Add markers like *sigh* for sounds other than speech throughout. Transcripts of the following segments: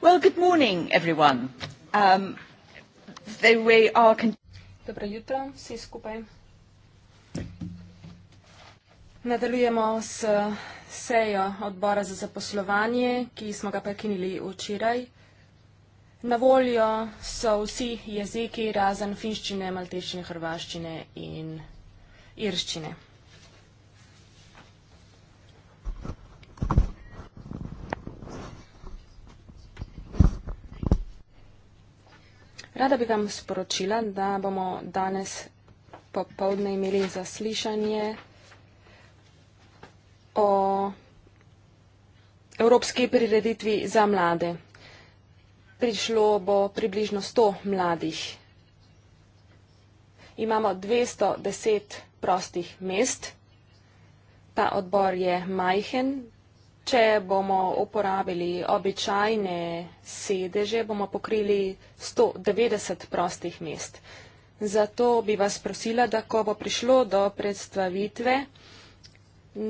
Good morning, everyone. Um, the way our con- Dobro jutro, vsi skupaj. Nadaljujemo s sejo odbora za zaposlovanje, ki smo ga prekinili včeraj. Na voljo so vsi jeziki razen finščine, maltečine, hrvaščine in irščine. Rada bi vam sporočila, da bomo danes popovdne imeli zaslišanje o evropski prireditvi za mlade. Prišlo bo približno 100 mladih. Imamo 210 prostih mest. Ta odbor je majhen, Če bomo uporabili običajne sedeže, bomo pokrili 190 prostih mest. Zato bi vas prosila, da ko bo prišlo do predstavitve,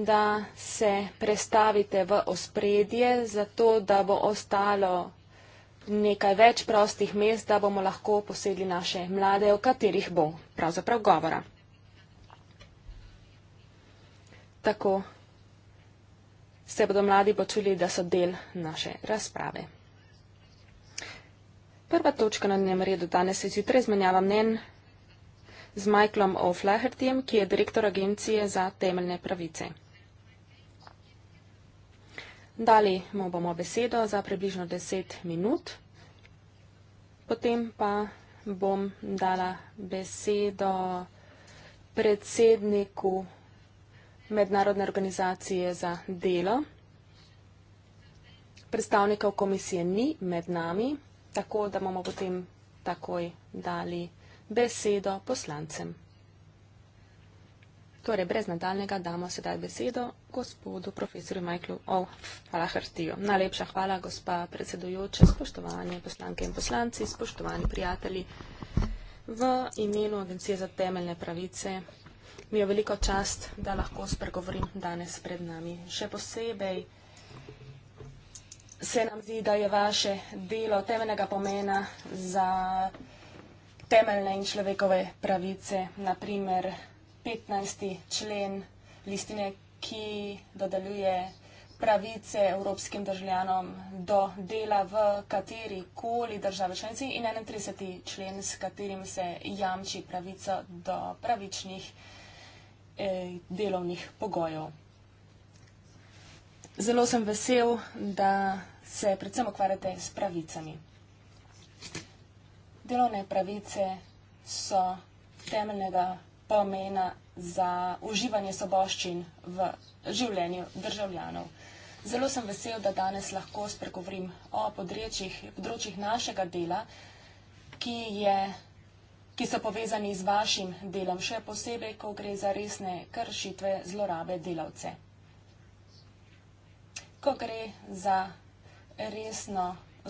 da se prestavite v ospredje, zato da bo ostalo nekaj več prostih mest, da bomo lahko posedli naše mlade, o katerih bo pravzaprav govora. Tako, se bodo mladi počuli, da so del naše razprave. Prva točka na njem redu danes je zjutraj izmenjava mnen z Michaelom O'Flahertyjem, ki je direktor Agencije za temeljne pravice. Dali mu bomo besedo za približno deset minut, potem pa bom dala besedo predsedniku Mednarodne organizacije za delo. Predstavnikov komisije ni med nami, tako da bomo potem takoj dali besedo poslancem. Torej, brez nadaljnega damo sedaj besedo gospodu profesorju Majklu. O, oh, hvala Hrtiju. Najlepša hvala, gospa predsedujoča, spoštovanje poslanke in poslanci, spoštovani prijatelji. V imenu Agencije za temeljne pravice mi je veliko čast, da lahko spregovorim danes pred nami. Še posebej se nam zdi, da je vaše delo temeljnega pomena za temeljne in človekove pravice, naprimer 15. člen listine, ki dodeljuje pravice evropskim državljanom do dela v kateri koli države članici in 31. člen, s katerim se jamči pravico do pravičnih državljanov. Eh, delovnih pogojev. Zelo sem vesel, da se predvsem ukvarjate s pravicami. Delovne pravice so temeljnega pomena za uživanje soboščin v življenju državljanov. Zelo sem vesel, da danes lahko spregovorim o področjih našega dela, ki je ki so povezani z vašim delom, še posebej, ko gre za resne kršitve zlorabe delavce. Ko gre za resno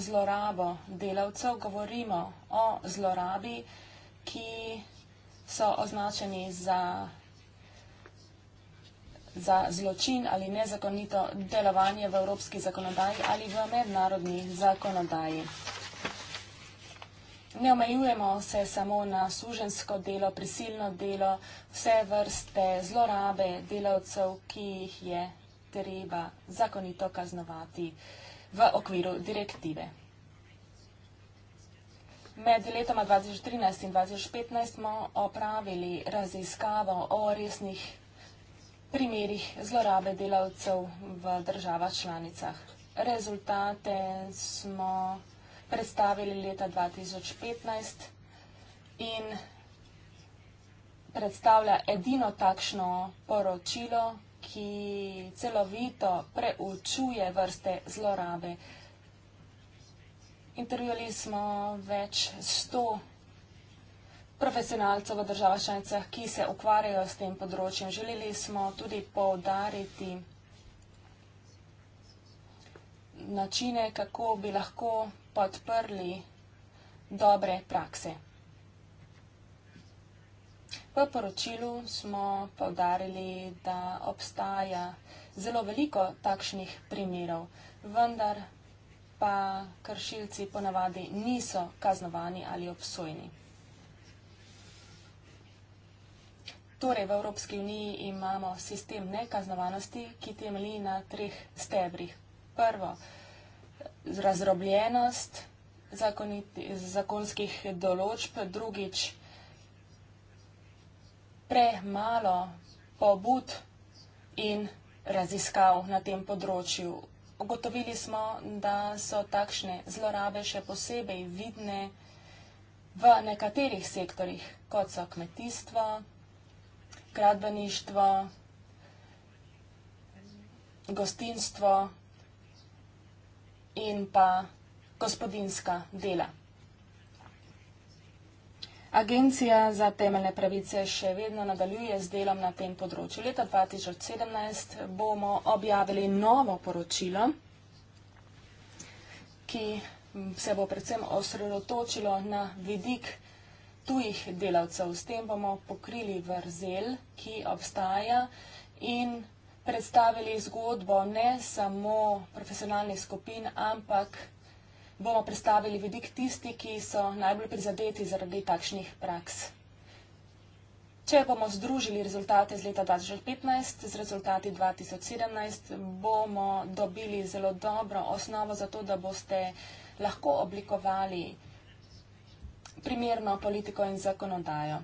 zlorabo delavcev, govorimo o zlorabi, ki so označeni za za zločin ali nezakonito delovanje v evropski zakonodaji ali v mednarodni zakonodaji. Ne omejujemo se samo na služensko delo, prisilno delo, vse vrste zlorabe delavcev, ki jih je treba zakonito kaznovati v okviru direktive. Med letoma 2013 in 2015 smo opravili raziskavo o resnih primerih zlorabe delavcev v državah članicah. Rezultate smo vsega predstavili leta 2015 in predstavlja edino takšno poročilo, ki celovito preučuje vrste zlorabe. Intervjuli smo več sto profesionalcev v državah članicah, ki se ukvarjajo s tem področjem. Želeli smo tudi poudariti načine, kako bi lahko podprli dobre prakse. V poročilu smo povdarili, da obstaja zelo veliko takšnih primerov, vendar pa kršilci ponavadi niso kaznovani ali obsojni. Torej, v Evropski uniji imamo sistem nekaznovanosti, ki temelji na treh stebrih. Prvo, razrobljenost zakonskih določb, drugič premalo pobud in raziskav na tem področju. Ugotovili smo, da so takšne zlorabe še posebej vidne v nekaterih sektorjih, kot so kmetijstvo, gradbeništvo, gostinstvo, in pa gospodinska dela. Agencija za temeljne pravice še vedno nadaljuje z delom na tem področju. Leta 2017 bomo objavili novo poročilo, ki se bo predvsem osredotočilo na vidik tujih delavcev. S tem bomo pokrili vrzel, ki obstaja in predstavili zgodbo ne samo profesionalnih skupin, ampak bomo predstavili vidik tisti, ki so najbolj prizadeti zaradi takšnih praks. Če bomo združili rezultate z leta 2015 z rezultati 2017, bomo dobili zelo dobro osnovo za to, da boste lahko oblikovali primerno politiko in zakonodajo.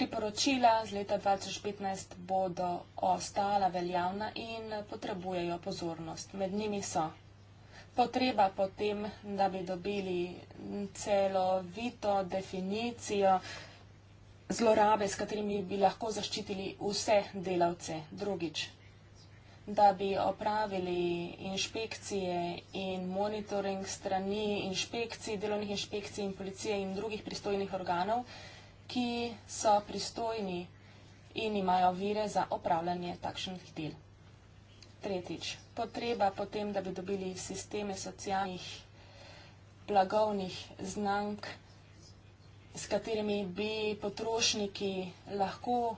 Priporočila z leta 2015 bodo ostala veljavna in potrebujejo pozornost. Med njimi so potreba potem, da bi dobili celovito definicijo zlorabe, s katerimi bi lahko zaščitili vse delavce. Drugič, da bi opravili inšpekcije in monitoring strani inšpekcij, delovnih inšpekcij in policije in drugih pristojnih organov ki so pristojni in imajo vire za opravljanje takšnih del. Tretjič, potreba potem, da bi dobili sisteme socialnih blagovnih znank, s katerimi bi potrošniki lahko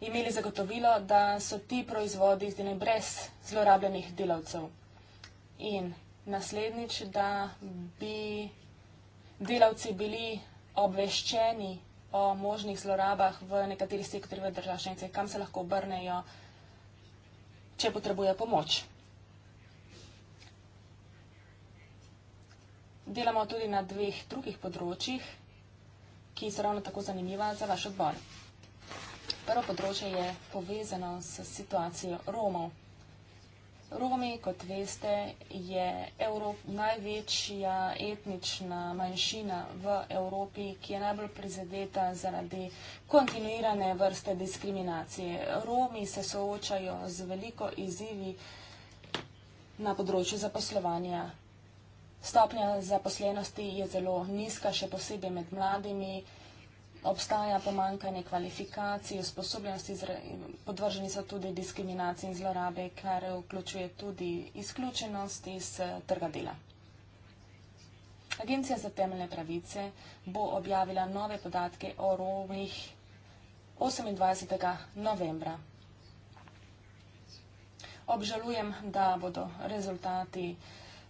imeli zagotovilo, da so ti proizvodi izdelani brez zlorabljenih delavcev. In naslednjič, da bi delavci bili obveščeni o možnih zlorabah v nekaterih sektorjih v državah članicah, kam se lahko obrnejo, če potrebuje pomoč. Delamo tudi na dveh drugih področjih, ki so ravno tako zanimiva za vaš odbor. Prvo področje je povezano s situacijo Romov. Romi, kot veste, je Evrop, največja etnična manjšina v Evropi, ki je najbolj prizadeta zaradi kontinuirane vrste diskriminacije. Romi se soočajo z veliko izzivi na področju zaposlovanja. Stopnja zaposlenosti je zelo nizka, še posebej med mladimi obstaja pomankanje kvalifikacij, usposobljenosti, podvrženi so tudi diskriminaciji in zlorabe, kar vključuje tudi izključenost iz trga dela. Agencija za temeljne pravice bo objavila nove podatke o rovih 28. novembra. Obžalujem, da bodo rezultati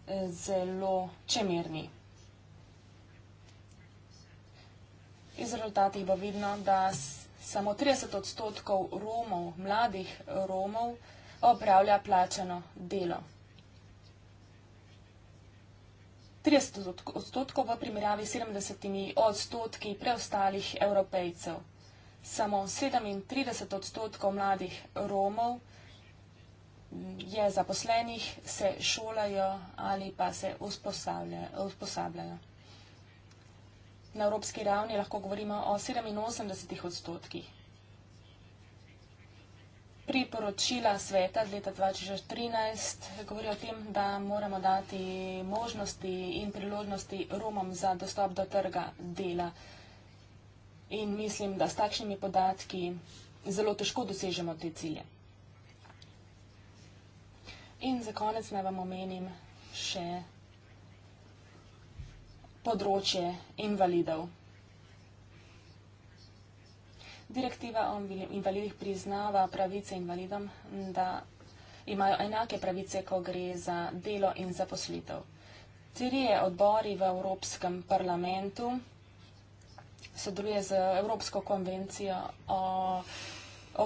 eh, zelo čemerni. Iz rezultati bo vidno, da samo 30 odstotkov Romov, mladih Romov, opravlja plačano delo. 30 odstotkov v primerjavi s 70 odstotki preostalih evropejcev. Samo 37 odstotkov mladih Romov mm, je zaposlenih, se šolajo ali pa se usposabljajo. Na evropski ravni lahko govorimo o 87 odstotkih. Priporočila sveta z leta 2013 govorijo o tem, da moramo dati možnosti in priložnosti Romom za dostop do trga dela. In mislim, da s takšnimi podatki zelo težko dosežemo te cilje. In za konec naj vam omenim še področje invalidov. Direktiva o invalidih priznava pravice invalidom, da imajo enake pravice, ko gre za delo in zaposlitev. Trije odbori v Evropskem parlamentu sodeluje z Evropsko konvencijo o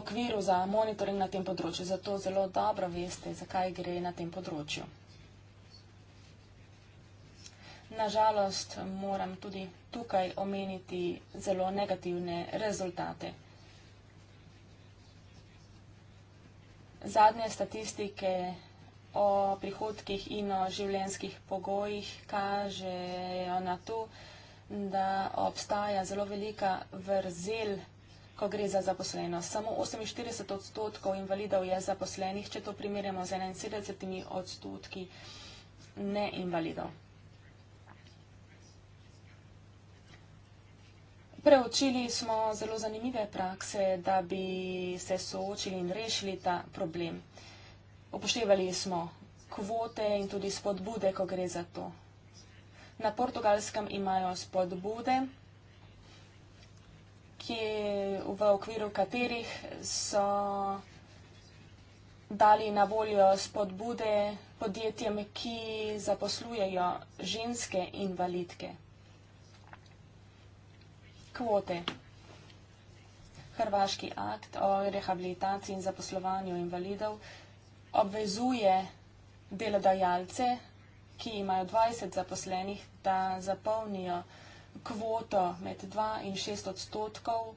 okviru za monitoring na tem področju, zato zelo dobro veste, zakaj gre na tem področju. Nažalost moram tudi tukaj omeniti zelo negativne rezultate. Zadnje statistike o prihodkih in o življenjskih pogojih kažejo na to, da obstaja zelo velika vrzel, ko gre za zaposlenost. Samo 48 odstotkov invalidov je zaposlenih, če to primerjamo z 71 odstotki neinvalidov. Preučili smo zelo zanimive prakse, da bi se soočili in rešili ta problem. Upoštevali smo kvote in tudi spodbude, ko gre za to. Na portugalskem imajo spodbude, ki v okviru katerih so dali na voljo spodbude podjetjem, ki zaposlujejo ženske invalidke kvote. Hrvaški akt o rehabilitaciji in zaposlovanju invalidov obvezuje delodajalce, ki imajo 20 zaposlenih, da zapolnijo kvoto med 2 in 6 odstotkov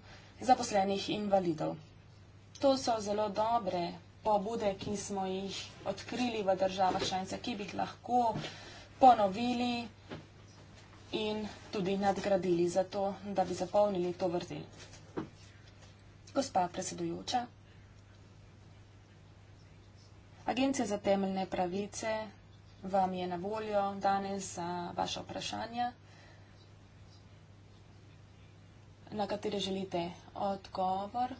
zaposlenih invalidov. To so zelo dobre pobude, ki smo jih odkrili v državah članica, ki bi jih lahko ponovili in tudi nadgradili za to, da bi zapolnili to vrzel. Gospa predsedujoča, Agencija za temeljne pravice vam je na voljo danes za vaše vprašanja, na katere želite odgovor.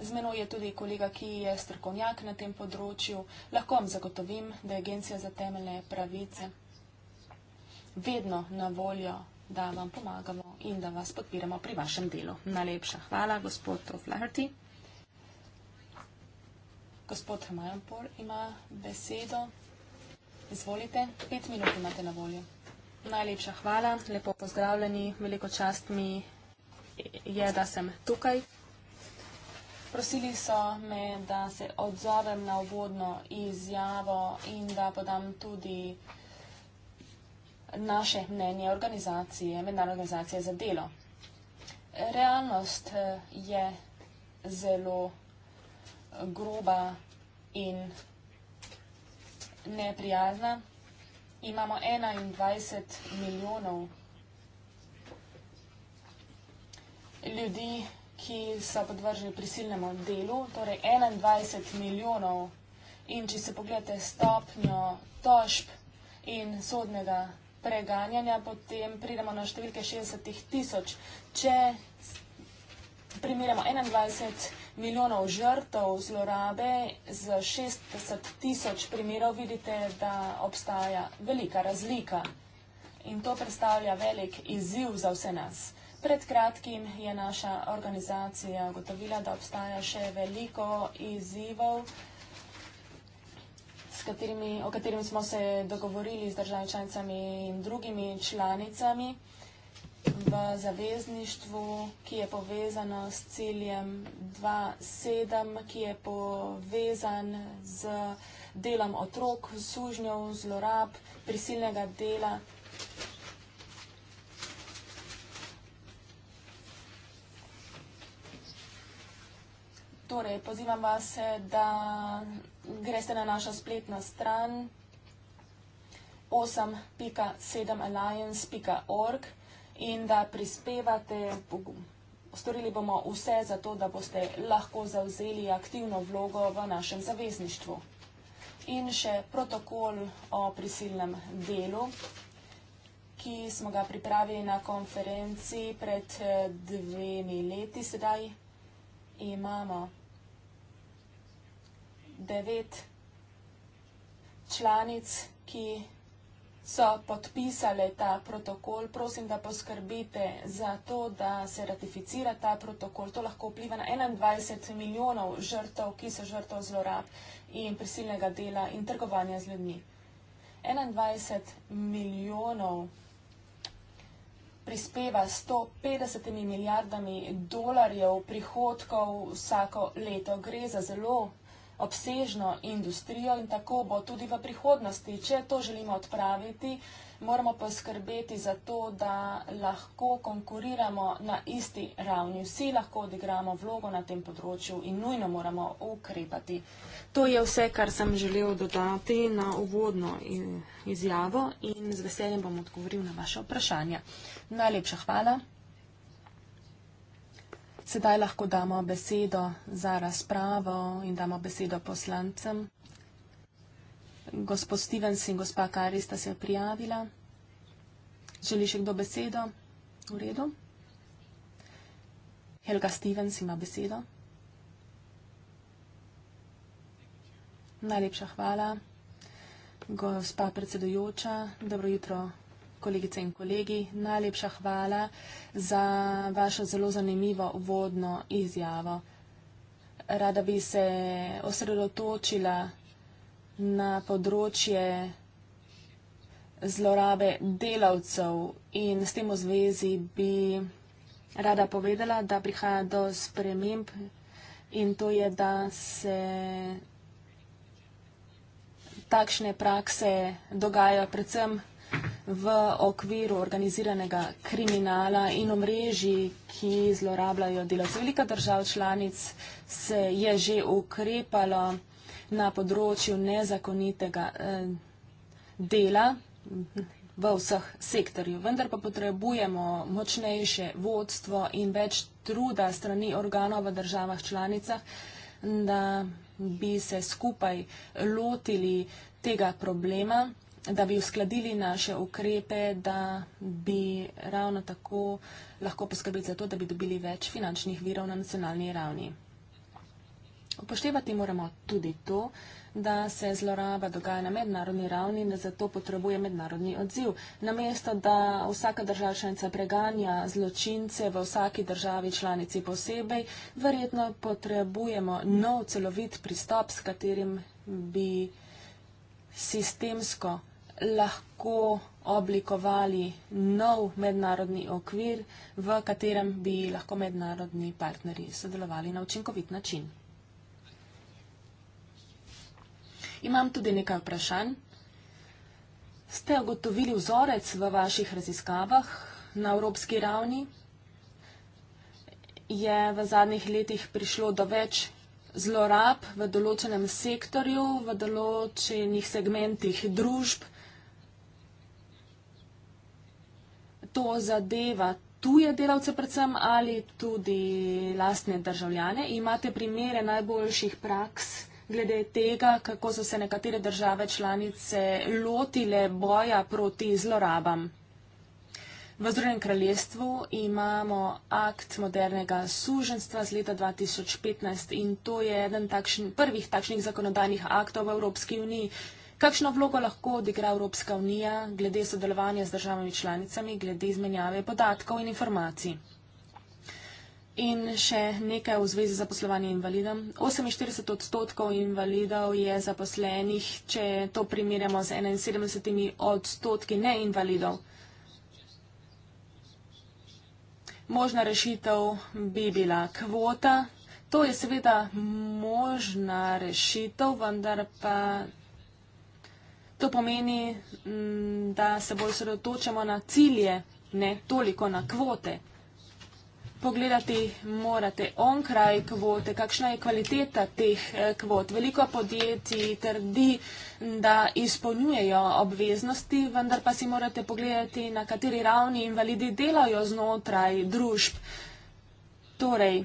Z menoj je tudi kolega, ki je strokovnjak na tem področju. Lahko vam zagotovim, da je Agencija za temeljne pravice vedno na voljo, da vam pomagamo in da vas podpiramo pri vašem delu. Najlepša hvala, gospod O'Flaherty. Gospod Hamajanpor ima besedo. Izvolite, pet minut imate na voljo. Najlepša hvala, lepo pozdravljeni, veliko čast mi je, da sem tukaj. Prosili so me, da se odzovem na obvodno izjavo in da podam tudi naše mnenje organizacije, mednarodne organizacije za delo. Realnost eh, je zelo groba in neprijazna. Imamo 21 milijonov ljudi, ki so podvrženi prisilnemu delu, torej 21 milijonov. In če se pogledate stopnjo tožb in sodnega preganjanja, potem pridemo na številke 60 tisoč. Če primerjamo 21 milijonov žrtov zlorabe z 60 tisoč primerov, vidite, da obstaja velika razlika. In to predstavlja velik izziv za vse nas. Pred kratkim je naša organizacija ugotovila, da obstaja še veliko izzivov katerimi, o katerim smo se dogovorili z državami članicami in drugimi članicami v zavezništvu, ki je povezano s ciljem 2.7, ki je povezan z delom otrok, sužnjev, zlorab, prisilnega dela. Torej, pozivam vas, da greste na našo spletno stran 8.7alliance.org in da prispevate. Storili bomo vse za to, da boste lahko zavzeli aktivno vlogo v našem zavezništvu. In še protokol o prisilnem delu, ki smo ga pripravili na konferenci pred eh, dvemi leti sedaj. Imamo devet članic, ki so podpisale ta protokol. Prosim, da poskrbite za to, da se ratificira ta protokol. To lahko vpliva na 21 milijonov žrtov, ki so žrtov zlorab in prisilnega dela in trgovanja z ljudmi. 21 milijonov prispeva 150 milijardami dolarjev prihodkov vsako leto. Gre za zelo obsežno industrijo in tako bo tudi v prihodnosti. Če to želimo odpraviti, moramo poskrbeti za to, da lahko konkuriramo na isti ravni. Vsi lahko odigramo vlogo na tem področju in nujno moramo ukrepati. To je vse, kar sem želel dodati na uvodno izjavo in z veseljem bom odgovoril na vaše vprašanje. Najlepša hvala. Sedaj lahko damo besedo za razpravo in damo besedo poslancem. Gospod Stevens in gospa Kari sta se prijavila. Želi še kdo besedo? V redu. Helga Stevens ima besedo. Najlepša hvala. Gospa predsedujoča, dobro jutro kolegice in kolegi, najlepša hvala za vašo zelo zanimivo vodno izjavo. Rada bi se osredotočila na področje zlorabe delavcev in s tem v zvezi bi rada povedala, da prihaja do sprememb in to je, da se takšne prakse dogajajo predvsem v okviru organiziranega kriminala in omrežji, ki zlorabljajo delavce. Velika držav članic se je že ukrepalo na področju nezakonitega eh, dela v vseh sektorju. Vendar pa potrebujemo močnejše vodstvo in več truda strani organov v državah članicah, da bi se skupaj lotili tega problema da bi uskladili naše ukrepe, da bi ravno tako lahko poskrbeli za to, da bi dobili več finančnih virov na nacionalni ravni. Upoštevati moramo tudi to, da se zloraba dogaja na mednarodni ravni in da zato potrebuje mednarodni odziv. Namesto, da vsaka država članica preganja zločince v vsaki državi članici posebej, verjetno potrebujemo nov celovit pristop, s katerim bi sistemsko lahko oblikovali nov mednarodni okvir, v katerem bi lahko mednarodni partnerji sodelovali na učinkovit način. Imam tudi nekaj vprašanj. Ste ugotovili vzorec v vaših raziskavah na evropski ravni? Je v zadnjih letih prišlo do več zlorab v določenem sektorju, v določenih segmentih družb? to zadeva tuje delavce predvsem ali tudi lastne državljane? Imate primere najboljših praks glede tega, kako so se nekatere države članice lotile boja proti zlorabam? V Združenem kraljestvu imamo akt modernega suženstva z leta 2015 in to je eden takšen, prvih takšnih zakonodajnih aktov v Evropski uniji, Kakšno vlogo lahko odigra Evropska unija glede sodelovanja z državami članicami, glede izmenjave podatkov in informacij? In še nekaj v zvezi z zaposlovanjem invalidom. 48 odstotkov invalidov je zaposlenih, če to primerjamo z 71 odstotki neinvalidov. Možna rešitev bi bila kvota. To je seveda možna rešitev, vendar pa. To pomeni, mm, da se bolj sredotočamo na cilje, ne toliko na kvote. Pogledati morate onkraj kvote, kakšna je kvaliteta teh eh, kvot. Veliko podjetij trdi, da izpolnjujejo obveznosti, vendar pa si morate pogledati, na kateri ravni invalidi delajo znotraj družb. Torej,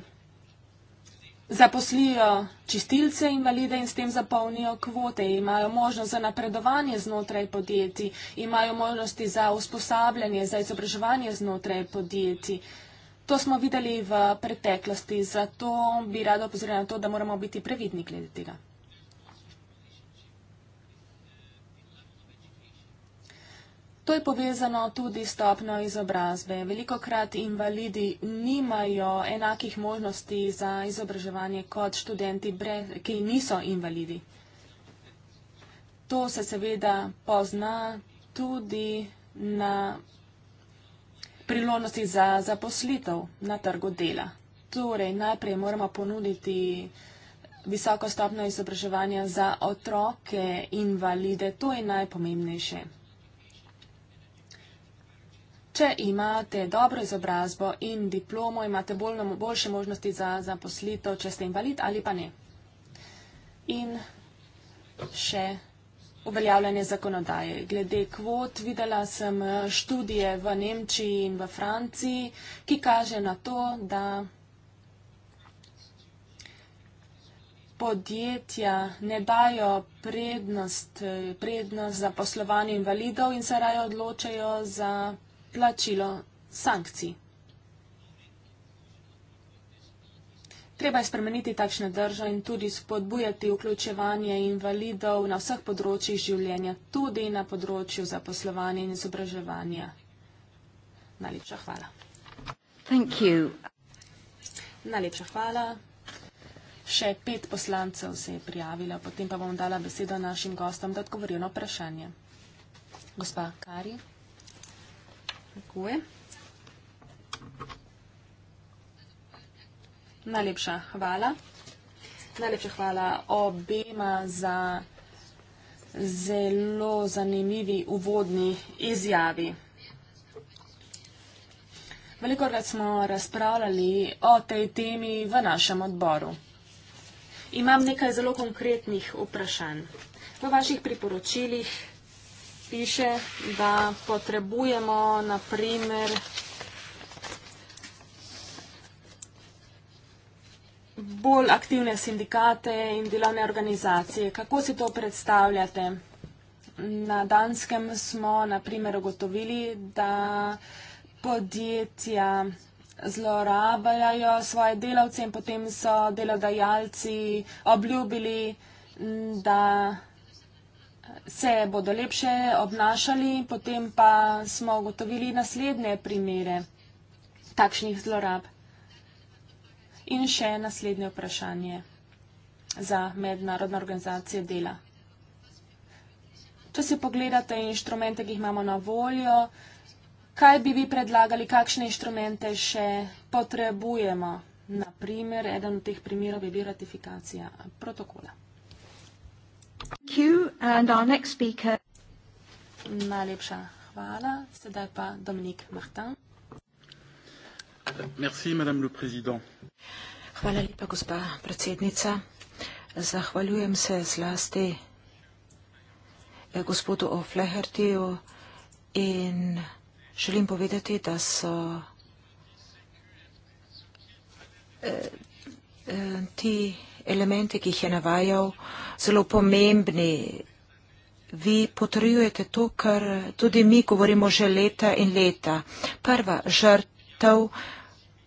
Zaposlijo čistilce invalide in s tem zapolnijo kvote, imajo možnost za napredovanje znotraj podjetij, imajo možnosti za usposabljanje, za izobraževanje znotraj podjetij. To smo videli v preteklosti, zato bi rada opozorila na to, da moramo biti previdni glede tega. To je povezano tudi stopno izobrazbe. Veliko krat invalidi nimajo enakih možnosti za izobraževanje kot študenti, brez, ki niso invalidi. To se seveda pozna tudi na priložnosti za zaposlitev na trgu dela. Torej, najprej moramo ponuditi visoko stopno izobraževanja za otroke invalide. To je najpomembnejše. Če imate dobro izobrazbo in diplomo, imate bolj, boljše možnosti za zaposlitev, če ste invalid ali pa ne. In še uveljavljanje zakonodaje. Glede kvot videla sem študije v Nemčiji in v Franciji, ki kaže na to, da podjetja ne dajo prednost, prednost za poslovanje invalidov in se raje odločajo za plačilo sankcij. Treba je spremeniti takšne držo in tudi spodbujati vključevanje invalidov na vseh področjih življenja, tudi na področju zaposlovanja in izobraževanja. Najlepša hvala. Thank you. Najlepša hvala. Še pet poslancev se je prijavila, potem pa bom dala besedo našim gostom, da odgovorijo na vprašanje. Gospa Kari. Dziękuję. Najlepsza chwala. Najlepsza chwala obema za zelo zanimivi uvodni izjavi. Veliko krat smo razpravljali o tej temi v našem odboru. Imam nekaj zelo konkretnih vprašanj. V vaših priporočilih piše, da potrebujemo naprimer bolj aktivne sindikate in delovne organizacije. Kako si to predstavljate? Na Danskem smo naprimer ugotovili, da podjetja zlorabljajo svoje delavce in potem so delodajalci obljubili, da se bodo lepše obnašali, potem pa smo ugotovili naslednje primere takšnih zlorab. In še naslednje vprašanje za mednarodne organizacije dela. Če si pogledate inštrumente, ki jih imamo na voljo, kaj bi vi predlagali, kakšne inštrumente še potrebujemo? Naprimer, eden od teh primerov je bil ratifikacija protokola. Thank you. And our next speaker. Najlepša hvala. Sedaj pa Dominik Martin. Merci, madame le président. Hvala lepa, gospa predsednica. Zahvaljujem se zlasti eh, gospodu Oflehertiju in želim povedati, da so ti eh, eh, elemente, ki jih je navajal, zelo pomembni. Vi potrjujete to, kar tudi mi govorimo že leta in leta. Prva žrtev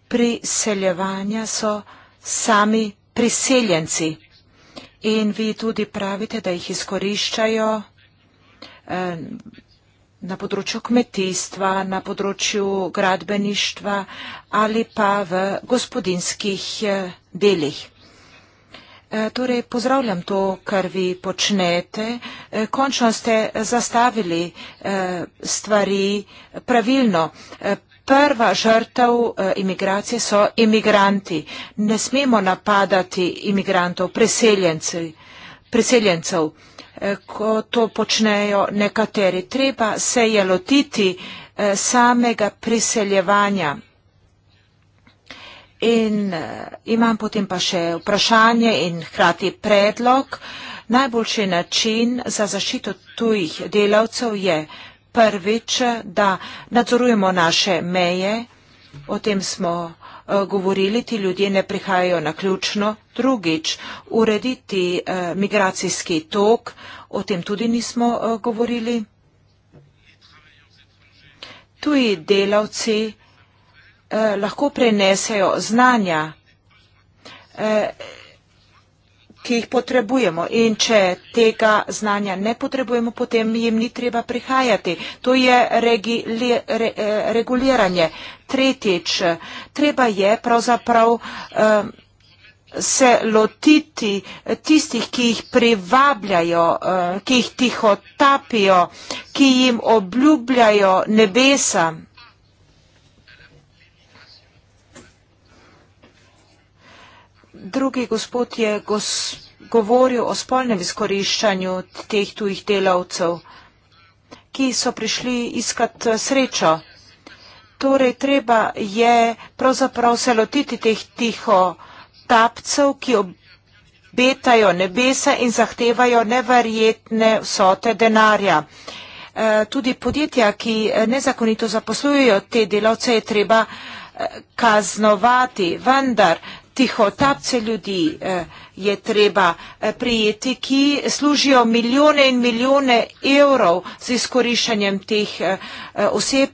priseljevanja so sami priseljenci. In vi tudi pravite, da jih izkoriščajo eh, na področju kmetijstva, na področju gradbeništva ali pa v gospodinskih eh, delih. Eh, torej, pozdravljam to, kar vi počnete. Eh, končno ste zastavili eh, stvari pravilno. Prva žrtev imigracije so imigranti. Ne smemo napadati imigrantov, preseljencev, ko to počnejo nekateri. Treba se je lotiti samega priseljevanja In uh, imam potem pa še vprašanje in hkrati predlog. Najboljši način za zaščito tujih delavcev je prvič, da nadzorujemo naše meje. O tem smo uh, govorili, ti ljudje ne prihajajo na ključno. Drugič, urediti uh, migracijski tok. O tem tudi nismo uh, govorili. Tuji delavci eh, lahko prenesejo znanja, eh, ki jih potrebujemo. In če tega znanja ne potrebujemo, potem jim ni treba prihajati. To je regi, le, re, eh, reguliranje. Tretjič, treba je pravzaprav. Eh, se lotiti tistih, ki jih privabljajo, eh, ki jih tihotapijo, ki jim obljubljajo nebesa. drugi gospod je gos, govoril o spolnem izkoriščanju teh tujih delavcev, ki so prišli iskat eh, srečo. Torej, treba je pravzaprav se lotiti teh tiho tapcev, ki obetajo nebesa in zahtevajo neverjetne vsote denarja. Eh, tudi podjetja, ki eh, nezakonito zaposlujejo te delavce, je treba kaznovati, vendar tihotapce ljudi eh, je treba eh, prijeti, ki služijo milijone in milijone evrov z izkoriščanjem teh eh, oseb.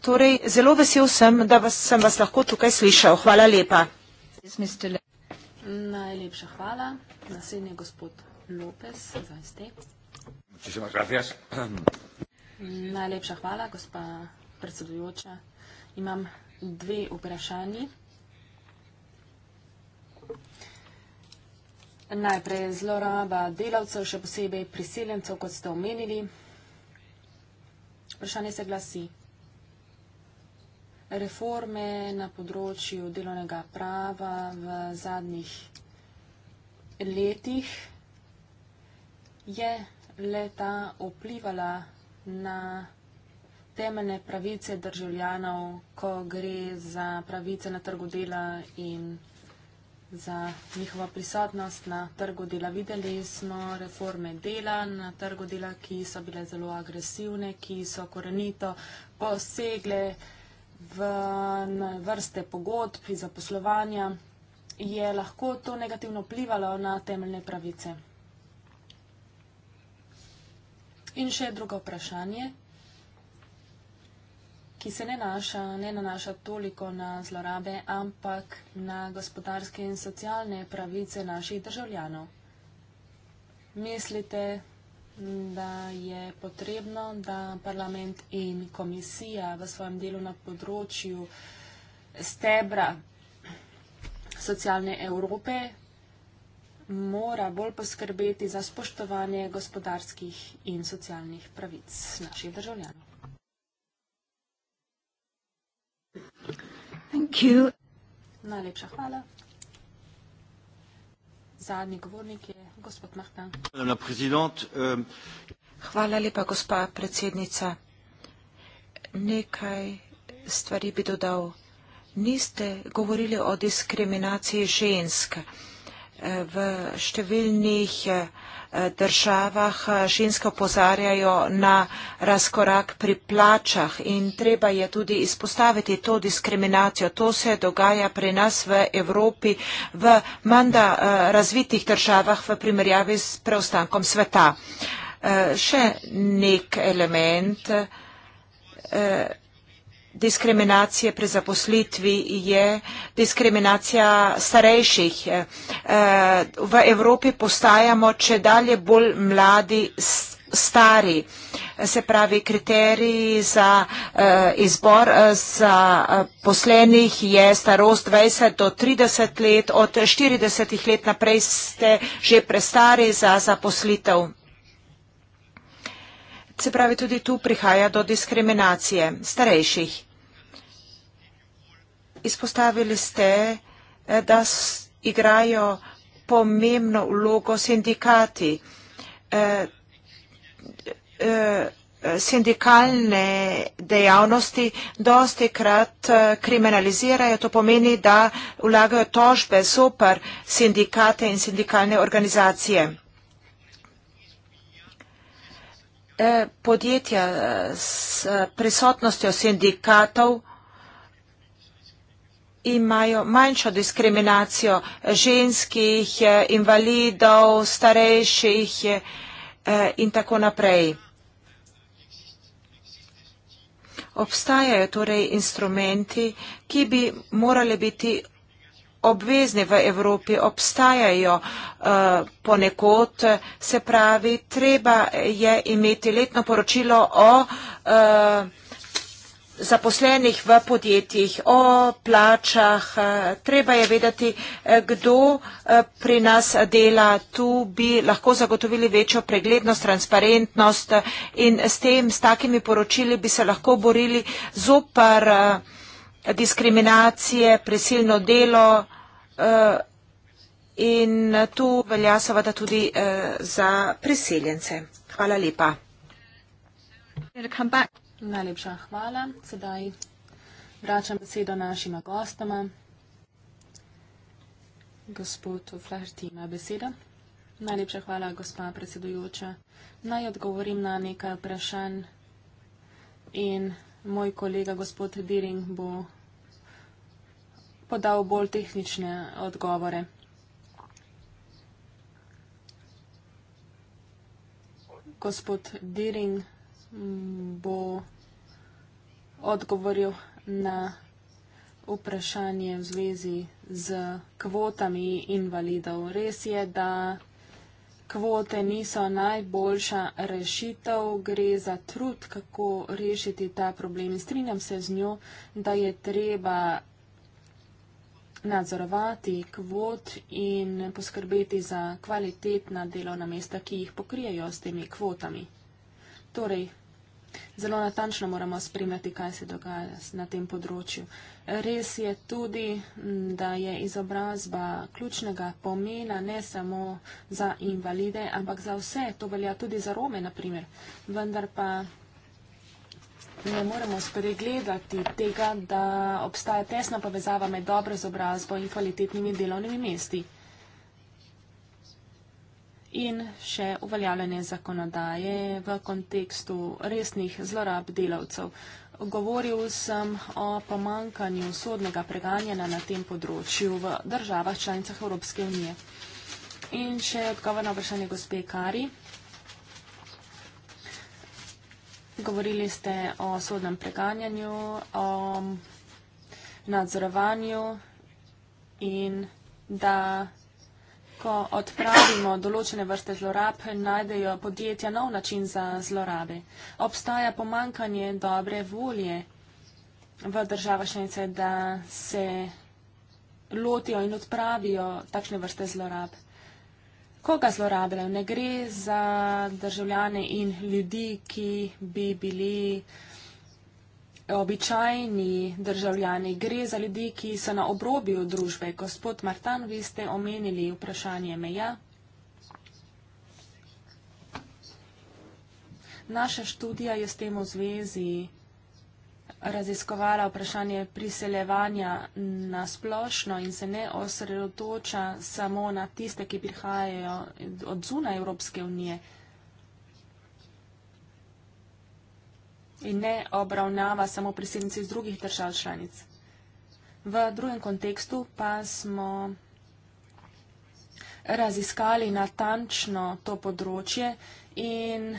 Torej, zelo vesel sem, da vas, sem vas lahko tukaj slišal. Hvala lepa. Najlepša hvala. Naslednji je gospod Lopez. Najlepša hvala, gospa predsedujoča. Imam dve vprašanji. najprej zloraba delavcev, še posebej priseljencev, kot ste omenili. Vprašanje se glasi. Reforme na področju delovnega prava v zadnjih letih je leta vplivala na temeljne pravice državljanov, ko gre za pravice na trgu dela in za njihovo prisotnost na trgu dela. Videli smo reforme dela na trgu dela, ki so bile zelo agresivne, ki so korenito posegle v vrste pogodb in zaposlovanja. Je lahko to negativno vplivalo na temeljne pravice? In še drugo vprašanje ki se ne, naša, ne nanaša toliko na zlorabe, ampak na gospodarske in socialne pravice naših državljanov. Mislite, da je potrebno, da parlament in komisija v svojem delu na področju stebra socialne Evrope mora bolj poskrbeti za spoštovanje gospodarskih in socialnih pravic naših državljanov. Thank you. Najlepša hvala. Zadnji govornik je gospod Martin. Euh, hvala lepa, gospa predsednica. Nekaj stvari bi dodal. Niste govorili o diskriminaciji ženske. V številnih eh, državah eh, ženske opozarjajo na razkorak pri plačah in treba je tudi izpostaviti to diskriminacijo. To se dogaja pri nas v Evropi, v manda eh, razvitih državah v primerjavi s preostankom sveta. Še nek element diskriminacije pri zaposlitvi je diskriminacija starejših. Eh, v Evropi postajamo če dalje bolj mladi stari. Se pravi, kriteriji za eh, izbor eh, za poslenih je starost 20 do 30 let, od 40 let naprej ste že prestari za zaposlitev. Se pravi, tudi tu prihaja do diskriminacije starejših. Izpostavili ste, eh, da igrajo pomembno vlogo sindikati. Eh, eh, sindikalne dejavnosti dosti krat kriminalizirajo, to pomeni, da vlagajo tožbe super sindikate in sindikalne organizacije. E, podjetja e, s e, prisotnostjo sindikatov imajo manjšo diskriminacijo ženskih, invalidov, starejših in tako naprej. Obstajajo torej instrumenti, ki bi morali biti obvezni v Evropi obstajajo uh, ponekod, se pravi, treba je imeti letno poročilo o uh, zaposlenih v podjetjih, o plačah, treba je vedeti, eh, kdo pri nas dela. Tu bi lahko zagotovili večjo preglednost, transparentnost in s tem, s takimi poročili bi se lahko borili zopar diskriminacije, prisilno delo, Eh, in to velja seveda tudi eh, za priseljence. Hvala lepa. Najlepša hvala. Sedaj vračam besedo našima gostoma. Gospod Flaherty ima besedo. Najlepša hvala, gospa predsedujoča. Naj odgovorim na nekaj vprašanj in moj kolega gospod Diring bo podal bolj tehnične odgovore. Gospod Diring bo odgovoril na vprašanje v zvezi z kvotami invalidov. Res je, da kvote niso najboljša rešitev, gre za trud, kako rešiti ta problem. Strinjam se z njo, da je treba nadzorovati kvot in poskrbeti za kvalitetna delovna mesta, ki jih pokrijejo s temi kvotami. Torej, zelo natančno moramo spremljati, kaj se dogaja na tem področju. Res je tudi, da je izobrazba ključnega pomena ne samo za invalide, ampak za vse. To velja tudi za Rome, naprimer. Vendar pa ne moremo spregledati tega, da obstaja tesna povezava med dobro izobrazbo in kvalitetnimi delovnimi mesti in še uveljavljanje zakonodaje v kontekstu resnih zlorab delavcev. Govoril sem o pomankanju sodnega preganjanja na tem področju v državah članicah Evropske unije. In še odgovor na vprašanje gospe Kari. Govorili ste o sodnem preganjanju, o nadzorovanju in da ko odpravimo določene vrste zlorab, najdejo podjetja nov način za zlorabe. Obstaja pomankanje dobre volje v država šnice, da se lotijo in odpravijo takšne vrste zlorab koga zlorabljajo. Ne gre za državljane in ljudi, ki bi bili običajni državljani. Gre za ljudi, ki so na obrobju družbe. Gospod Martan, vi ste omenili vprašanje meja. Naša študija je s tem v zvezi raziskovala vprašanje priseljevanja na splošno in se ne osredotoča samo na tiste, ki prihajajo od zuna Evropske unije in ne obravnava samo priseljenci iz drugih držav članic. V drugem kontekstu pa smo raziskali natančno to področje in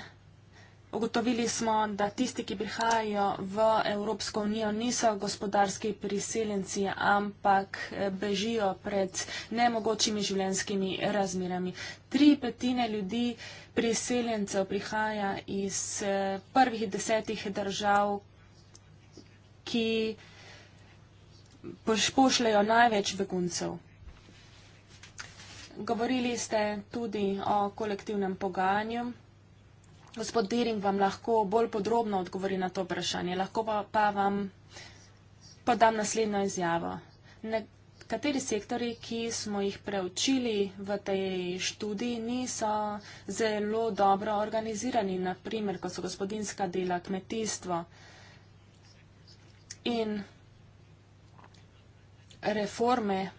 Ugotovili smo, da tisti, ki prihajajo v Evropsko unijo, niso gospodarski priseljenci, ampak eh, bežijo pred nemogočimi življenskimi razmirami. Tri petine ljudi priseljencev prihaja iz eh, prvih desetih držav, ki pošpošljajo največ beguncev. Govorili ste tudi o kolektivnem pogajanju. Gospod Diring vam lahko bolj podrobno odgovori na to vprašanje, lahko pa, pa vam podam naslednjo izjavo. Nekateri sektori, ki smo jih preučili v tej študiji, niso zelo dobro organizirani, naprimer, ko so gospodinska dela, kmetijstvo in reforme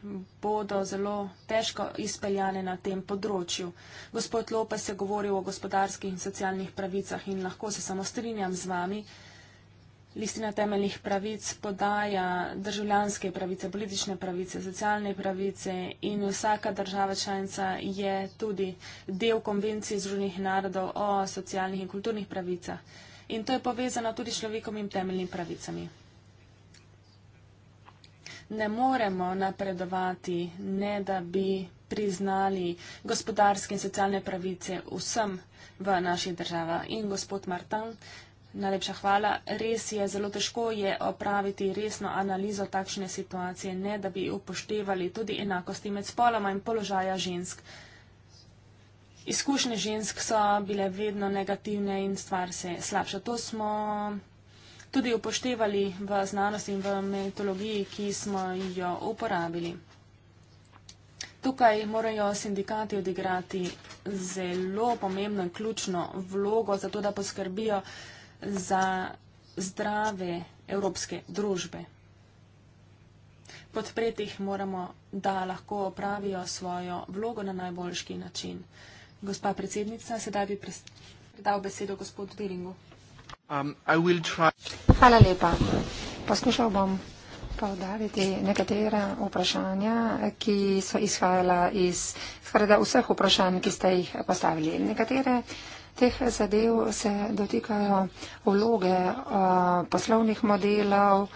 bodo zelo težko izpeljane na tem področju. Gospod Lopes je govoril o gospodarskih in socialnih pravicah in lahko se samo strinjam z vami. Listina temeljnih pravic podaja državljanske pravice, politične pravice, socialne pravice in vsaka država članica je tudi del konvencije Združenih narodov o socialnih in kulturnih pravicah. In to je povezano tudi s človekovimi temeljnimi pravicami ne moremo napredovati, ne da bi priznali gospodarske in socialne pravice vsem v naši državi. In gospod Martin, najlepša hvala. Res je, zelo težko je opraviti resno analizo takšne situacije, ne da bi upoštevali tudi enakosti med spoloma in položaja žensk. Izkušnje žensk so bile vedno negativne in stvar se slabša. To smo tudi upoštevali v znanosti in v metodologiji, ki smo jo uporabili. Tukaj morajo sindikati odigrati zelo pomembno in ključno vlogo, zato da poskrbijo za zdrave evropske družbe. Podpreti jih moramo, da lahko opravijo svojo vlogo na najboljški način. Gospa predsednica, sedaj bi predal besedo gospodu Delingu. Um, Hvala lepa. Poskušal bom povdaviti nekatera vprašanja, ki so izhajala iz skorajda vseh vprašanj, ki ste jih postavili. Nekatere teh zadev se dotikajo vloge uh, poslovnih modelov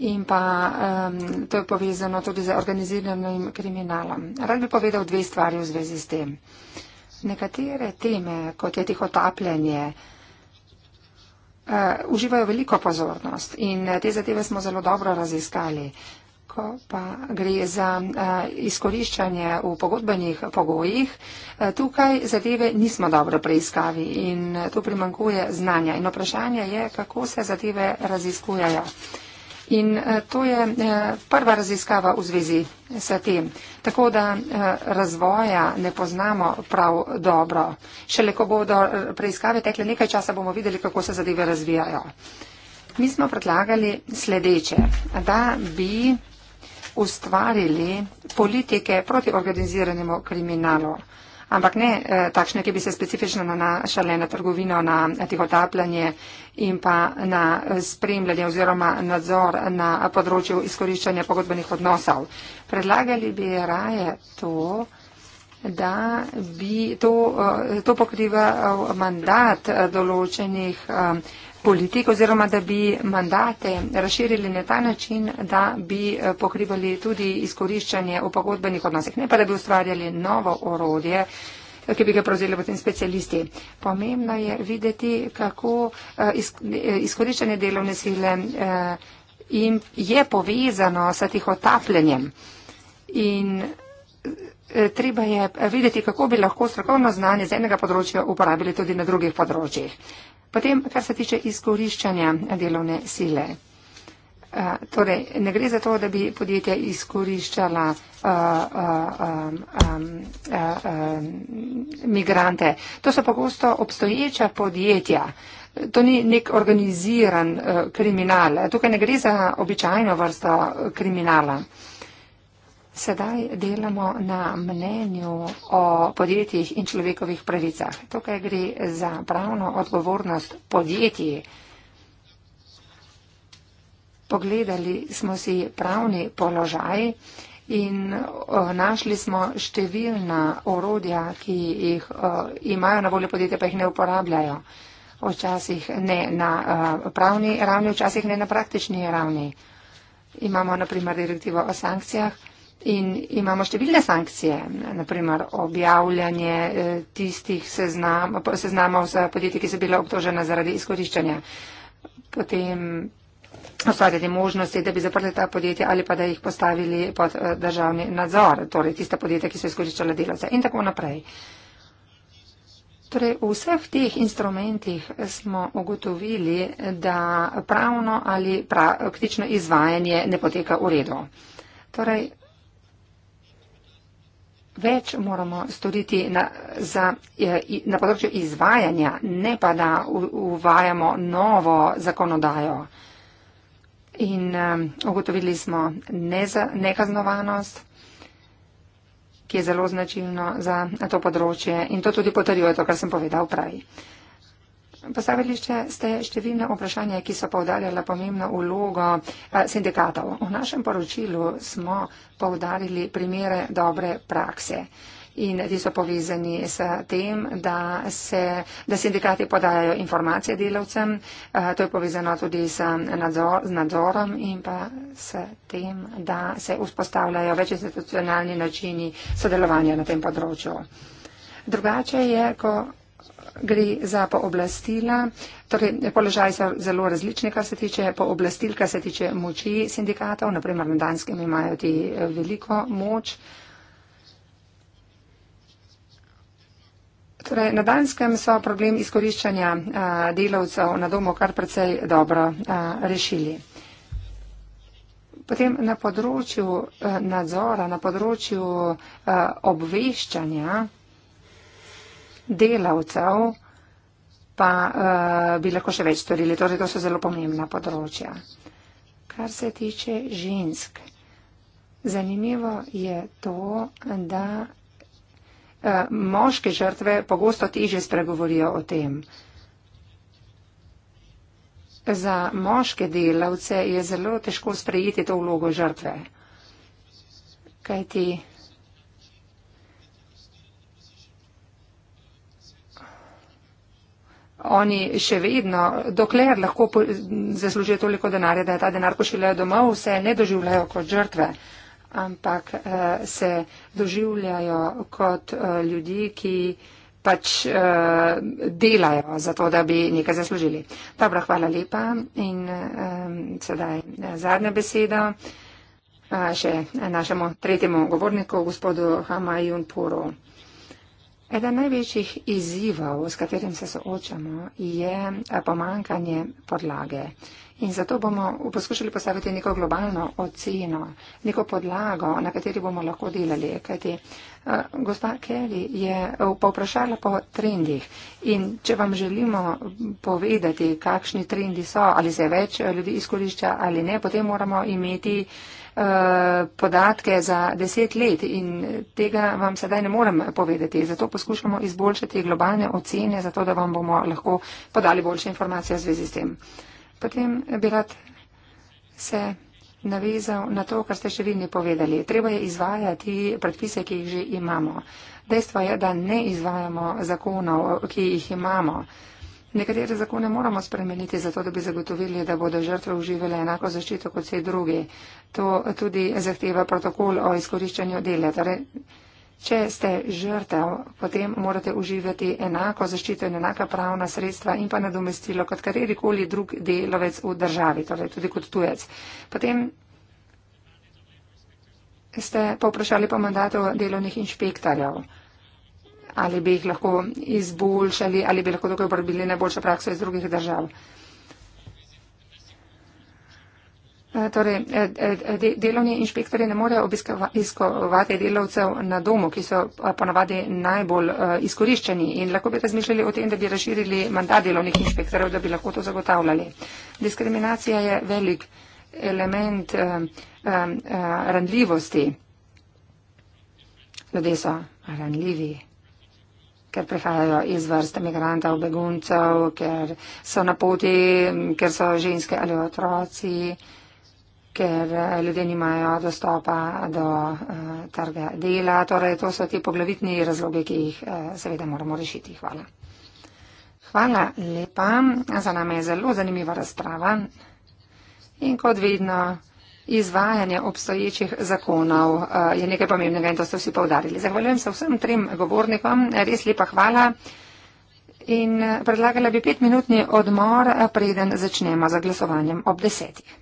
in pa um, to je povezano tudi z organiziranim kriminalom. Rad bi povedal dve stvari v zvezi s tem. Nekatere teme, kot je tih otapljanje, Eh, uživajo veliko pozornost in eh, te zadeve smo zelo dobro raziskali. Ko pa gre za uh, izkoriščanje v pogodbenih pogojih, uh, tukaj zadeve nismo dobro preiskavi in uh, tu primankuje znanja. In vprašanje je, kako se zadeve raziskujejo. Uh, In eh, to je eh, prva raziskava v zvezi s tem. Tako da eh, razvoja ne poznamo prav dobro. Šele ko bodo preiskave tekle nekaj časa, bomo videli, kako se zadeve razvijajo. Mi smo predlagali sledeče, da bi ustvarili politike proti organiziranemu kriminalu ampak ne eh, takšne, ki bi se specifično nanašale na trgovino, na tihotapljanje in pa na spremljanje oziroma nadzor na področju izkoriščanja pogodbenih odnosov. Predlagali bi raje to, da bi to, eh, to pokrival mandat določenih eh, politik oziroma da bi mandate razširili na ta način, da bi eh, pokrivali tudi izkoriščanje v pogodbenih odnosih, ne pa da bi ustvarjali novo orodje eh, ki bi ga prevzeli potem specialisti. Pomembno je videti, kako eh, izkoriščanje delovne sile jim je povezano s tih otapljanjem. In treba je videti, kako bi lahko strokovno znanje z enega področja uporabili tudi na drugih področjih. Potem, kar se tiče izkoriščanja delovne sile. Uh, torej, ne gre za to, da bi podjetja izkoriščala uh, uh, um, um, uh, um, migrante. To so pogosto obstoječa podjetja. To ni nek organiziran uh, kriminal. Tukaj ne gre za običajno vrsto kriminala. Uh, Sedaj delamo na mnenju o podjetjih in človekovih pravicah. Tukaj gre za pravno odgovornost podjetij. Pogledali smo si pravni položaj in našli smo številna orodja, ki jih imajo na voljo podjetja, pa jih ne uporabljajo. Včasih ne na pravni ravni, včasih ne na praktični ravni. Imamo naprimer direktivo o sankcijah. In imamo številne sankcije, naprimer objavljanje eh, tistih seznam, seznamov za podjetje, ki so bila obtožena zaradi izkoriščanja. Potem ustvarjati možnosti, da bi zaprli ta podjetja ali pa da jih postavili pod eh, državni nadzor, torej tista podjetja, ki so izkoriščala delavce in tako naprej. Torej, v vseh teh instrumentih smo ugotovili, da pravno ali praktično izvajanje ne poteka v redu. Torej, Več moramo storiti na, za, eh, na področju izvajanja, ne pa da uvajamo novo zakonodajo. In eh, ugotovili smo neza, nekaznovanost, ki je zelo značilno za to področje in to tudi potrjuje to, kar sem povedal prej. Postavili ste številne vprašanja, ki so povdarjala pomembno ulogo eh, sindikatov. V našem poročilu smo povdarili primere dobre prakse. In ti so povezani s tem, da, se, da sindikati podajajo informacije delavcem. Eh, to je povezano tudi s, nadzor, s nadzorom in pa s tem, da se vzpostavljajo več institucionalni načini sodelovanja na tem področju. Drugače je, ko gre za pooblastila. Torej, položaj so zelo različni, kar se tiče pooblastil, kar se tiče moči sindikatov. Naprimer, na Danskem imajo ti eh, veliko moč. Torej, na Danskem so problem izkoriščanja eh, delavcev na domu kar precej dobro eh, rešili. Potem na področju nadzora, na področju obveščanja delavcev, pa uh, bi lahko še več storili. Torej, to so zelo pomembna področja. Kar se tiče žensk, zanimivo je to, da uh, moške žrtve pogosto tiže spregovorijo o tem. Za moške delavce je zelo težko sprejeti to vlogo žrtve. Kajti oni še vedno, dokler lahko zaslužijo toliko denarja, da ta denar pošiljajo domov, se ne doživljajo kot žrtve, ampak uh, se doživljajo kot uh, ljudi, ki pač uh, delajo za to, da bi nekaj zaslužili. Dobro, hvala lepa in uh, sedaj zadnja beseda. Še našemu tretjemu govorniku, gospodu Hama Junpuru. Eden največjih izzivov, s katerim se soočamo, je eh, pomankanje podlage. In zato bomo poskušali postaviti neko globalno oceno, neko podlago, na kateri bomo lahko delali. Kajti eh, gospa Kelly je eh, povprašala po trendih in če vam želimo povedati, kakšni trendi so, ali se več ljudi izkorišča ali ne, potem moramo imeti. Eh, podatke za deset let in tega vam sedaj ne morem povedati. Zato poskušamo izboljšati globalne ocene, zato da vam bomo lahko podali boljše informacije v zvezi s tem. Potem bi rad se navezal na to, kar ste še vidni povedali. Treba je izvajati predpise, ki jih že imamo. Dejstvo je, da ne izvajamo zakonov, ki jih imamo. Nekatere zakone moramo spremeniti, zato da bi zagotovili, da bodo žrtve uživele enako zaščito kot vsi drugi. To tudi zahteva protokol o izkoriščanju dela. Torej, če ste žrtev, potem morate uživati enako zaščito in enaka pravna sredstva in pa nadomestilo kot katerikoli drug delovec v državi, torej tudi kot tujec. Potem ste povprašali po mandatu delovnih inšpektorjev ali bi jih lahko izboljšali, ali bi lahko tukaj uporabili najboljšo prakso iz drugih držav. E, torej, e, e, delovni inšpektori ne morejo obiskovati delovcev na domu, ki so ponavadi najbolj izkoriščeni in lahko bi razmišljali o tem, da bi razširili mandat delovnih inšpektorjev, da bi lahko to zagotavljali. Diskriminacija je velik element ranljivosti. Ljudje so ranljivi ker prihajajo iz vrste migrantov, beguncev, ker so na poti, ker so ženske ali otroci, ker eh, ljudje nimajo dostopa do uh, trga dela. Torej, to so ti poglavitni razlogi, ki jih uh, seveda moramo rešiti. Hvala. Hvala lepa. Za nami je zelo zanimiva razprava. In kot vedno izvajanje obstoječih zakonov eh, je nekaj pomembnega in to ste vsi povdarili. Zahvaljujem se vsem trim govornikom, res lepa hvala. In eh, predlagala bi petminutni odmor, eh, preden začnemo z glasovanjem ob desetih.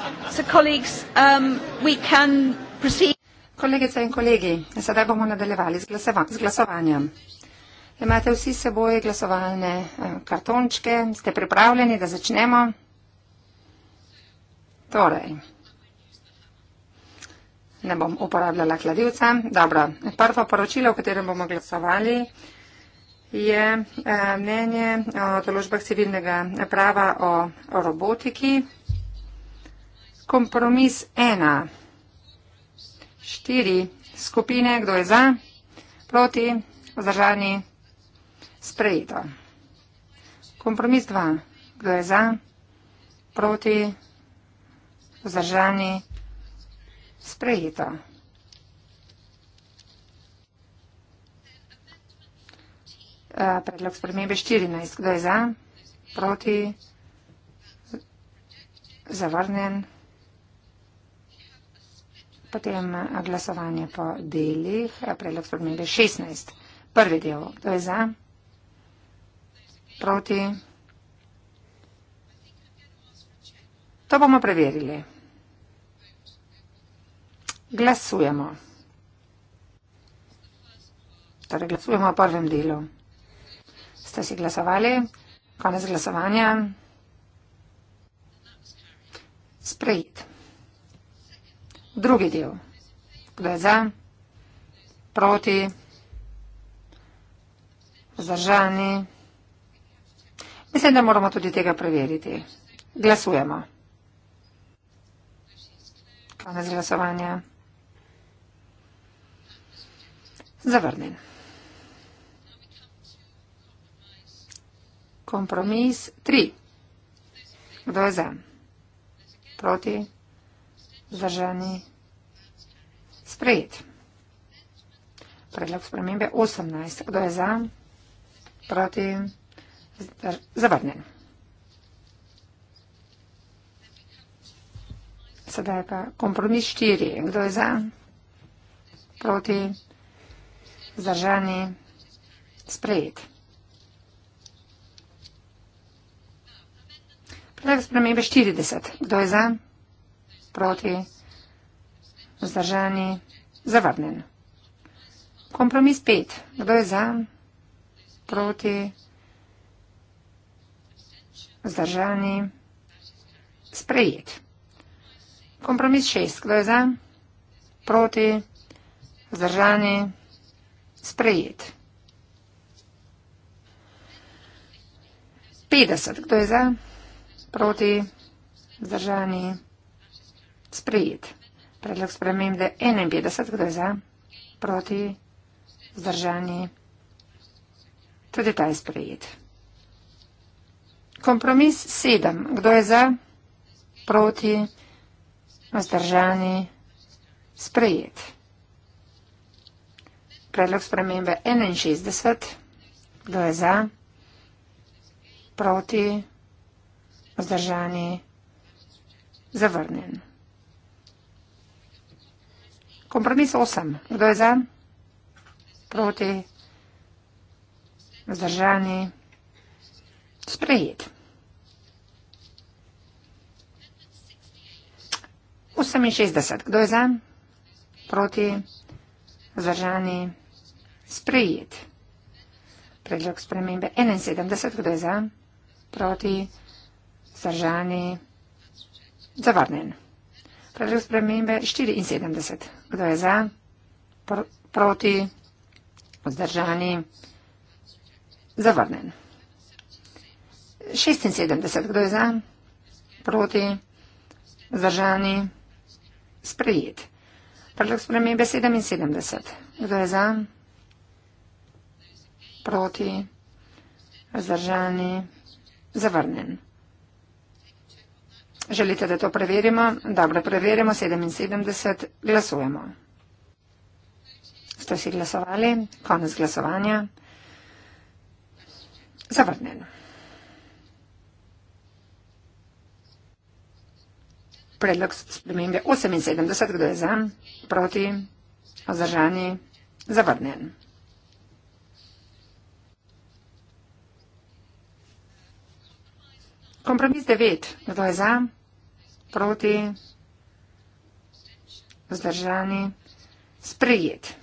Um, Kolegice in kolegi, sedaj bomo nadaljevali z glasovanjem. Imate vsi seboj glasovalne eh, kartončke, ste pripravljeni, da začnemo? Torej, ne bom uporabljala kladivca. Dobro, prvo poročilo, v katerem bomo glasovali, je eh, mnenje o doložbah civilnega prava o robotiki. Kompromis ena. Štiri skupine, kdo je za, proti, vzdržani, sprejeto. Kompromis dva, kdo je za, proti, vzdržani, sprejeto. Eh, predlog spremembe 14. Kdo je za? Proti? Zavrnjen? Potem eh, glasovanje po delih, eh, predlog spremembe 16. Prvi del, to je za, proti. To bomo preverili. Glasujemo. Torej, glasujemo o prvem delu. Ste si glasovali? Konec glasovanja. Sprejet drugi del. Kdo je za, proti, zdržani. Mislim, da moramo tudi tega preveriti. Glasujemo. Konec glasovanja. Zavrnjen. Kompromis 3. Kdo je za? Proti? zdržani. Sprejet. Predlog spremembe 18. Kdo je za? Proti? Zavrnen. Sedaj pa kompromis 4. Kdo je za? Proti? Zdržani? Sprejet. Predlog spremembe 40. Kdo je za? Proti? proti, vzdržani, zavrnjen. Kompromis pet. Kdo je za, proti, vzdržani, sprejet. Kompromis šest. Kdo je za, proti, vzdržani, sprejet. 50. Kdo je za? Proti? Zdržani? sprejet. Predlog spremembe 51, kdo je za, proti, zdržani. Tudi ta je sprejet. Kompromis 7, kdo je za, proti, zdržani, sprejet. Predlog spremembe 61, kdo je za, proti, zdržani, zavrnjen. Kompromis 8. Kdo je za? Proti? Vzdržani? Sprejet. 68. Kdo je za? Proti? Vzdržani? Sprejet. Predlog spremembe 71. Kdo je za? Proti? Vzdržani? Zavrnen predlog spremembe 74. Kdo je za? Pr proti? Vzdržani? Zavrnen. 76. Kdo je za? Proti? Vzdržani? Sprejet. Predlog spremembe 77. Kdo je za? Proti? Vzdržani? Zavrnen. Želite, da to preverimo? Dobro, preverimo. 77. Glasujemo. Ste vsi glasovali? Konec glasovanja. Zavrnjeno. Predlog spremembe 78. Kdo je za? Proti? Ozdržani? Zavrnjen. Kompromis 9. Kdo je za? proti, vzdržani, sprejet.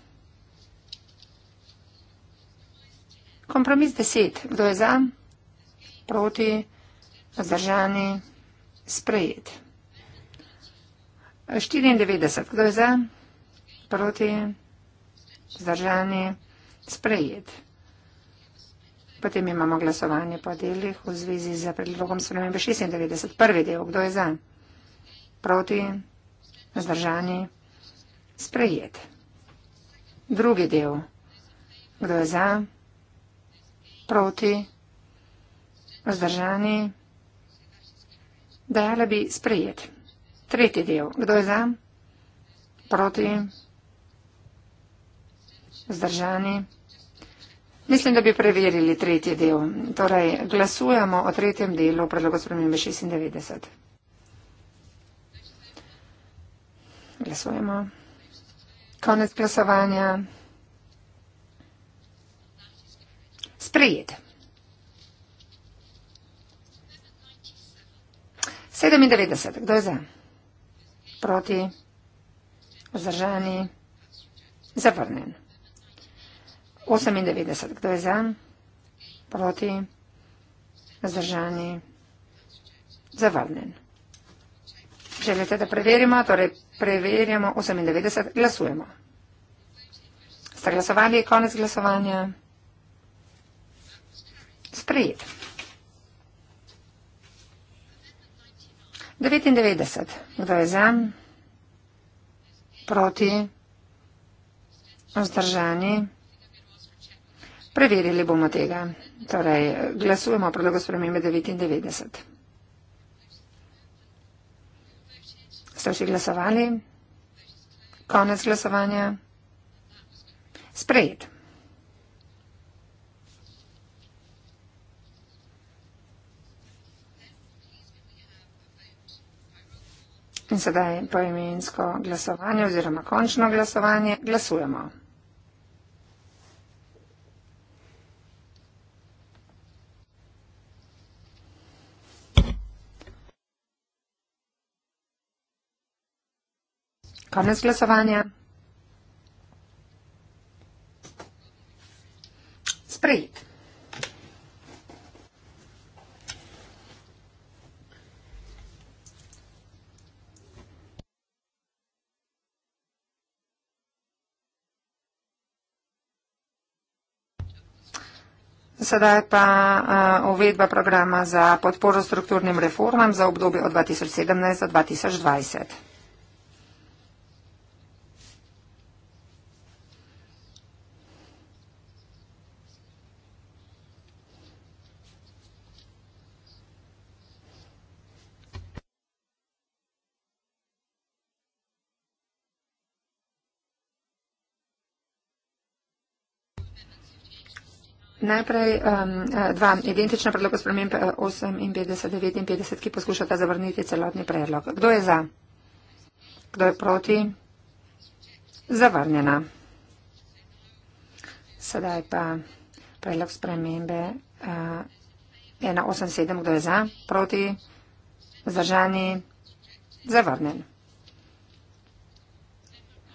Kompromis deset. Kdo je za, proti, vzdržani, sprejet. 94. Kdo je za, proti, vzdržani, sprejet. Potem imamo glasovanje po delih v zvezi z predlogom spremembe 96. Prvi del. Kdo je za? proti, zdržani, sprejet. Drugi del, kdo je za, proti, zdržani, dajala bi sprejet. Tretji del, kdo je za, proti, zdržani. Mislim, da bi preverili tretji del. Torej, glasujemo o tretjem delu predloga spremembe 96. Glasujemo. Konec glasovanja. Sprejet. 97. Kdo je za? Proti? Vzdržani? Zavrnen. 98. Kdo je za? Proti? Vzdržani? Zavrnen. Želite, da preverimo? Torej, preverjamo 98, glasujemo. Ste glasovali, konec glasovanja? Sprejet. 99, kdo je za? Proti? Vzdržani? Preverili bomo tega. Torej, glasujemo o predlogu spremembe 99. ste že glasovali? Konec glasovanja. Sprejet. In sedaj poimensko glasovanje oziroma končno glasovanje. Glasujemo. Konec glasovanja. Sprejet. Sedaj pa eh, uvedba programa za podporo strukturnim reformam za obdobje od 2017 do 2020. Najprej um, eh, dva identična predloga spremenb 58, 59, ki poskušata zavrniti celotni predlog. Kdo je za? Kdo je proti? Zavrnjena. Sedaj pa predlog spremembe uh, eh, 187. Kdo je za? Proti? Zdržani? Zavrnjen.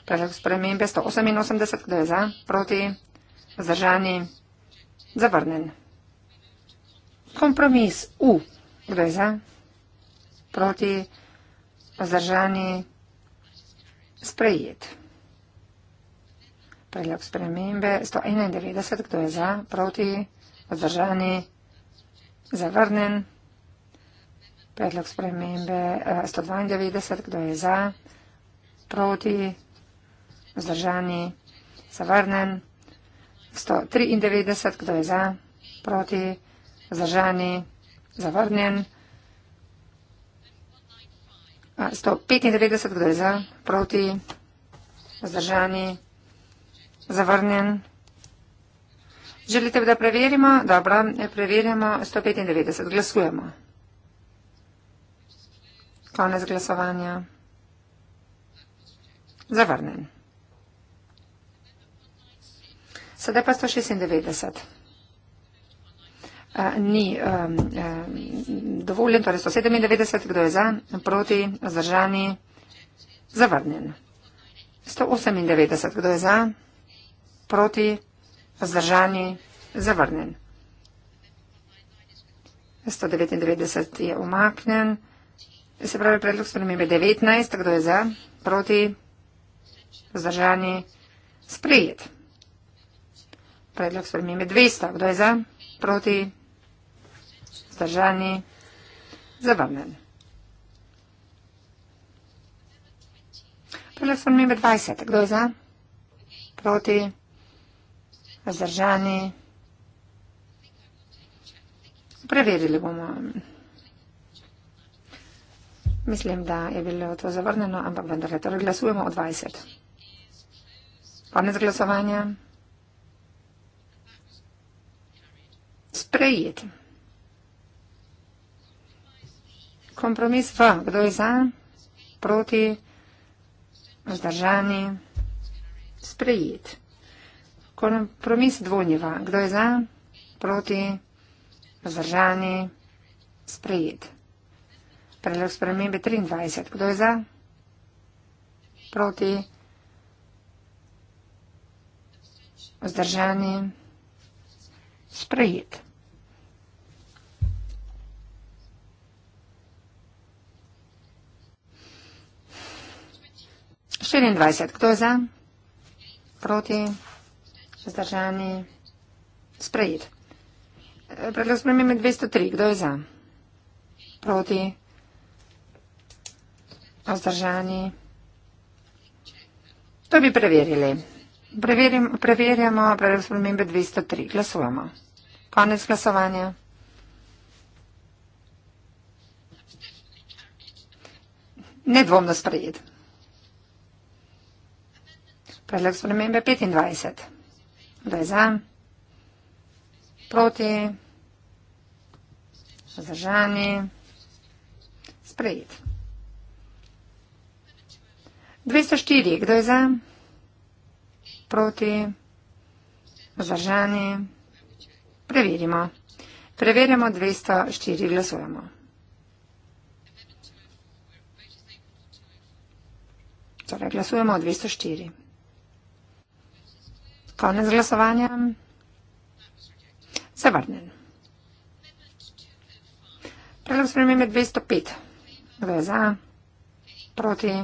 Predlog spremembe 188. Kdo je za? Proti? Zdržani? Zavrnjen. Zavrnen. Kompromis U. Kdo je za? Proti. Vzdržani. Sprejet. Predlog spremembe 191. Kdo je za? Proti. Vzdržani. Zavrnen. Predlog spremembe 192. Eh, Kdo je za? Proti. Vzdržani. Zavrnen. 193, kdo je za, proti, zdržani, zavrnjen. 195, kdo je za, proti, zdržani, zavrnjen. Želite, da preverimo? Dobro, e, preverjamo 195. Glasujemo. Konec glasovanja. Zavrnen. Sedaj pa 196. Eh, ni dovoljen, torej 197, kdo je za, proti, zdržani, zavrnjen. 198, kdo je za, proti, zdržani, zavrnjen. 199 je omaknen. Se pravi, predlog spremembe 19, kdo je za, proti, zdržani, sprejet predlog spremembe 200. Kdo je za? Proti? Zdržani? Zavrnen. Predlog spremembe 20. Kdo je za? Proti? Zdržani? Preverili bomo. Mislim, da je bilo to zavrneno, ampak vendar je. Torej glasujemo o 20. Konec glasovanja. sprejet. Kompromis v, kdo je za, proti, vzdržani, sprejet. Kompromis dvojni v, kdo je za, proti, vzdržani, sprejet. Predlog spremembe 23, kdo je za, proti, vzdržani, sprejet. 24. Kdo je za? Proti? Zdržani? Sprejet. Predlog spremembe 203. Kdo je za? Proti? Zdržani? To bi preverili. Preverjamo predlog spremembe 203. Glasujemo. Konec glasovanja. Nedvomno sprejet. Predlog spremembe 25. Kdo je za? Proti? Zdržani? Sprejet. 204. Kdo je za? Proti? Zdržani? Preverimo. Preverjamo 204. Glasujemo. Torej, glasujemo o 204. Konec glasovanja. Zavrnen. Predlog spremembe 205. Kdo je za? Proti?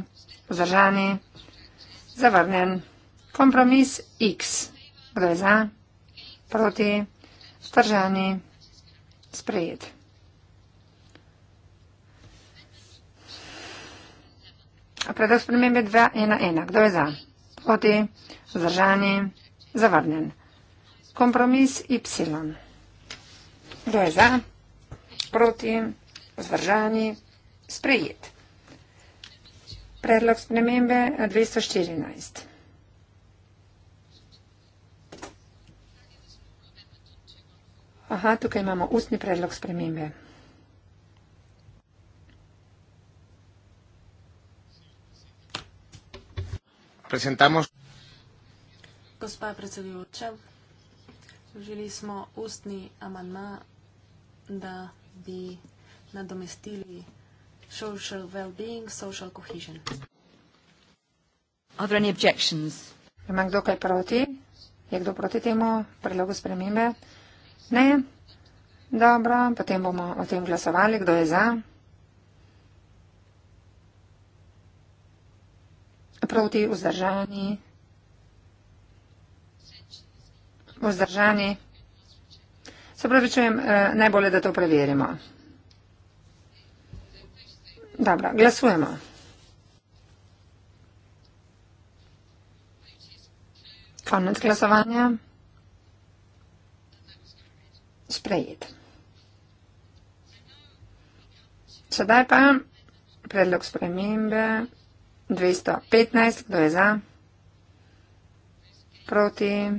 Vzdržani? Zavrnen. Kompromis X. Kdo je za? Proti? Vzdržani? Sprejet. Predlog spremembe 211. Kdo je za? Proti? Vzdržani? Sprejet. Zavrnjen. Kompromis Y. Kdo je za? Proti? Zdržani? Sprejet. Predlog spremembe 214. Aha, tukaj imamo ustni predlog spremembe. Presentamos. Gospa predsedujoča, želi smo ustni amanma, da bi nadomestili social well-being, social cohesion. Are there any objections? Ima kdo kaj proti? Je kdo proti temu predlogu spremembe? Ne? Dobro, potem bomo o tem glasovali. Kdo je za? Proti vzdržani? vzdržani. Se pravi, čujem, eh, najbolje, da to preverimo. Dobro, glasujemo. Konec glasovanja. Sprejet. Sedaj pa predlog spremembe 215, kdo je za? Proti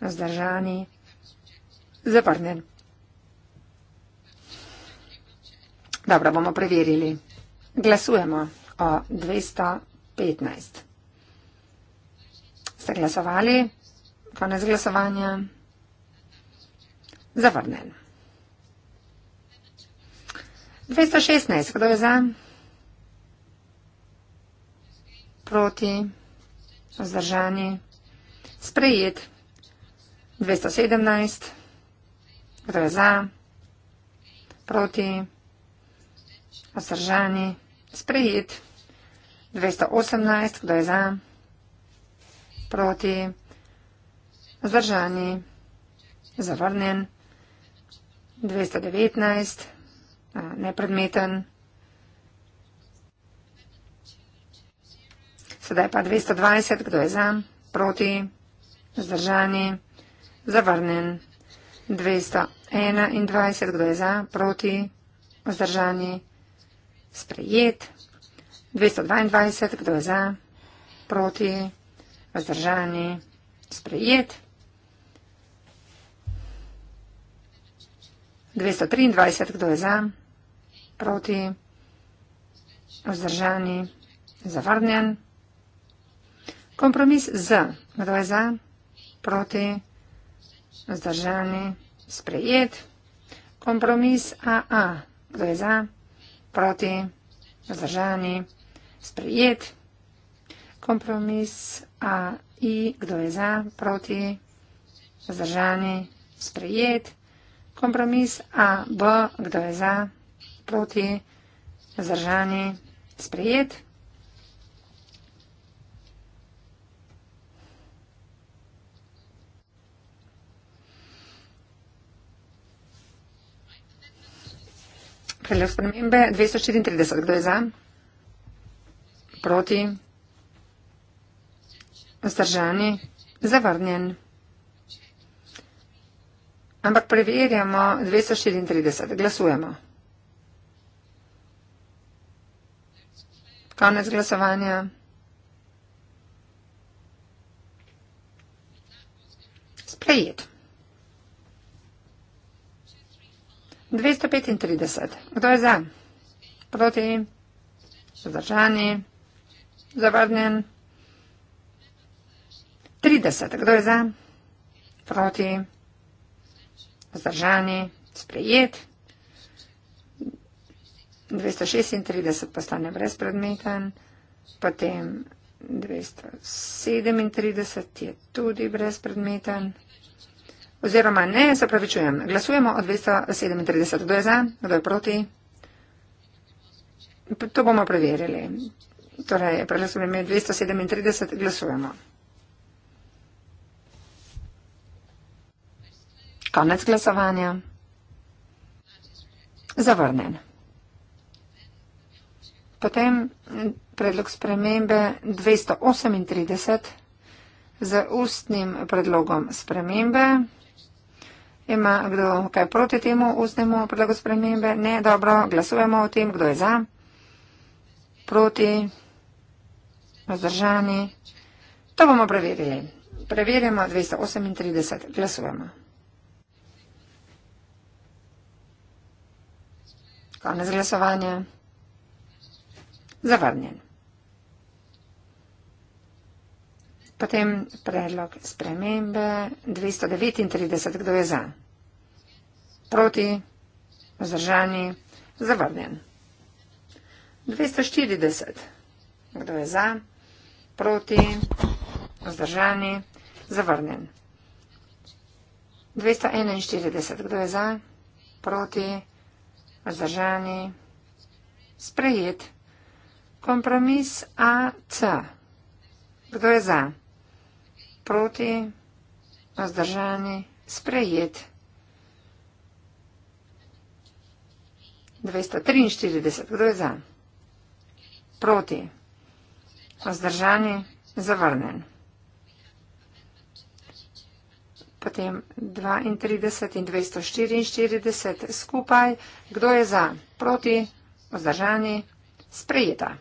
zdržani, zaprnen. Dobro, bomo preverili. Glasujemo o 215. Ste glasovali? Konec glasovanja? Zavrnen. 216. Kdo je za? Proti? Vzdržani? Sprejet? 216. 217, kdo je za, proti, osržani, sprejet. 218, kdo je za, proti, zdržani, zavrnjen. 219, nepredmeten. Sedaj pa 220, kdo je za, proti, zdržani, zavrnjen. Zavrnjen. 221, kdo je za, proti, vzdržani, sprejet. 222, kdo je za, proti, vzdržani, sprejet. 223, kdo je za, proti, vzdržani, zavrnjen. Kompromis z, kdo je za, proti, vzdržani. Vzdržani. Sprejet. Kompromis AA. Kdo je za? Proti. Vzdržani. Sprejet. Kompromis AI. Kdo je za? Proti. Vzdržani. Sprejet. Kompromis AB. Kdo je za? Proti. Vzdržani. Sprejet. Sprejet. Kele spremembe? 234. Kdo je za? Proti? Zdržani? Zavrnjen. Ampak preverjamo 234. Glasujemo. Konec glasovanja. Sprejeto. 235. Kdo je za? Proti? Zadržani? Zavrnjen? 30. Kdo je za? Proti? Zdržani? Sprejet? 236 postane brezpredmeten, potem 237 je tudi brezpredmeten. Oziroma ne, se pravi, čujem. Glasujemo o 237. Kdo je za, kdo je proti? To bomo preverili. Torej, preglasujemo 237, glasujemo. Konec glasovanja. Zavrnen. Potem predlog spremembe 238 z ustnim predlogom spremembe. Ima kdo kaj proti temu ustnemu predlogu spremembe? Ne, dobro, glasujemo o tem, kdo je za, proti, vzdržani. To bomo preverili. Preverjamo 238. Glasujemo. Konec glasovanja. Zavrnjen. Potem predlog spremembe 239. Kdo je za? Proti? Vzdržani? Zavrnjen. 240. Kdo je za? Proti? Vzdržani? Zavrnjen. 241. Kdo je za? Proti? Vzdržani? Sprejet. Kompromis AC. Kdo je za? Proti? proti, vzdržani, sprejet. 243. Kdo je za? Proti. Vzdržani, zavrnen. Potem 32 in 244 skupaj. Kdo je za? Proti. Vzdržani, sprejeta.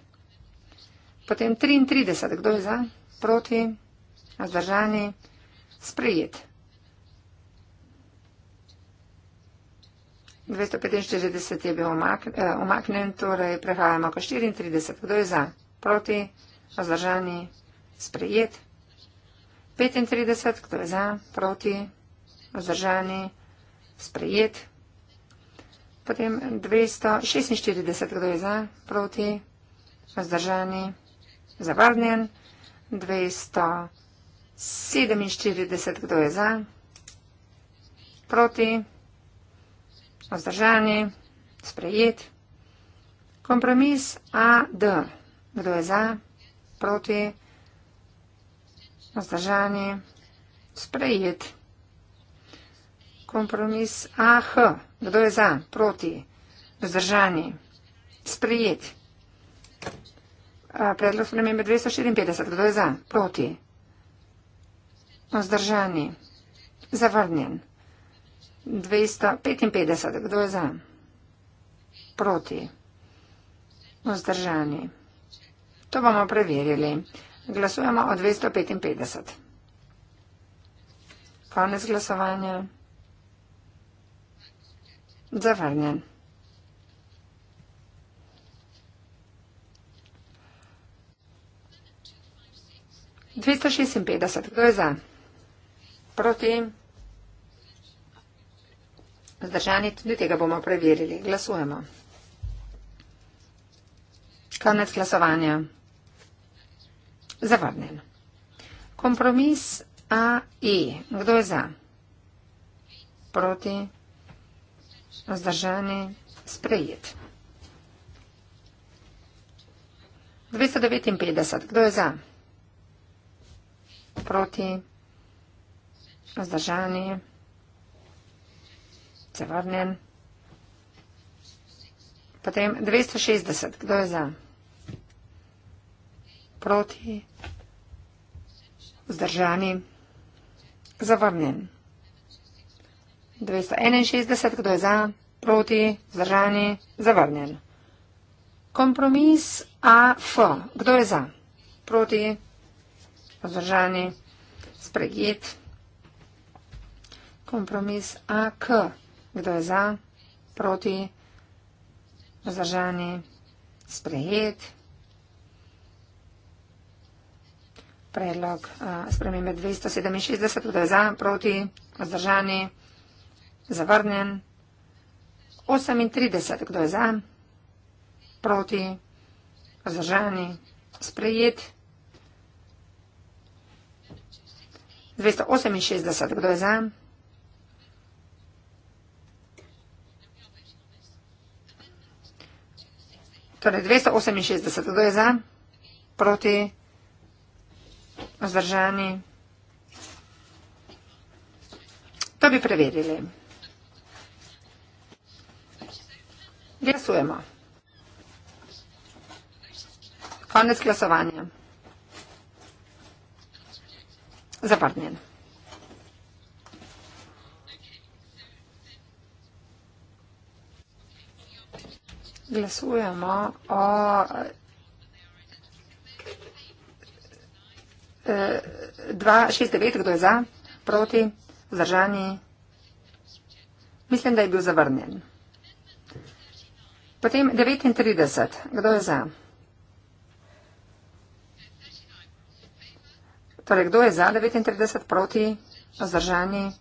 Potem 33. Kdo je za? Proti воздержание, сприет. 265 je bil omaknen, eh, torej prehajamo ko 34. Kdo je za? Proti? Razdržani? Sprejet? 35. Kdo je za? Proti? Razdržani? Sprejet? Potem 246. Kdo je za? Proti? Razdržani? Zavrnjen? 200. 47, kdo je za? Proti? Ozdržani? Sprejet? Kompromis AD, kdo je za? Proti? Ozdržani? Sprejet? Kompromis AH, kdo je za? Proti? Ozdržani? Sprejet? Predlog spremembe 254, kdo je za? Proti? Vzdržani. Zavrnjen. 255. Kdo je za? Proti. Vzdržani. To bomo preverili. Glasujemo o 255. Konec glasovanja. Zavrnjen. Dvesto šestinpetdeset, kdo je za? proti. Zdržani, tudi tega bomo preverili. Glasujemo. Konec glasovanja. Zavrnjen. Kompromis AE. Kdo je za? Proti. Zdržani. Sprejet. 259. Kdo je za? Proti. Zdržani. Se vrnem. Potem 260. Kdo je za? Proti. Zdržani. Zavrnjen. 261. Kdo je za? Proti. Zdržani. Zavrnjen. Kompromis AF. Kdo je za? Proti. Zdržani. Spregit kompromis AK. Kdo je za, proti, vzdržani, sprejet. Predlog spremembe 267, kdo je za, proti, vzdržani, zavrnjen. 38, kdo je za, proti, vzdržani, sprejet. 268, kdo je za, proti, vzdržani, sprejet. 268, kdo je za, Torej 268, kdo je za? Proti? Ozdržani? To bi preverili. Glasujemo. Konec glasovanja. Zapadnjen. glasujemo o eh, 2.69, kdo je za, proti, vzdržani. Mislim, da je bil zavrnjen. Potem 39, kdo je za? Torej, kdo je za 39 proti vzdržani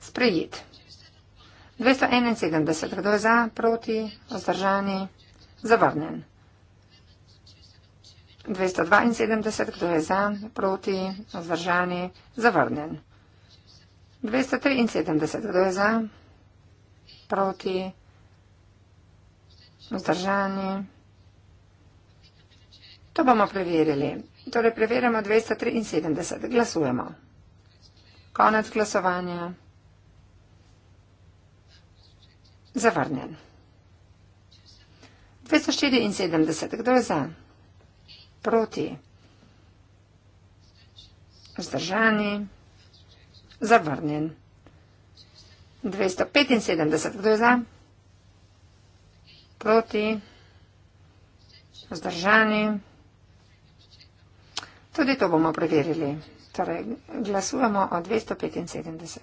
sprejet? 271, kdo je za, proti, vzdržani, zavrnen. 272, kdo je za, proti, vzdržani, zavrnen. 273, kdo je za, proti, vzdržani. To bomo preverili. Torej, preverjamo 273. Glasujemo. Konec glasovanja. Zavrnjen. 274. Kdo je za? Proti. Zdržani. Zavrnjen. 275. Kdo je za? Proti. Zdržani. Tudi to bomo preverili. Torej, glasujemo o 275.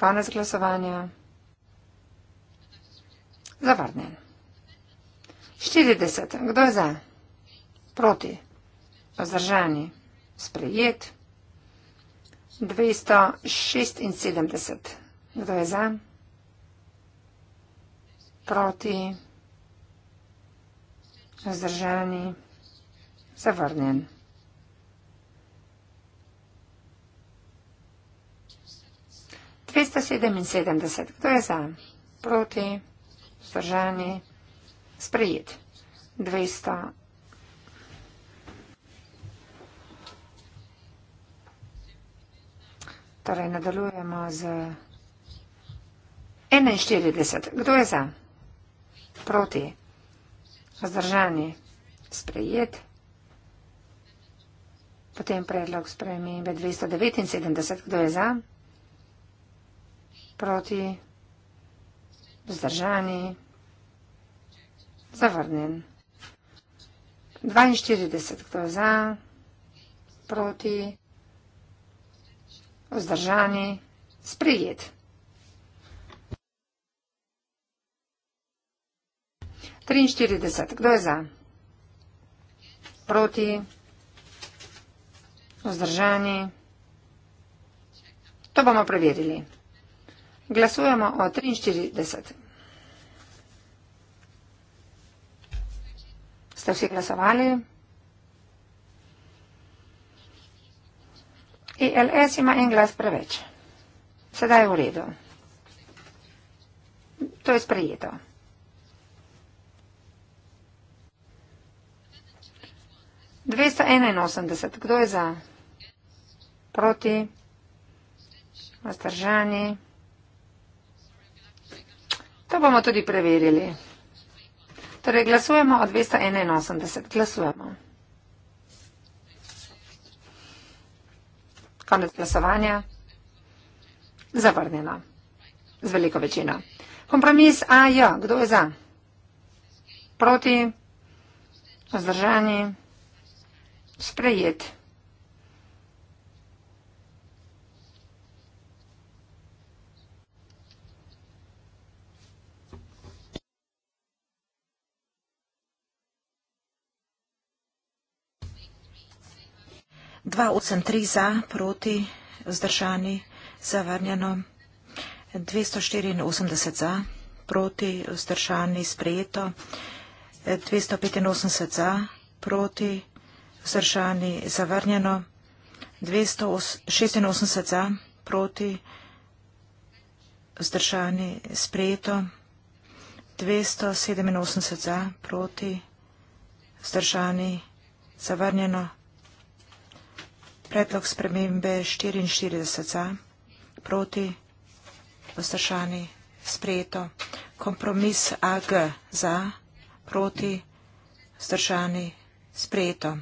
Konec glasovanja. Zavrnjen. 40. Kdo je za? Proti. Vzdržani. Sprejet. 276. Kdo je za? Proti. Vzdržani. Zavrnjen. 277. Kdo je za? Proti vzdržani, sprejet. 200. Torej, nadaljujemo z 41. Kdo je za? Proti. Vzdržani, sprejet. Potem predlog sprejme 279. Kdo je za? Proti vzdržani, zavrnjen. 42, kdo je za, proti, vzdržani, sprejet. Triinštirideset, kdo je za? Proti, vzdržani. To bomo preverili. Glasujemo o 43. Ste vsi glasovali? ILS ima en glas preveč. Sedaj je v redu. To je sprejeto. Dvesto enainosemdeset. Kdo je za? Proti? Vzdržani? To bomo tudi preverili. Torej, glasujemo o 281. Glasujemo. Konec glasovanja. Zavrnjeno. Z veliko večino. Kompromis A, J. Kdo je za? Proti? Vzdržani? Sprejeti? 283 za, proti, vzdržani, zavrnjeno, 284 za, proti, vzdržani, sprejeto, 285 za, proti, vzdržani, zavrnjeno, 286 za, proti, vzdržani, sprejeto, 287 za, proti, vzdržani, zavrnjeno, Predlog spremembe 44 za, proti, vzdržani, sprejeto. Kompromis AG za, proti, vzdržani, sprejeto.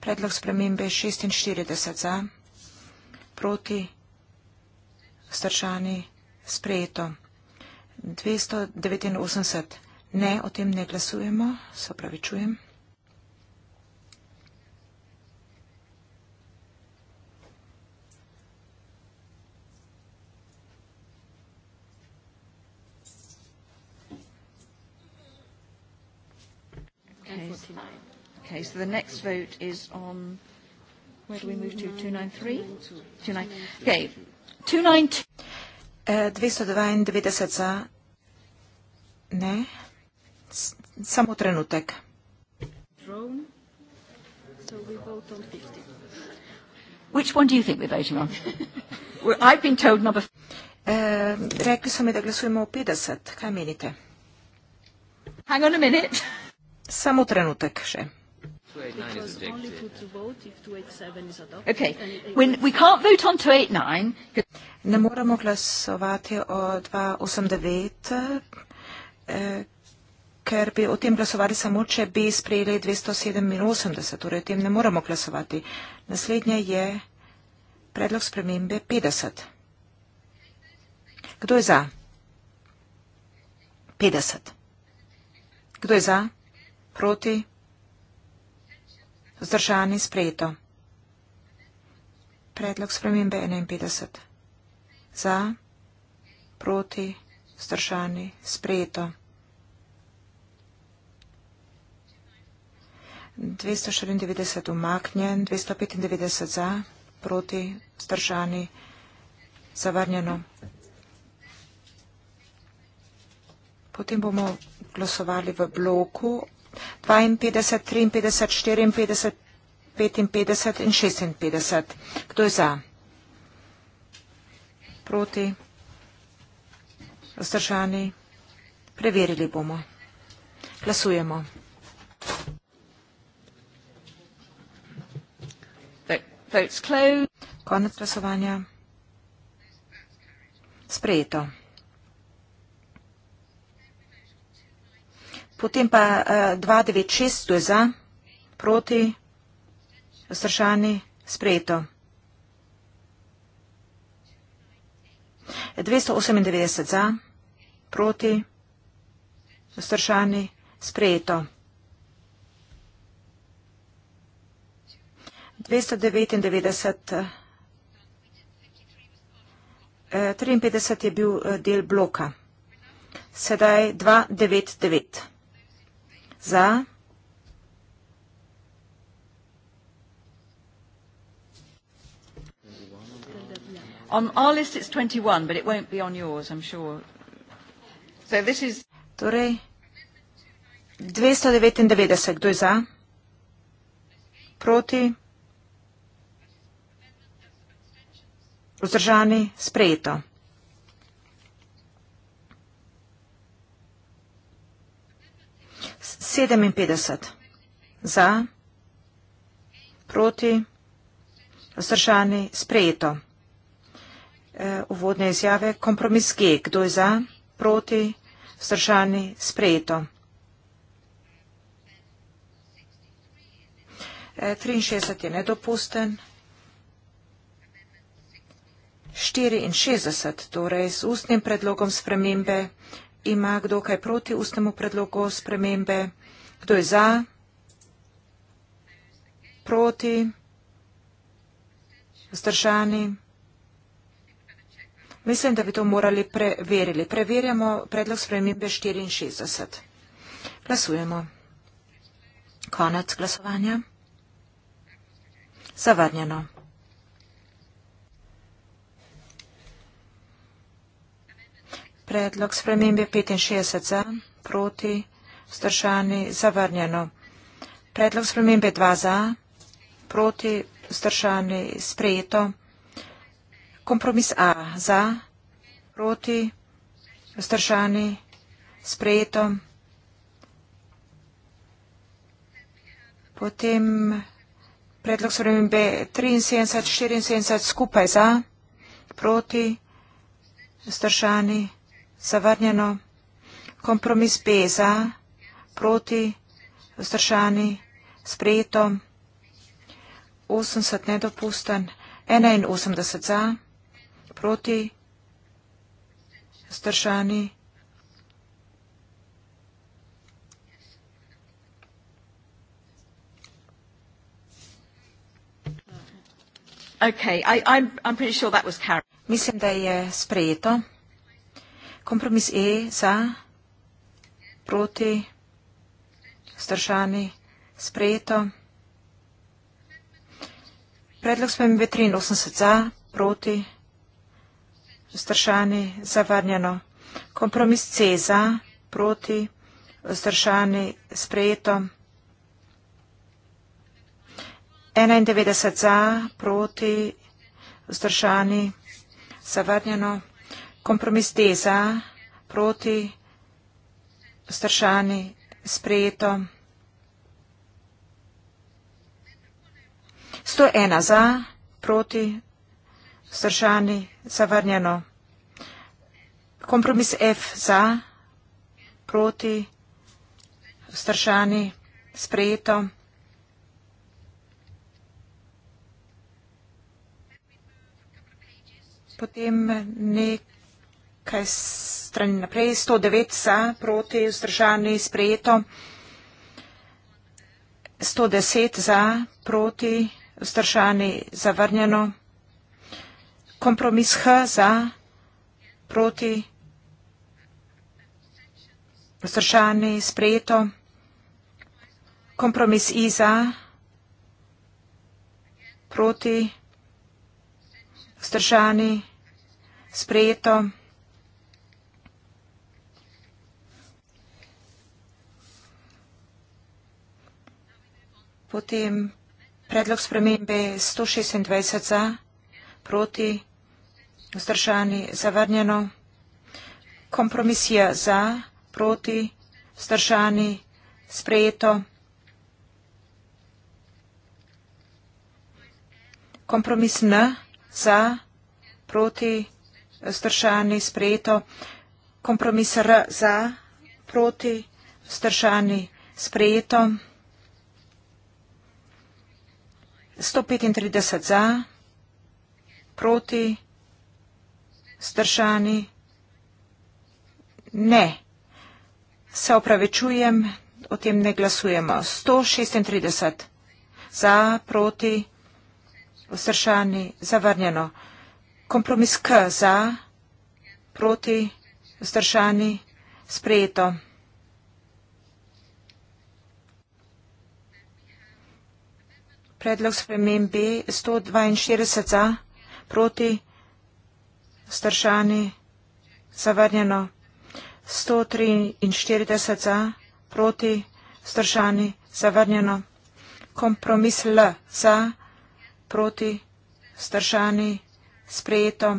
Predlog spremembe 46 za, proti, vzdržani, sprejeto. 289. Ne, o tem ne glasujemo, se pravi čujem. Okay, so the next vote is on, where do we move to, 293? Okay, 292. 292 eh, za, ne, samo trenutek. Drone, so we vote on 50. Which one do you think we're voting on? *laughs* well, I've been told number... Uh, rekli so mi, da glasujemo o 50. Kaj menite? Hang on a minute. Samo trenutek še. Ne moramo glasovati o 289, eh, ker bi o tem glasovali samo, če bi sprejeli 287, torej o tem ne moramo glasovati. Naslednje je predlog spremembe 50. Kdo je za? 50. Kdo je za? Proti? vzdržani sprejeto. Predlog spremembe 51. Za, proti, vzdržani sprejeto. 294 umaknjen, 295 za, proti, vzdržani, zavrnjeno. Potem bomo glasovali v bloku 52, 53, 54, 55 in 56. Kdo je za? Proti? Zdržani? Preverili bomo. Glasujemo. Konec glasovanja. Sprejeto. Potem pa uh, 296, to je za, proti, vzdržani, sprejeto. 298 za, proti, vzdržani, sprejeto. 299, 53 eh, eh, je bil eh, del bloka. Sedaj 299 za. On our list it's 21, but it won't be on yours, I'm sure. So this is... Torej, 299, kdo je za? Proti? Vzdržani? Sprejeto. 57 za, proti, vzdržani, sprejeto. E, uvodne izjave, kompromis G, kdo je za, proti, vzdržani, sprejeto. 63 e, je nedopusten. 64, torej z ustnim predlogom spremembe, ima kdo kaj proti ustnemu predlogu spremembe? Kdo je za? Proti? Zdržani? Mislim, da bi to morali preverili. Preverjamo predlog spremembe 64. Glasujemo. Konec glasovanja. Zavrnjeno. Predlog spremembe 65 za, proti, vzdržani, zavrnjeno. Predlog spremembe 2 za, proti, vzdržani, sprejeto. Kompromis A za, proti, vzdržani, sprejeto. Potem predlog spremembe 73, 74 skupaj za, proti, vzdržani, sprejeto zavrnjeno. Kompromis B za, proti, vzdržani, sprejeto, 80 nedopusten, 81 za, proti, vzdržani. Okay, I, I'm, I'm sure Mislim, da je sprejeto. Kompromis E za, proti, stršani, sprejeto. Predlog spremembe 83 za, proti, stršani, zavarnjeno. Kompromis C za, proti, stršani, sprejeto. 91 za, proti, stršani, zavarnjeno kompromis te za, proti, stršani, sprejeto. 101 za, proti, stršani, zavrnjeno. Kompromis F za, proti, stršani, sprejeto. Potem nek kaj strani naprej, 109 za, proti, vzdržani, sprejeto, 110 za, proti, vzdržani, zavrnjeno, kompromis H za, proti, vzdržani, sprejeto, kompromis I za, proti, vzdržani, sprejeto, kompromis I za, proti, vzdržani, sprejeto, Potem predlog spremembe 126 za, proti, vzdržani, zavrnjeno. Kompromisija za, proti, vzdržani, sprejeto. Kompromis N za, proti, vzdržani, sprejeto. Kompromis R za, proti, vzdržani, sprejeto. 135 za, proti, zdržani, ne. Se opravičujem, o tem ne glasujemo. 136 za, proti, vzdržani, zavrnjeno. Kompromis K za, proti, vzdržani, sprejeto. predlog spremembi 142 za, proti, stršani, zavrnjeno. 143 za, proti, stršani, zavrnjeno. Kompromis L za, proti, stršani, sprejeto.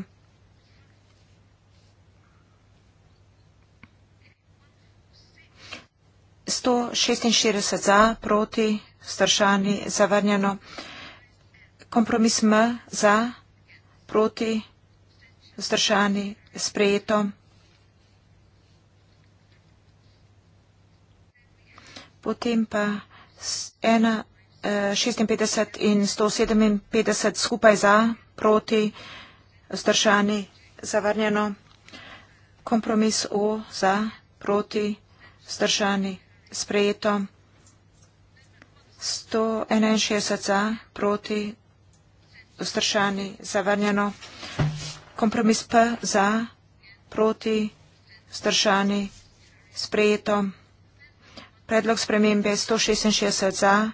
Sto šestinštirideset za proti vprašanje zavrnjeno. Kompromis M za, proti, vzdržani, sprejeto. Potem pa 156 eh, in 157 skupaj za, proti, vzdržani, zavrnjeno. Kompromis O za, proti, vzdržani, sprejeto. 161 za, proti, vzdržani, zavrnjeno. Kompromis P za, proti, vzdržani, sprejeto. Predlog spremembe 166 za,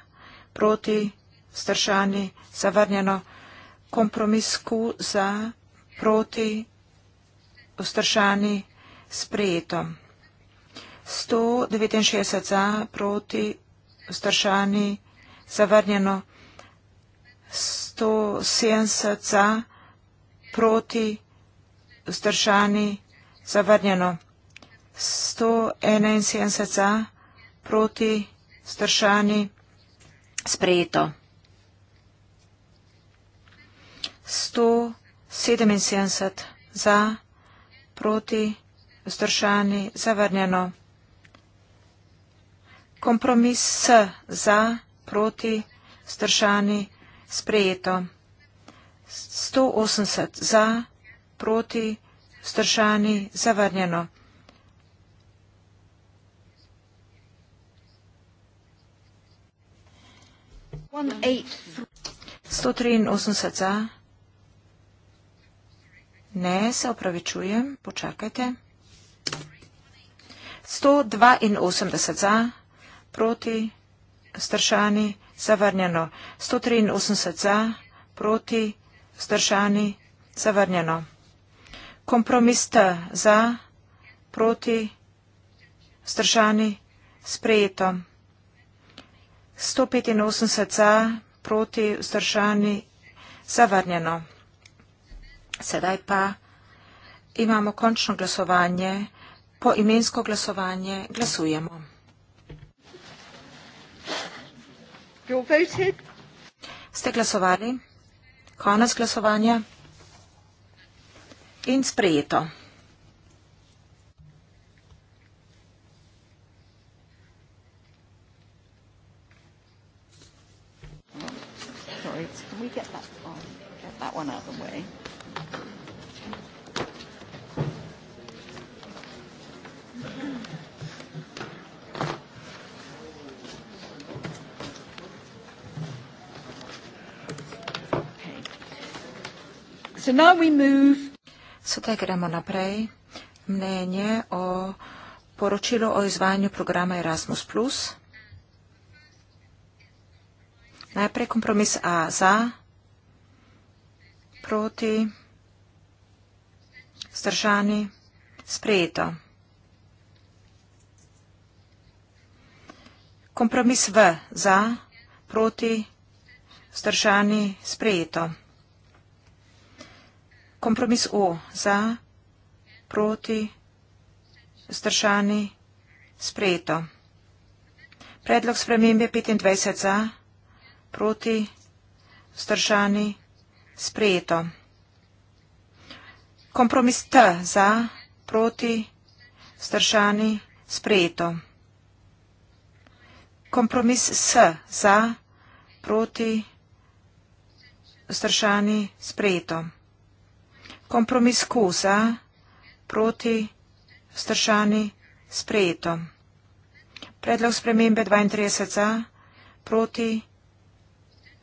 proti, vzdržani, zavrnjeno. Kompromis Q za, proti, vzdržani, sprejeto. 169 za, proti, vzdržani vzdržani, zavrnjeno 170 za, proti vzdržani, zavrnjeno 171 za, proti vzdržani, sprejeto. 177 za, proti vzdržani, zavrnjeno 171 za, proti vzdržani, zavrnjeno kompromis s, za, proti, stršani, sprejeto. 180 za, proti, stršani, zavrnjeno. Sto triinosemdeset za. Ne, se opravičujem, počakajte. Sto dvainosemdeset za proti, vzdržani, zavrnjeno. 183 za, proti, vzdržani, zavrnjeno. Kompromis T za, proti, vzdržani, sprejeto. 185 za, proti, vzdržani, zavrnjeno. Sedaj pa imamo končno glasovanje, po imensko glasovanje glasujemo. Ste glasovali? Konec glasovanja? In sprejeto. Sorry, can we get that, oh, get that one out of them? So now we move. Sedaj gremo naprej. Mnenje o poročilu o izvajanju programa Erasmus. Najprej kompromis A za, proti, zdržani, sprejeto. Kompromis V za, proti, zdržani, sprejeto. Kompromis O za, proti, zdržani, sprejeto. Predlog spremembe 25 za, proti, zdržani, sprejeto. Kompromis T za, proti, zdržani, sprejeto. Kompromis S za, proti, zdržani, sprejeto kompromis kusa proti vzdržani sprejeto. Predlog spremembe 32 proti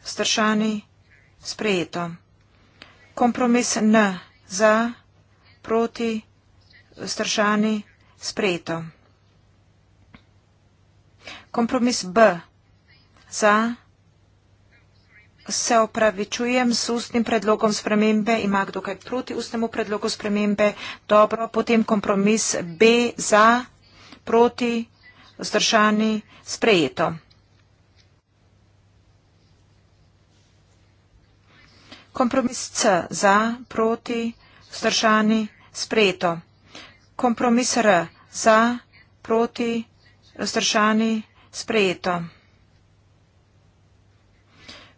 vzdržani sprejeto. Kompromis N za proti vzdržani sprejeto. Kompromis B za proti vzdržani sprejeto. Se opravičujem s ustnim predlogom spremembe, ima kdo kaj proti ustnemu predlogu spremembe? Dobro, potem kompromis B za, proti, vzdržani, sprejeto. Kompromis C za, proti, vzdržani, sprejeto. Kompromis R za, proti, vzdržani, sprejeto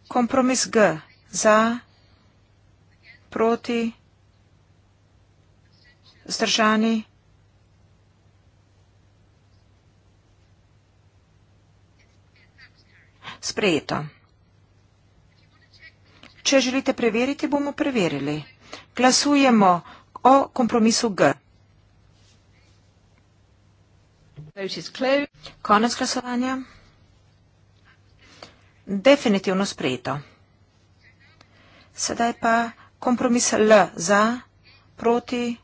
kompromis G za, proti, zdržani. Sprejeto. Če želite preveriti, bomo preverili. Glasujemo o kompromisu G. Konec glasovanja definitivno sprejeto. Sedaj pa kompromis L za, proti,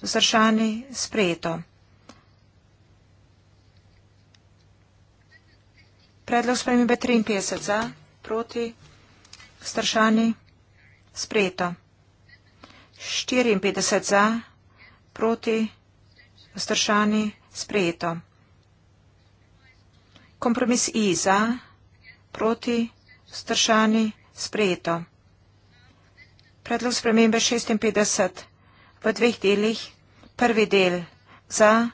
vzdržani, sprejeto. Predlog spremembe 53 za, proti, vzdržani, sprejeto. 54 za, proti, vzdržani, sprejeto. Kompromis I za, proti, vzdržani, sprejeto proti, stršani, sprejeto. Predlog spremembe 56 v dveh delih. Prvi del za,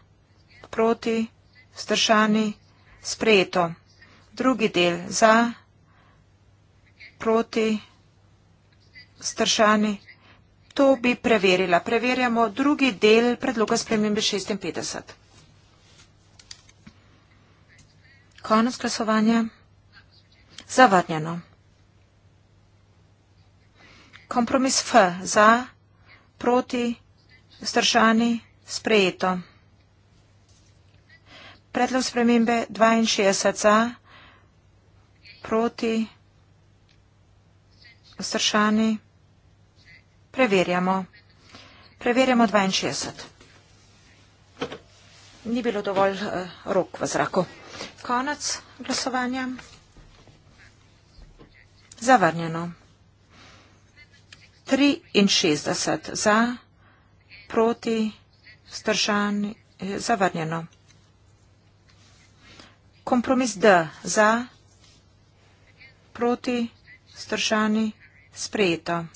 proti, stršani, sprejeto. Drugi del za, proti, stršani. To bi preverila. Preverjamo drugi del predloga spremembe 56. Konec glasovanja zawadniano. Kompromis F za, proti, vzdržani, sprejeto. Predlog spremembe 62 za, proti, vzdržani, preverjamo. Preverjamo 62. Ni bilo dovolj uh, rok v zraku. Konec glasovanja. Zavrnjeno. 63 za, proti, stržani, eh, zavrnjeno. Kompromis D za, proti, stržani, sprejeto.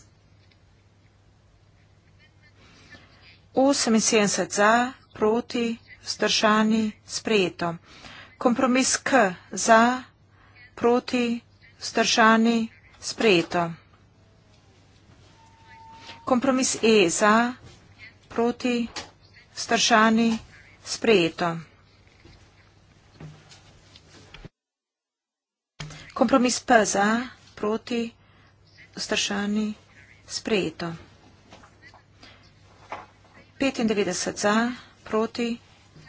78 za, proti, stržani, sprejeto. Kompromis K za, proti, stržani, sprejeto. Stršani sprejeto. Kompromis E za, proti, stršani sprejeto. Kompromis P za, proti, stršani sprejeto. 95 za, proti,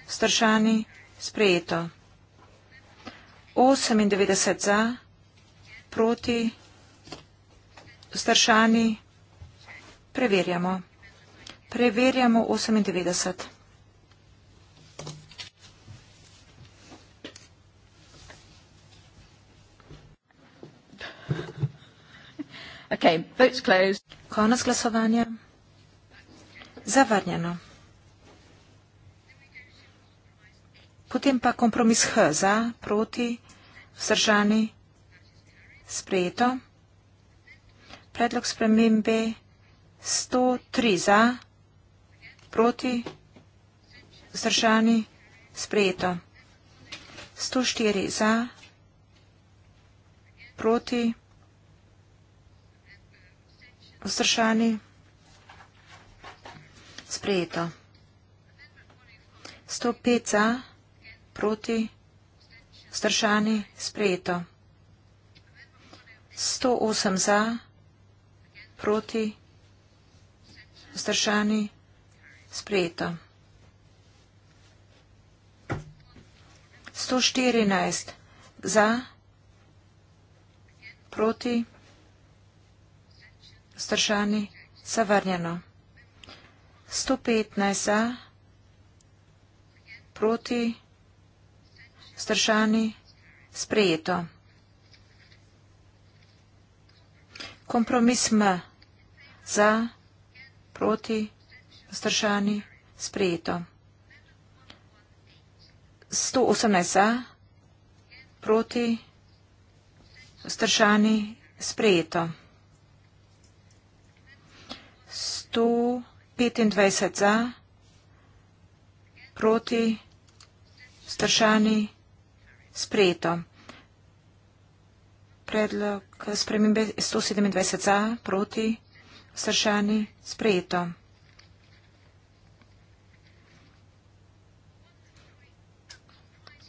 stršani sprejeto. 98 za, proti, stršani sprejeto proti staršani. Preverjamo. Preverjamo 98. Okay, votes closed. Konec glasovanja. Zavrnjeno. Potem pa kompromis H za, proti, vzdržani sprejeto. Predlog spremembe 103 za, proti, zdržani, sprejeto. 104 za, proti, zdržani, sprejeto. 105 za, proti, zdržani, sprejeto. 108 za, proti, vzdržani, sprejeto. 114 za, proti, vzdržani, zavrnjeno. 115 za, proti, vzdržani, sprejeto. kompromis M za, proti, vzdržani, sprejeto. 118 za, proti, vzdržani, sprejeto. 125 za, proti, vzdržani, sprejeto. Predlog spremembe 127 za proti vzdržani sprejeto.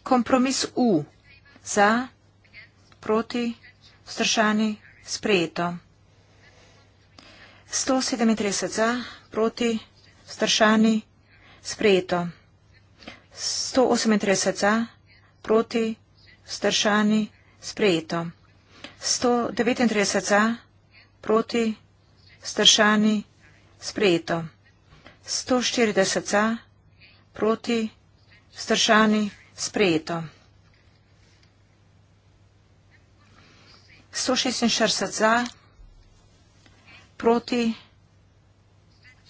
Kompromis U za proti vzdržani sprejeto. 137 za proti vzdržani sprejeto. 138 za proti vzdržani sprejeto. 139 za, proti, stršani, sprejeto. 140 za, proti, stršani, sprejeto. 166 za, proti,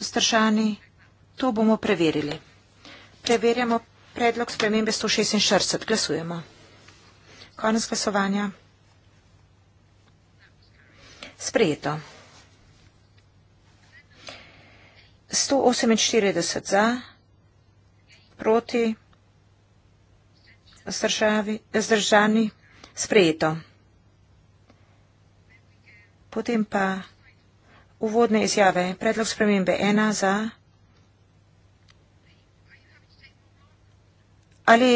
stršani, to bomo preverili. Preverjamo predlog spremembe 166. Glasujemo. Konec glasovanja. Sprejeto. 148 za, proti, zdržani, sprejeto. Potem pa uvodne izjave, predlog spremembe ena za. Ali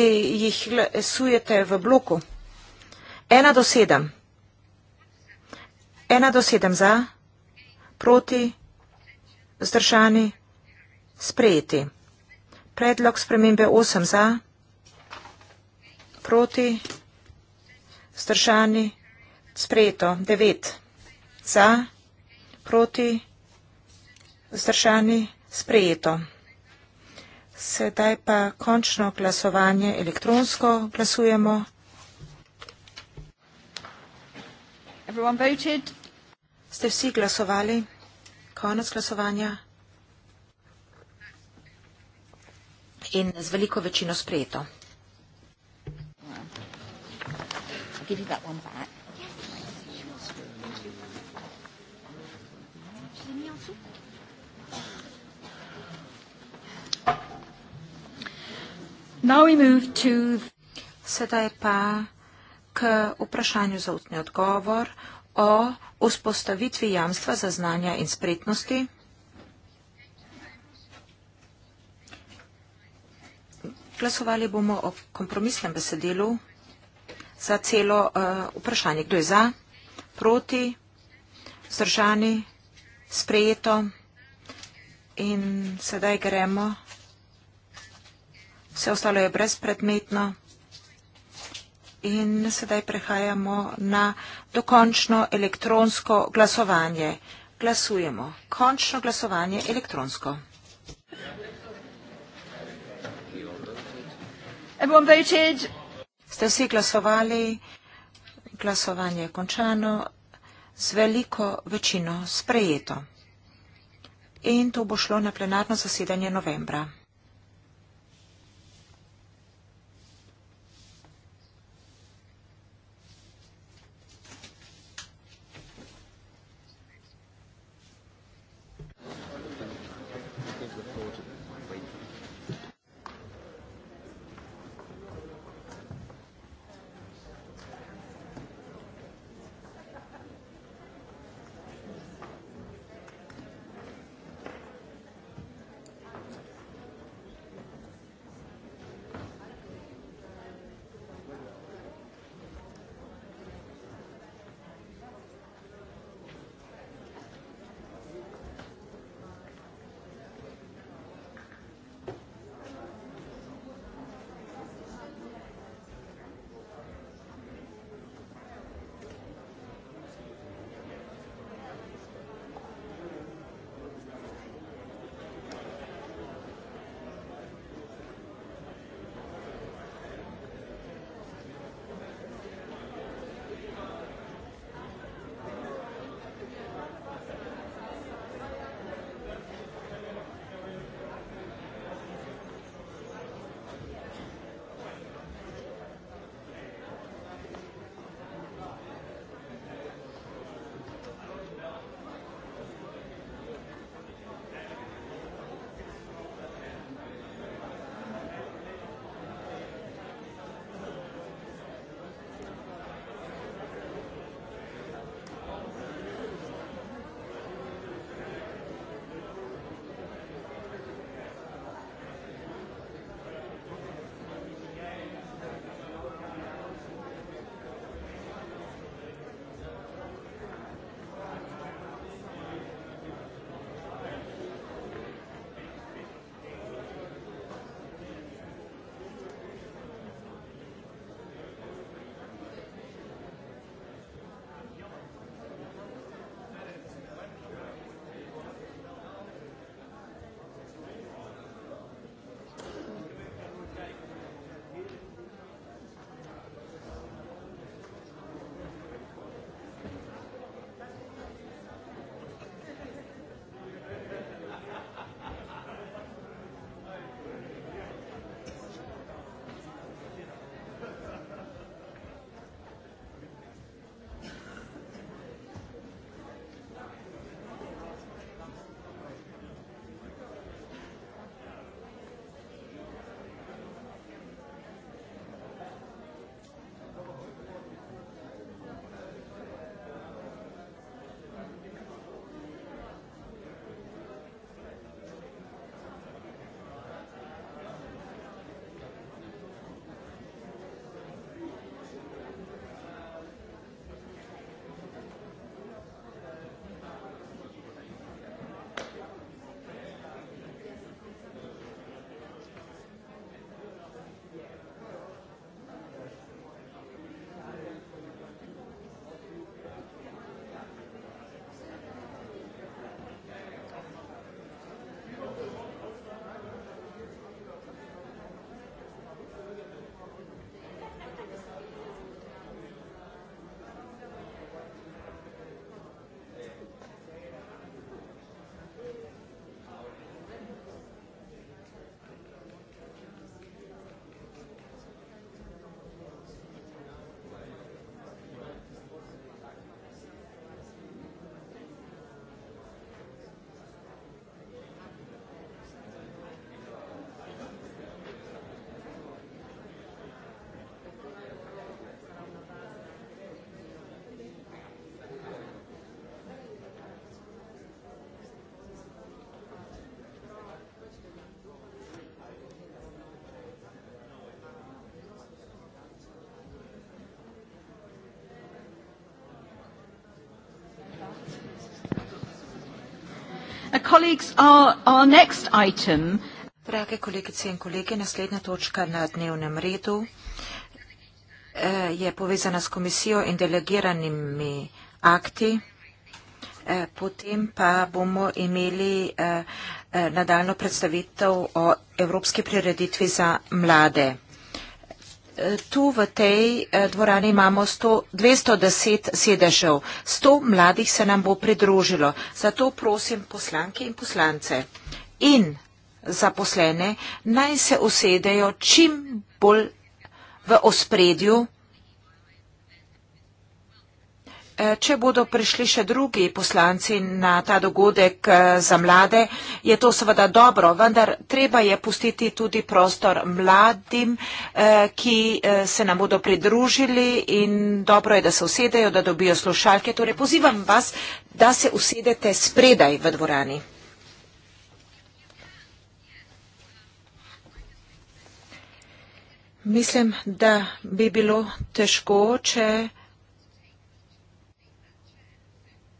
jih glasujete v bloku? Ena do sedem. Ena do sedem za, proti, zdržani, sprejeti. Predlog spremembe osem za, proti, zdržani, sprejeto. Devet za, proti, zdržani, sprejeto. Sedaj pa končno glasovanje elektronsko glasujemo. Everyone voted. Ste vsi glasovali? Konec glasovanja? In z veliko večino sprejeto. Sedaj pa k vprašanju za utni odgovor o vzpostavitvi jamstva za znanja in spretnosti. Glasovali bomo o kompromisnem besedilu za celo eh, vprašanje. Kdo je za, proti, zdržani, sprejeto in sedaj gremo. Vse ostalo je brezpredmetno. In sedaj prehajamo na dokončno elektronsko glasovanje. Glasujemo. Končno glasovanje elektronsko. Ste vsi glasovali? Glasovanje je končano z veliko večino sprejeto. In to bo šlo na plenarno zasedanje novembra. Uh, Drage kolegice in kolege, naslednja točka na dnevnem redu eh, je povezana s komisijo in delegiranimi akti. Eh, potem pa bomo imeli eh, nadaljno predstavitev o Evropski prireditvi za mlade tu v tej eh, dvorani imamo 100, 210 sedežev. 100 mladih se nam bo pridružilo. Zato prosim poslanke in poslance in zaposlene, naj se usedejo čim bolj v ospredju Če bodo prišli še drugi poslanci na ta dogodek eh, za mlade, je to seveda dobro, vendar treba je pustiti tudi prostor mladim, eh, ki eh, se nam bodo pridružili in dobro je, da se usedejo, da dobijo slušalke. Torej pozivam vas, da se usedete spredaj v dvorani. Mislim, da bi bilo težko, če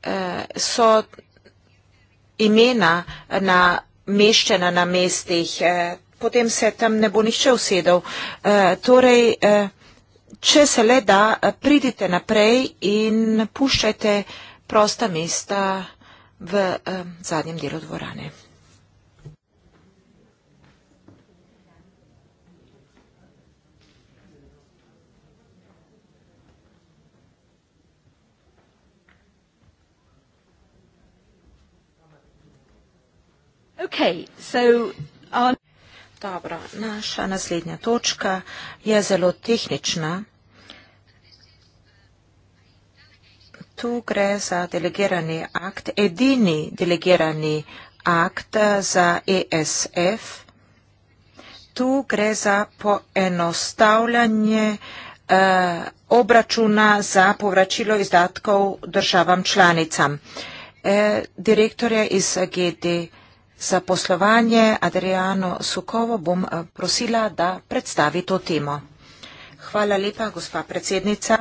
eh, so imena na meščena na mestih, eh, potem se tam ne bo nišče usedel. Eh, torej, eh, če se le da, pridite naprej in puščajte prosta mesta v eh, zadnjem delu dvorane. Okay, so on... Dobro, naša naslednja točka je zelo tehnična. Tu gre za delegirani akt, edini delegirani akt za ESF. Tu gre za poenostavljanje eh, obračuna za povračilo izdatkov državam članicam. Eh, direktorja iz GDP. Za poslovanje Adriano Sukovo bom eh, prosila, da predstavi to temo. Hvala lepa, gospa predsednica.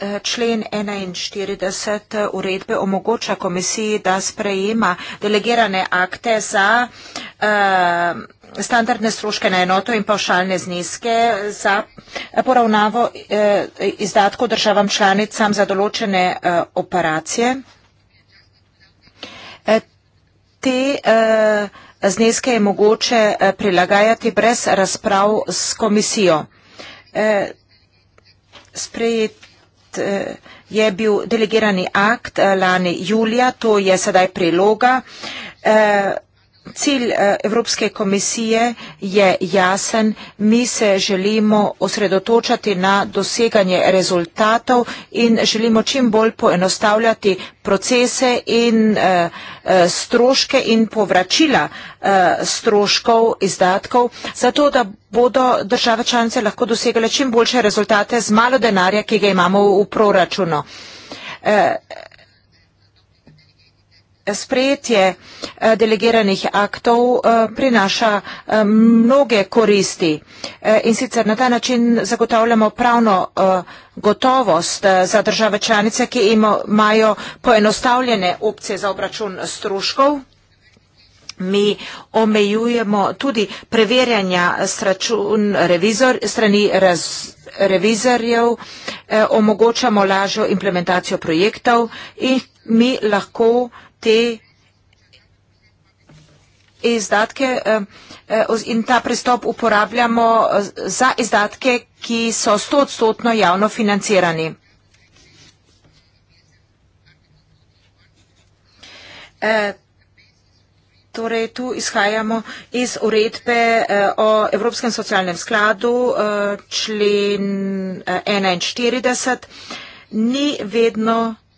Eh, člen 41 eh, uredbe omogoča komisiji, da sprejema delegirane akte za standardne stroške na enoto in pavšalne zneske za poravnavo izdatkov državam članicam za določene operacije te eh, zneske je mogoče eh, prilagajati brez razprav s komisijo. Eh, sprejet je bil delegirani akt lani julija, to je sedaj priloga. Cilj eh, Evropske komisije je jasen, mi se želimo osredotočati na doseganje rezultatov in želimo čim bolj poenostavljati procese in eh, eh, stroške in povračila stroškov, izdatkov, zato da bodo države članice lahko dosegale čim boljše rezultate z malo denarja, ki ga imamo v proračunu sprejetje eh, delegiranih aktov eh, prinaša eh, mnoge koristi in sicer na ta način zagotavljamo pravno gotovost za države članice, ki imajo poenostavljene opcije za obračun stroškov. Mi omejujemo tudi preverjanja stračun revizor, strani raz, revizorjev, eh, omogočamo lažjo implementacijo projektov in mi lahko eh, te izdatke eh, eh, in ta pristop uporabljamo eh, za izdatke, ki so stotstotno javno financirani. Torej, tu izhajamo iz uredbe o Evropskem socialnem skladu, člen 41, ni vedno vsega,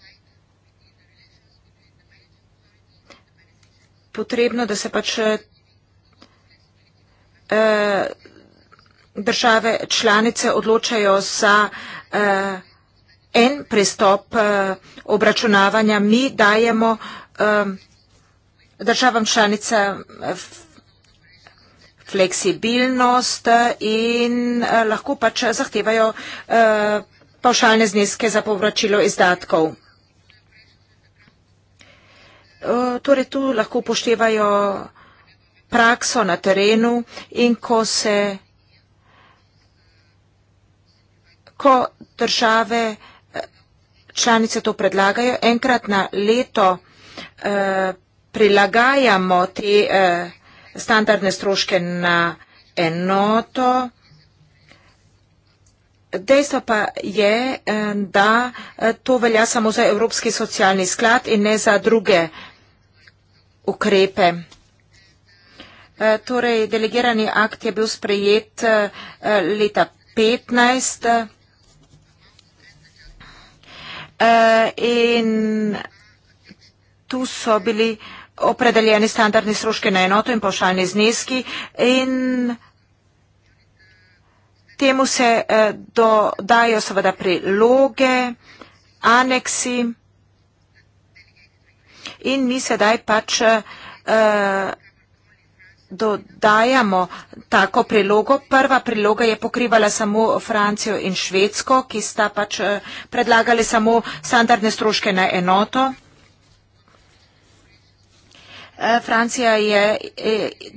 potrebno, da se pač eh, države članice odločajo za eh, en prestop eh, obračunavanja. Mi dajemo eh, državam članica eh, fleksibilnost eh, in eh, lahko pač zahtevajo eh, pavšalne zneske za povračilo izdatkov. Eh, torej tu lahko poštevajo prakso na terenu in ko se ko države eh, članice to predlagajo, enkrat na leto eh, prilagajamo te standardne stroške na enoto. Dejstvo pa je, da to velja samo za Evropski socialni sklad in ne za druge ukrepe. E, torej, delegirani akt je bil sprejet e, leta 15 e, in tu so bili opredeljeni standardni stroški na enoto in pošaljni zneski in temu se dodajo seveda priloge, aneksi in mi sedaj pač eh, dodajamo tako prilogo. Prva priloga je pokrivala samo Francijo in Švedsko, ki sta pač eh, predlagali samo standardne stroške na enoto. Eh, Francija je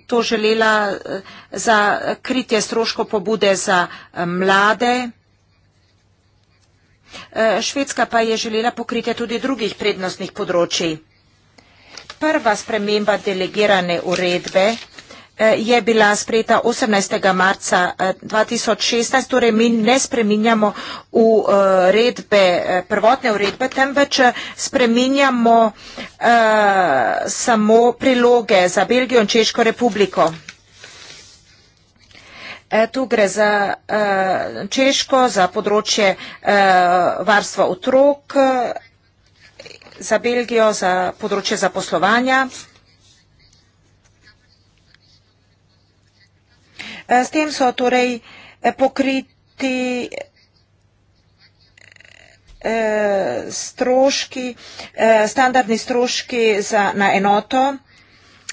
to želela za kritje stroško pobude za mlade. Švedska pa je želela pokritje tudi drugih prednostnih področji. Prva sprememba delegirane uredbe eh, je bila sprejeta 18. marca 2016, eh, torej mi ne spreminjamo uredbe, eh, prvotne uredbe, temveč spreminjamo uh, samo priloge za Belgijo in Češko republiko. Tu gre za uh, Češko, za področje uh, varstva otrok. Uh, za Belgijo, za področje zaposlovanja. E, s tem so torej e, pokriti e, stroški, standardni stroški za, na enoto.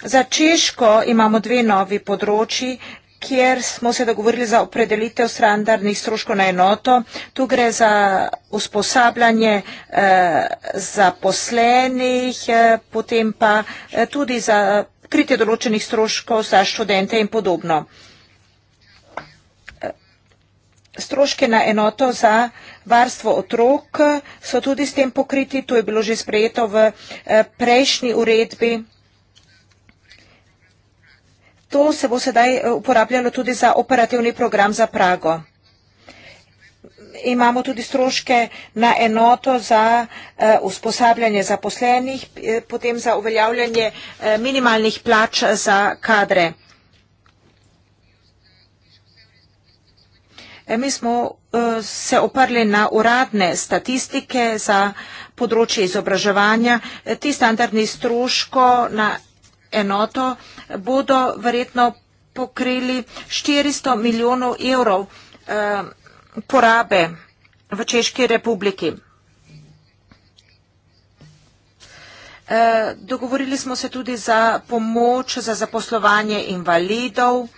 Za Češko imamo dve novi področji, kjer smo se dogovorili za opredelitev standardnih stroškov na enoto. Tu gre za usposabljanje eh, zaposlenih, eh, potem pa eh, tudi za kritje določenih stroškov za študente in podobno. Eh, stroške na enoto za varstvo otrok so tudi s tem pokriti, to je bilo že sprejeto v eh, prejšnji uredbi. To se bo sedaj eh, uporabljalo tudi za operativni program za Prago. Imamo tudi stroške na enoto za eh, usposabljanje zaposlenih, eh, potem za uveljavljanje minimalnih plač za kadre. Mi smo se oprli na uradne statistike za področje izobraževanja. Ti standardni stroško na enoto enoto, bodo verjetno pokrili 400 milijonov evrov eh, porabe v Češki republiki. Eh, dogovorili smo se tudi za pomoč za zaposlovanje invalidov.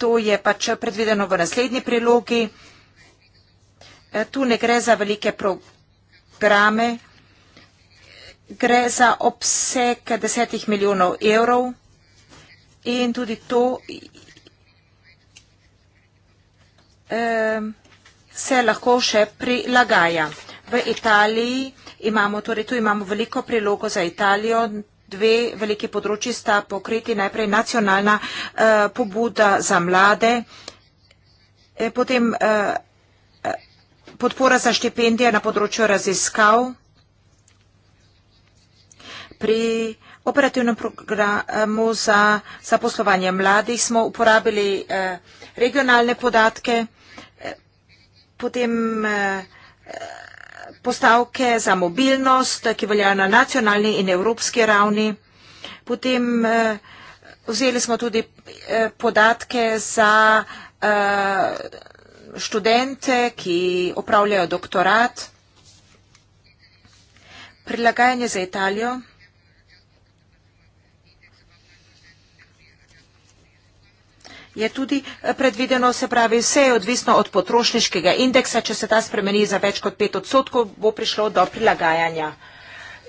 To je pač predvideno v naslednji prilogi. Eh, tu ne gre za velike programe, gre za obseg desetih milijonov evrov in tudi to ehm, se lahko še prilagaja. V Italiji imamo, torej tu imamo veliko prilogo za Italijo, dve velike področji sta pokriti, najprej nacionalna eh, pobuda za mlade, eh, potem eh, podpora za štipendije na področju raziskav, pri operativnem programu za zaposlovanje mladih smo uporabili eh, regionalne podatke, eh, potem eh, postavke za mobilnost, ki veljajo na nacionalni in evropski ravni, potem eh, vzeli smo tudi eh, podatke za eh, študente, ki opravljajo doktorat, prilagajanje za Italijo, je tudi eh, predvideno, se pravi, vse je odvisno od potrošniškega indeksa, če se ta spremeni za več kot pet odstotkov, bo prišlo do prilagajanja.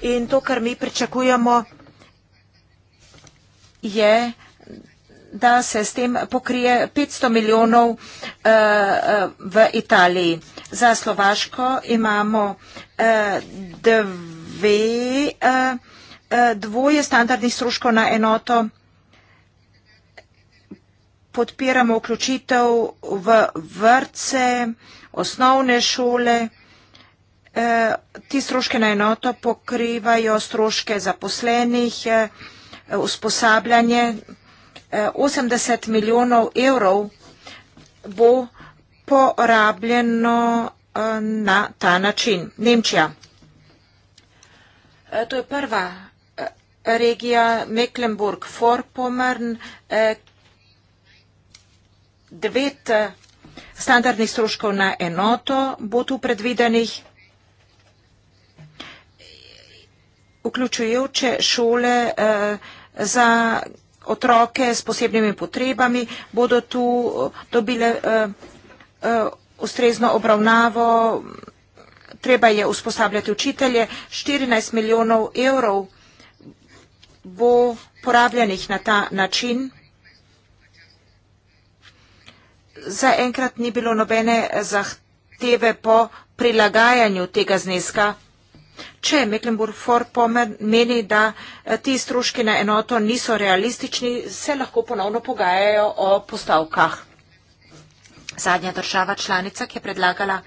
In to, kar mi pričakujemo, je, da se s tem pokrije 500 milijonov uh, uh, v Italiji. Za Slovaško imamo uh, dve, uh, dvoje standardnih stroškov na enoto podpiramo vključitev v vrtce, osnovne šole. E, ti stroške na enoto pokrivajo stroške zaposlenih, e, usposabljanje. 80 e, milijonov evrov bo porabljeno na ta način. Nemčija. To je prva regija Mecklenburg-Vorpommern, devet eh, standardnih stroškov na enoto bo tu predvidenih, vključujoče šole eh, za otroke s posebnimi potrebami, bodo tu eh, dobile ustrezno obravnavo, treba je vzpostavljati učitelje, 14 milijonov evrov bo porabljenih na ta način, zaenkrat ni bilo nobene zahteve po prilagajanju tega zneska. Če Mecklenburg-Vorpommern meni, da eh, ti stroški na enoto niso realistični, se lahko ponovno pogajajo o postavkah. Zadnja država članica, ki je predlagala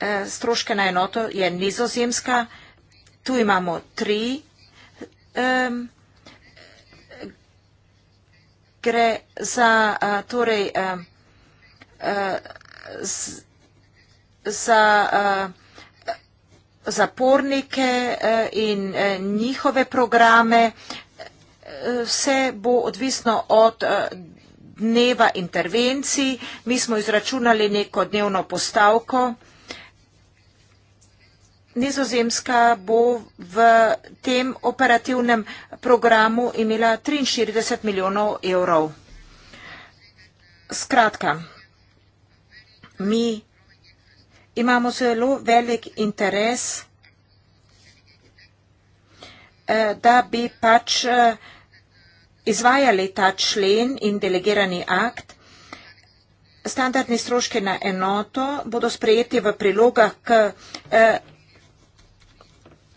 eh, stroške na enoto, je nizozemska. Tu imamo tri. Um, gre za, uh, torej, uh, z, za uh, zapornike uh, in uh, njihove programe. Vse bo odvisno od uh, dneva intervencij. Mi smo izračunali neko dnevno postavko. Nizozemska bo v tem operativnem programu imela 43 milijonov evrov. Skratka, mi imamo zelo velik interes, eh, da bi pač eh, izvajali ta člen in delegirani akt. Standardni stroške na enoto bodo sprejeti v prilogah k eh,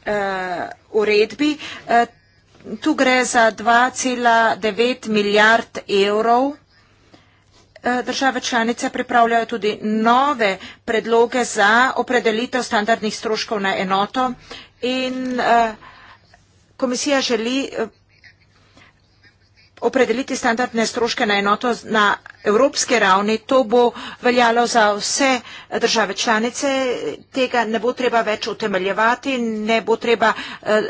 Eh, uredbi. Eh, tu gre za 2,9 milijard evrov. Eh, države članice pripravljajo tudi nove predloge za opredelitev standardnih stroškov na enoto in komisija želi opredeliti standardne stroške na enoto na evropske ravni, to bo veljalo za vse države članice, tega ne bo treba več utemeljevati, ne bo treba eh,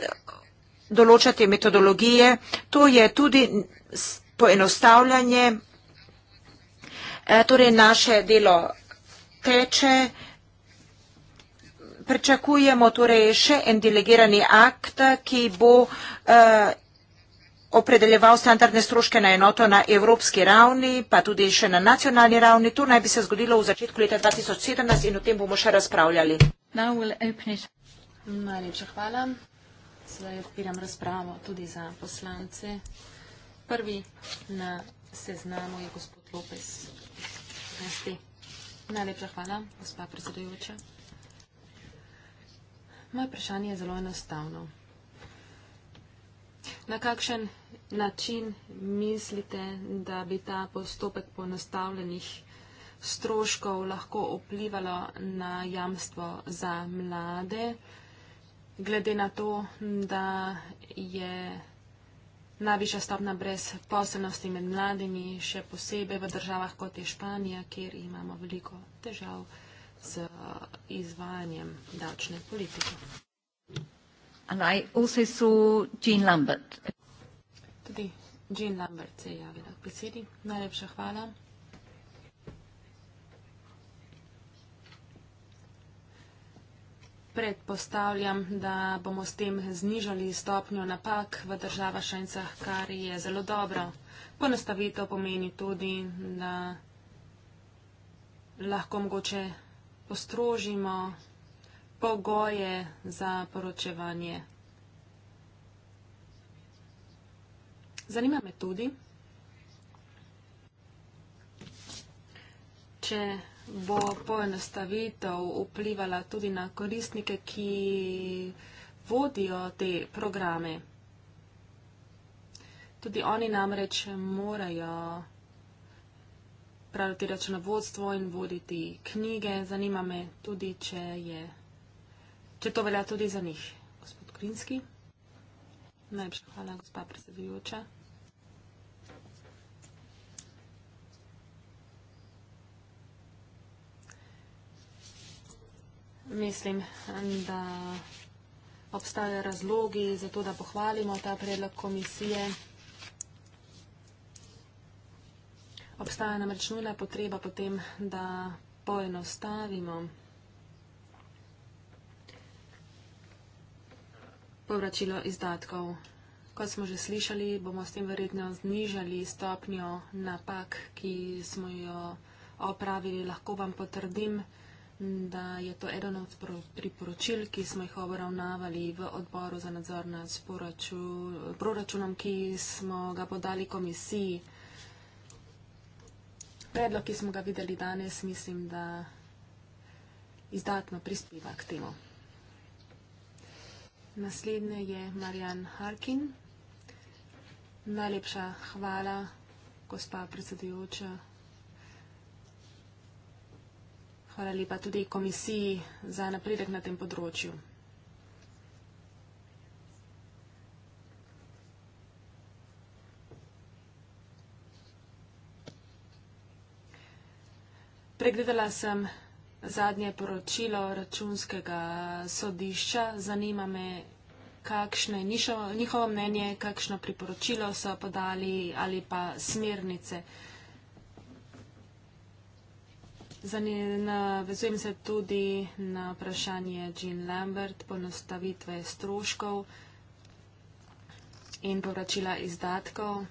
določati metodologije, to je tudi poenostavljanje, eh, torej naše delo teče, pričakujemo torej še en delegirani akt, ki bo izgledal eh, opredeljeval standardne stroške na enoto na evropski ravni, pa tudi še na nacionalni ravni. To naj bi se zgodilo v začetku leta 2017 in o tem bomo še razpravljali. Najlepša hvala. Zdaj odpiram razpravo tudi za poslance. Prvi na seznamu je gospod Lopez. Najlepša hvala, gospa predsedujoča. Moje vprašanje je zelo enostavno. Na kakšen način mislite, da bi ta postopek ponostavljenih stroškov lahko vplivalo na jamstvo za mlade, glede na to, da je najvišja stopna brez poselnosti med mladimi, še posebej v državah kot je Španija, kjer imamo veliko težav z izvajanjem davčne politike. And I also saw Jean Lambert. Tudi Jean Lambert se je javila k besedi. Najlepša hvala. Predpostavljam, da bomo s tem znižali stopnjo napak v država šencah, kar je zelo dobro. Ponastavitev pomeni tudi, da lahko mogoče postrožimo pogoje za poročevanje. Zanima me tudi, če bo poenostavitev vplivala tudi na koristnike, ki vodijo te programe. Tudi oni namreč morajo praviti računovodstvo in voditi knjige. Zanima me tudi, če je če to velja tudi za njih. Gospod Krinski. Najlepša hvala, gospa predsedujoča. Mislim, da obstajajo razlogi za to, da pohvalimo ta predlog komisije. Obstaja namreč nujna potreba potem, da poenostavimo. povračilo izdatkov. Kot smo že slišali, bomo s tem verjetno znižali stopnjo napak, ki smo jo opravili. Lahko vam potrdim, da je to eden od priporočil, ki smo jih obravnavali v odboru za nadzor nad proračunom, ki smo ga podali komisiji. Predlog, ki smo ga videli danes, mislim, da izdatno prispeva k temu. Naslednja je Marjan Harkin. Najlepša hvala, gospa predsedujoča. Hvala lepa tudi komisiji za napredek na tem področju. Pregledala sem zadnje poročilo računskega sodišča. Zanima me, kakšno je njihovo mnenje, kakšno priporočilo so podali ali pa smernice. Navezujem se tudi na vprašanje Jean Lambert, ponostavitve stroškov in povračila izdatkov.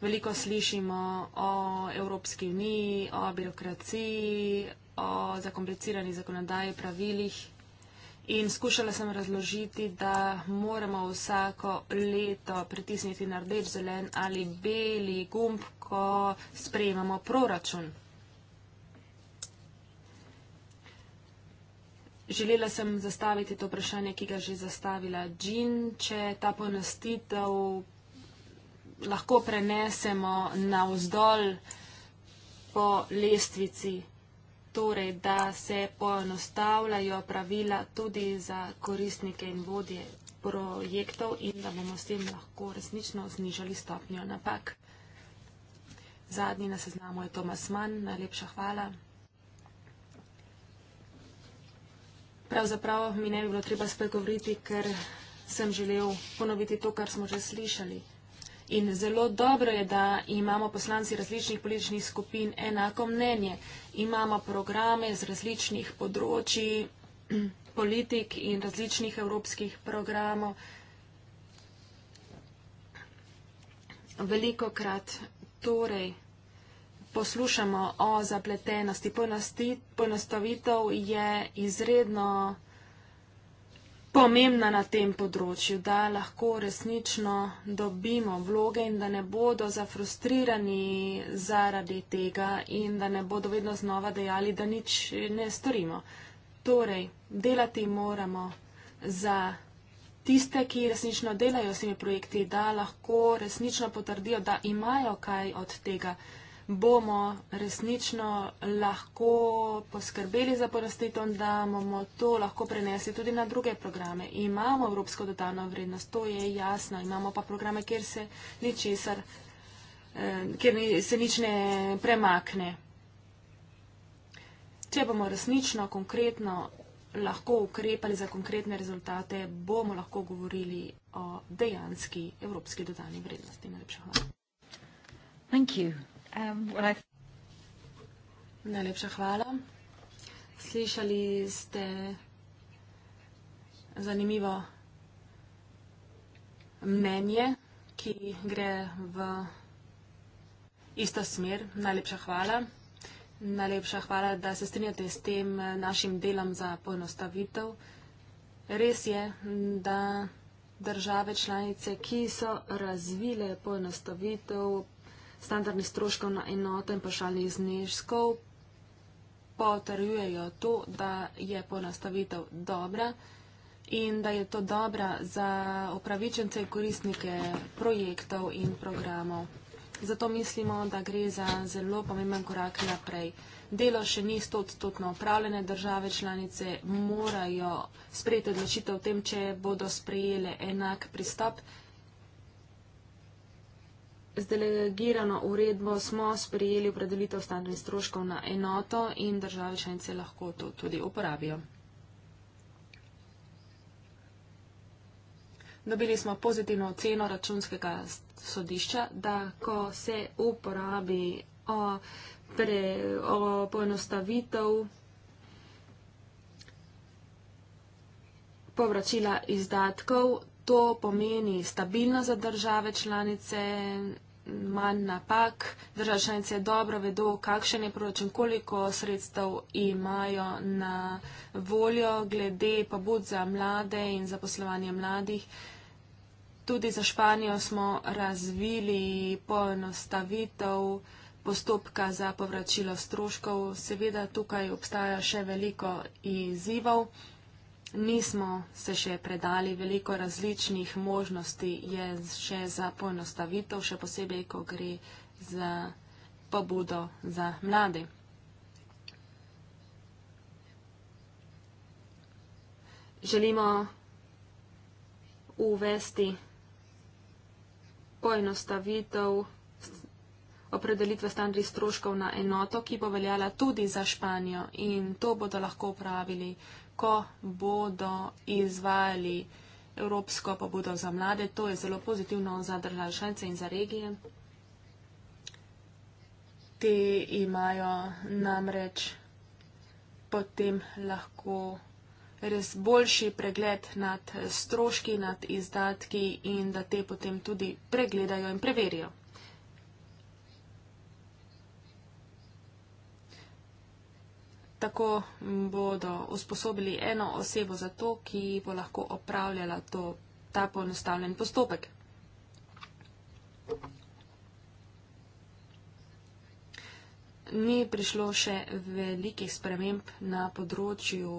Veliko slišimo o Evropski uniji, o birokraciji, o zakomplicirani zakonodaji, pravilih in skušala sem razložiti, da moramo vsako leto pritisniti na rdeč, zelen ali beli gumb, ko sprejemamo proračun. Želela sem zastaviti to vprašanje, ki ga že zastavila Džin, če ta ponostitev lahko prenesemo na vzdolj po lestvici torej, da se poenostavljajo pravila tudi za koristnike in vodje projektov in da bomo s tem lahko resnično znižali stopnjo napak. Zadnji na seznamu je Tomas Mann, najlepša hvala. Pravzaprav mi ne bi bilo treba spregovoriti, ker sem želel ponoviti to, kar smo že slišali. In zelo dobro je, da imamo poslanci različnih političnih skupin enako mnenje. Imamo programe z različnih področji, *clears throat* politik in različnih evropskih programov. Veliko krat torej poslušamo o zapletenosti. Ponastitev je izredno pomembna na tem področju, da lahko resnično dobimo vloge in da ne bodo zafrustrirani zaradi tega in da ne bodo vedno znova dejali, da nič ne storimo. Torej, delati moramo za tiste, ki resnično delajo s temi projekti, da lahko resnično potrdijo, da imajo kaj od tega bomo resnično lahko poskrbeli za porastitev, da bomo to lahko prenesli tudi na druge programe. Imamo evropsko dodano vrednost, to je jasno, imamo pa programe, kjer se ničesar, eh, kjer se nič ne premakne. Če bomo resnično, konkretno lahko ukrepali za konkretne rezultate, bomo lahko govorili o dejanski evropski dodani vrednosti. Najlepša hvala. Thank you. Um, I... Najlepša hvala. Slišali ste zanimivo mnenje, ki gre v isto smer. Najlepša hvala. Najlepša hvala, da se strinjate s tem našim delom za poenostavitev. Res je, da države članice, ki so razvile poenostavitev, standardnih stroškov na enoto in pašalnih zneškov potrjujejo to, da je ponastavitev dobra in da je to dobra za upravičence in koristnike projektov in programov. Zato mislimo, da gre za zelo pomemben korak naprej. Delo še ni stotstotno upravljene, države članice morajo sprejeti odločitev o tem, če bodo sprejele enak pristop z delegirano uredbo smo sprejeli upredelitev standardnih stroškov na enoto in države članice lahko to tudi uporabijo. Dobili smo pozitivno oceno računskega sodišča, da ko se uporabi o, pre, o poenostavitev povračila izdatkov, To pomeni stabilnost za države članice, manj napak. Države članice dobro vedo, kakšen je proračun, koliko sredstev imajo na voljo glede pobud za mlade in zaposlovanje mladih. Tudi za Španijo smo razvili poenostavitev postopka za povračilo stroškov. Seveda tukaj obstaja še veliko izzivov nismo se še predali. Veliko različnih možnosti je še za poenostavitev, še posebej, ko gre za pobudo za mlade. Želimo uvesti poenostavitev opredelitve standardnih stroškov na enoto, ki bo veljala tudi za Španijo in to bodo lahko upravili ko bodo izvajali evropsko pobudo za mlade. To je zelo pozitivno za države članice in za regije. Te imajo namreč potem lahko res boljši pregled nad stroški, nad izdatki in da te potem tudi pregledajo in preverijo. Tako bodo usposobili eno osebo za to, ki bo lahko opravljala to, ta poenostavljen postopek. Ni prišlo še velikih sprememb na področju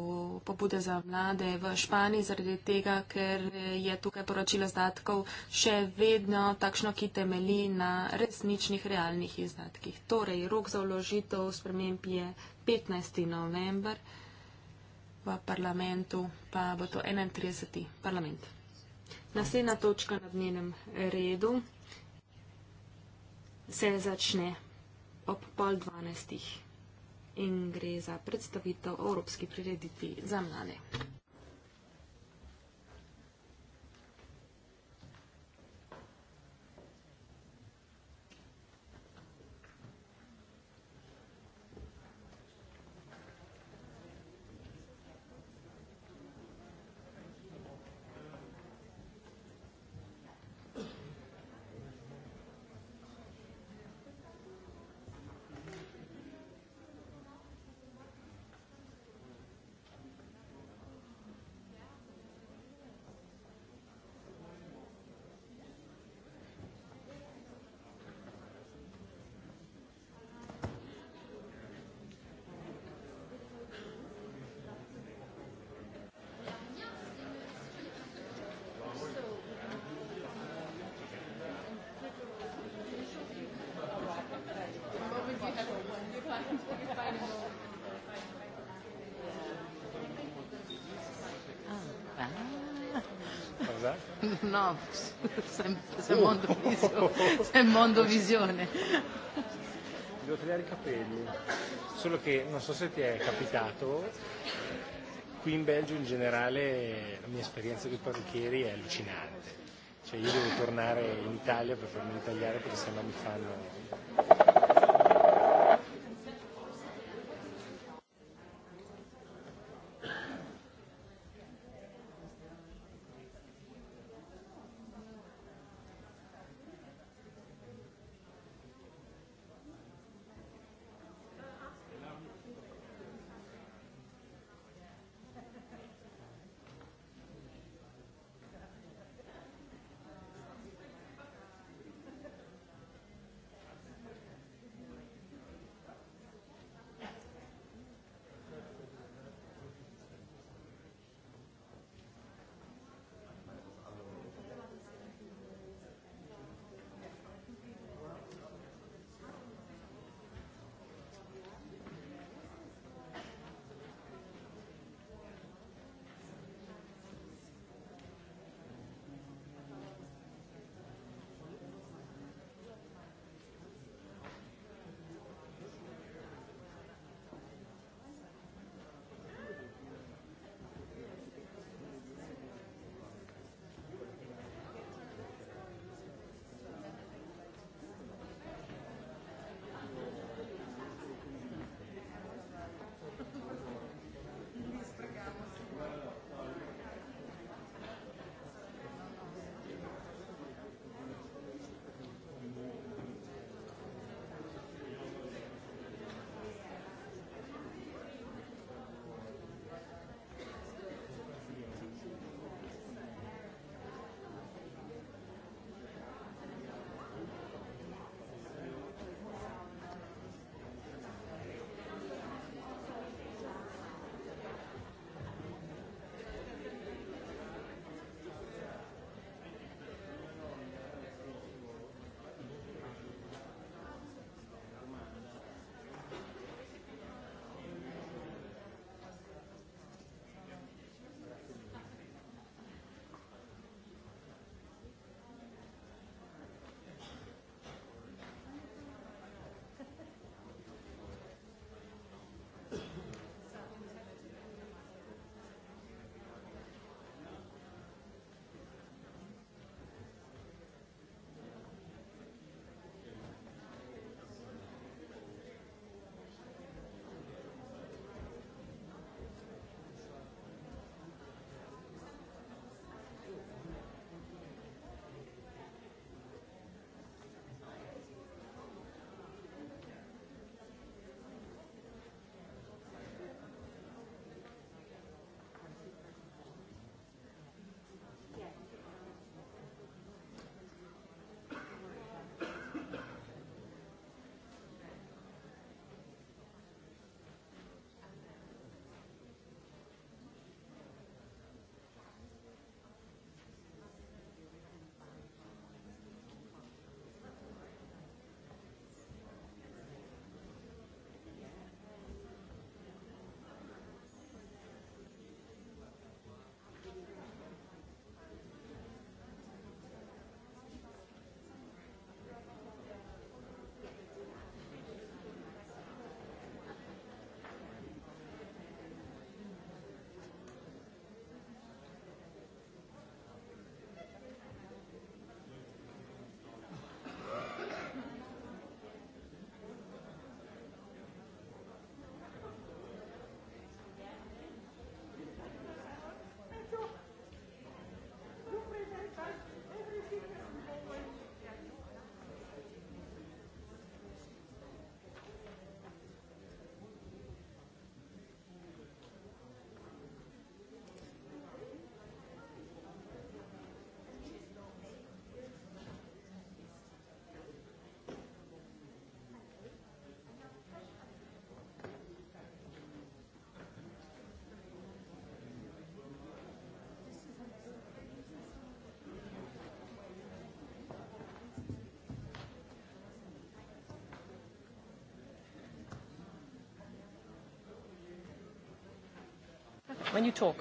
pobude za mlade v Španiji, zaradi tega, ker je tukaj poročilo zdatkov še vedno takšno, ki temeli na resničnih realnih izdatkih. Torej, rok za vložitev sprememb je 15. november v parlamentu, pa bo to 31. parlament. Naslednja točka na dnevnem redu se začne ob pol dvanajstih in gre za predstavitev o evropski prireditvi za mlade. no, sem, sem, mondovisione, sem mondovisione. Devo tagliare i capelli, solo che non so se ti è capitato, qui in Belgio in generale la mia esperienza di parrucchieri è allucinante. Cioè io devo tornare in Italia per farmi tagliare perché sennò mi fanno when you talk.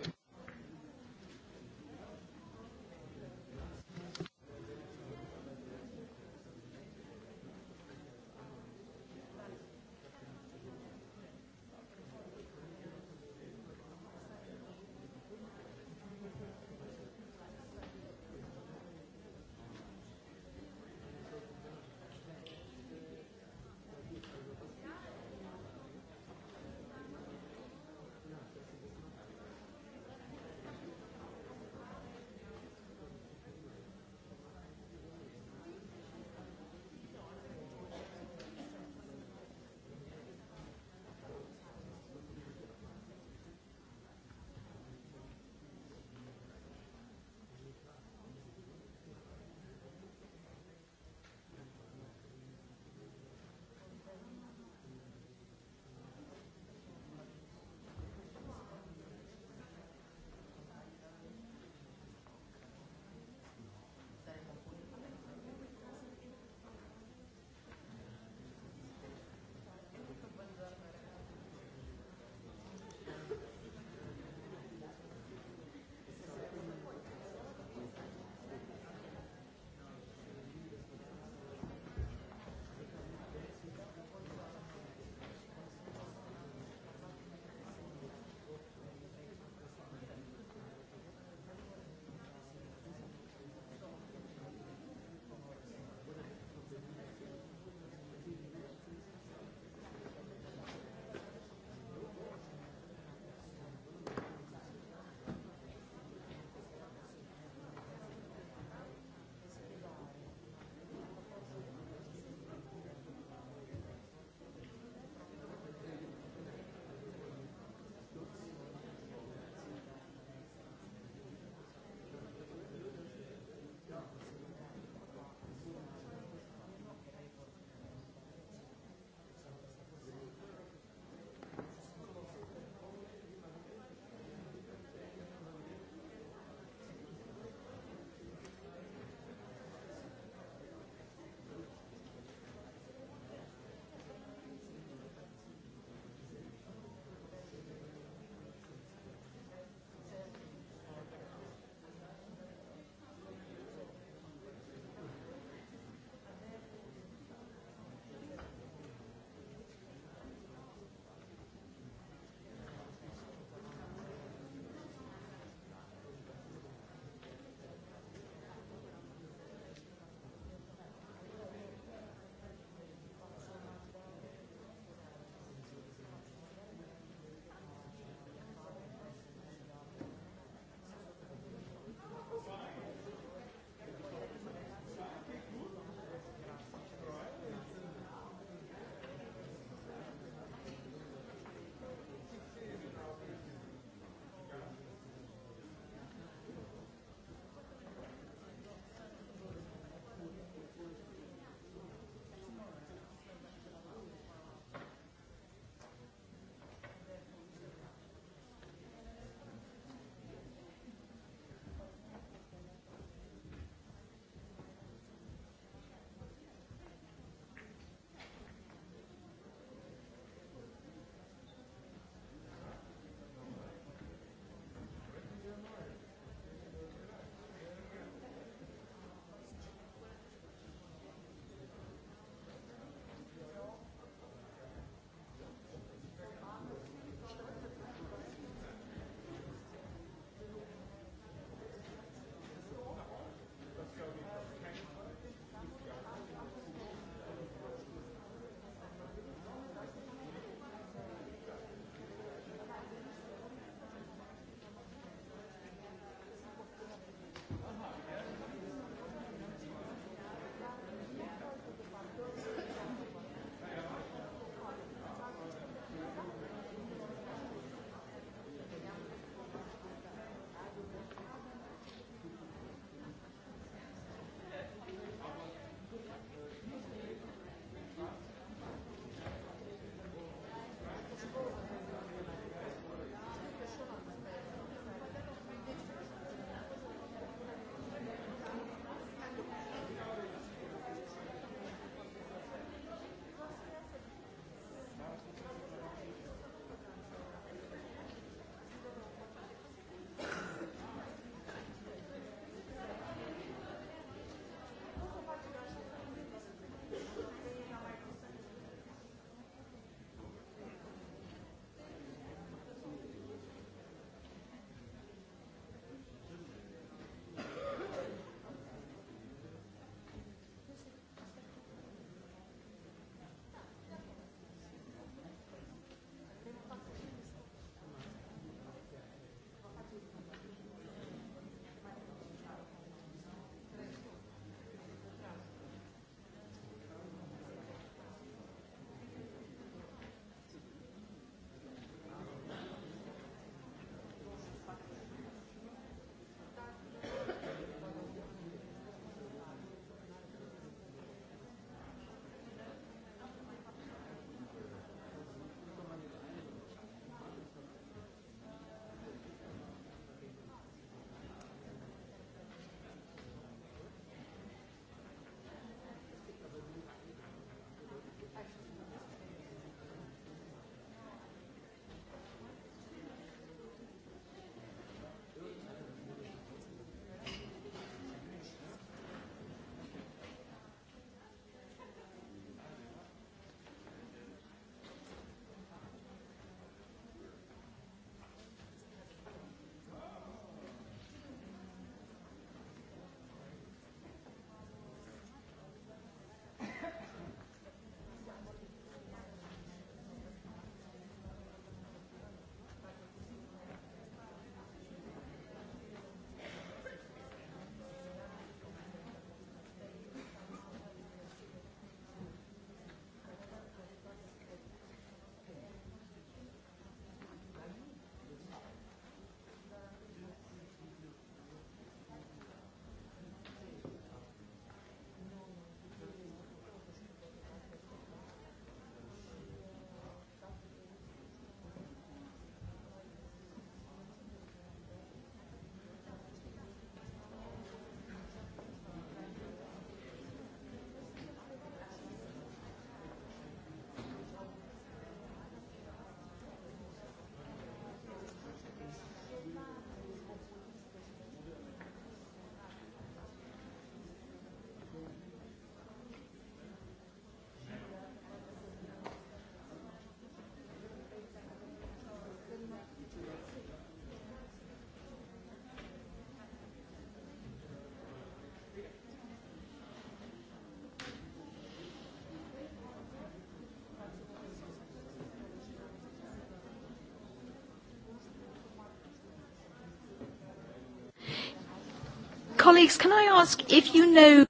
colleagues, can I ask if you know...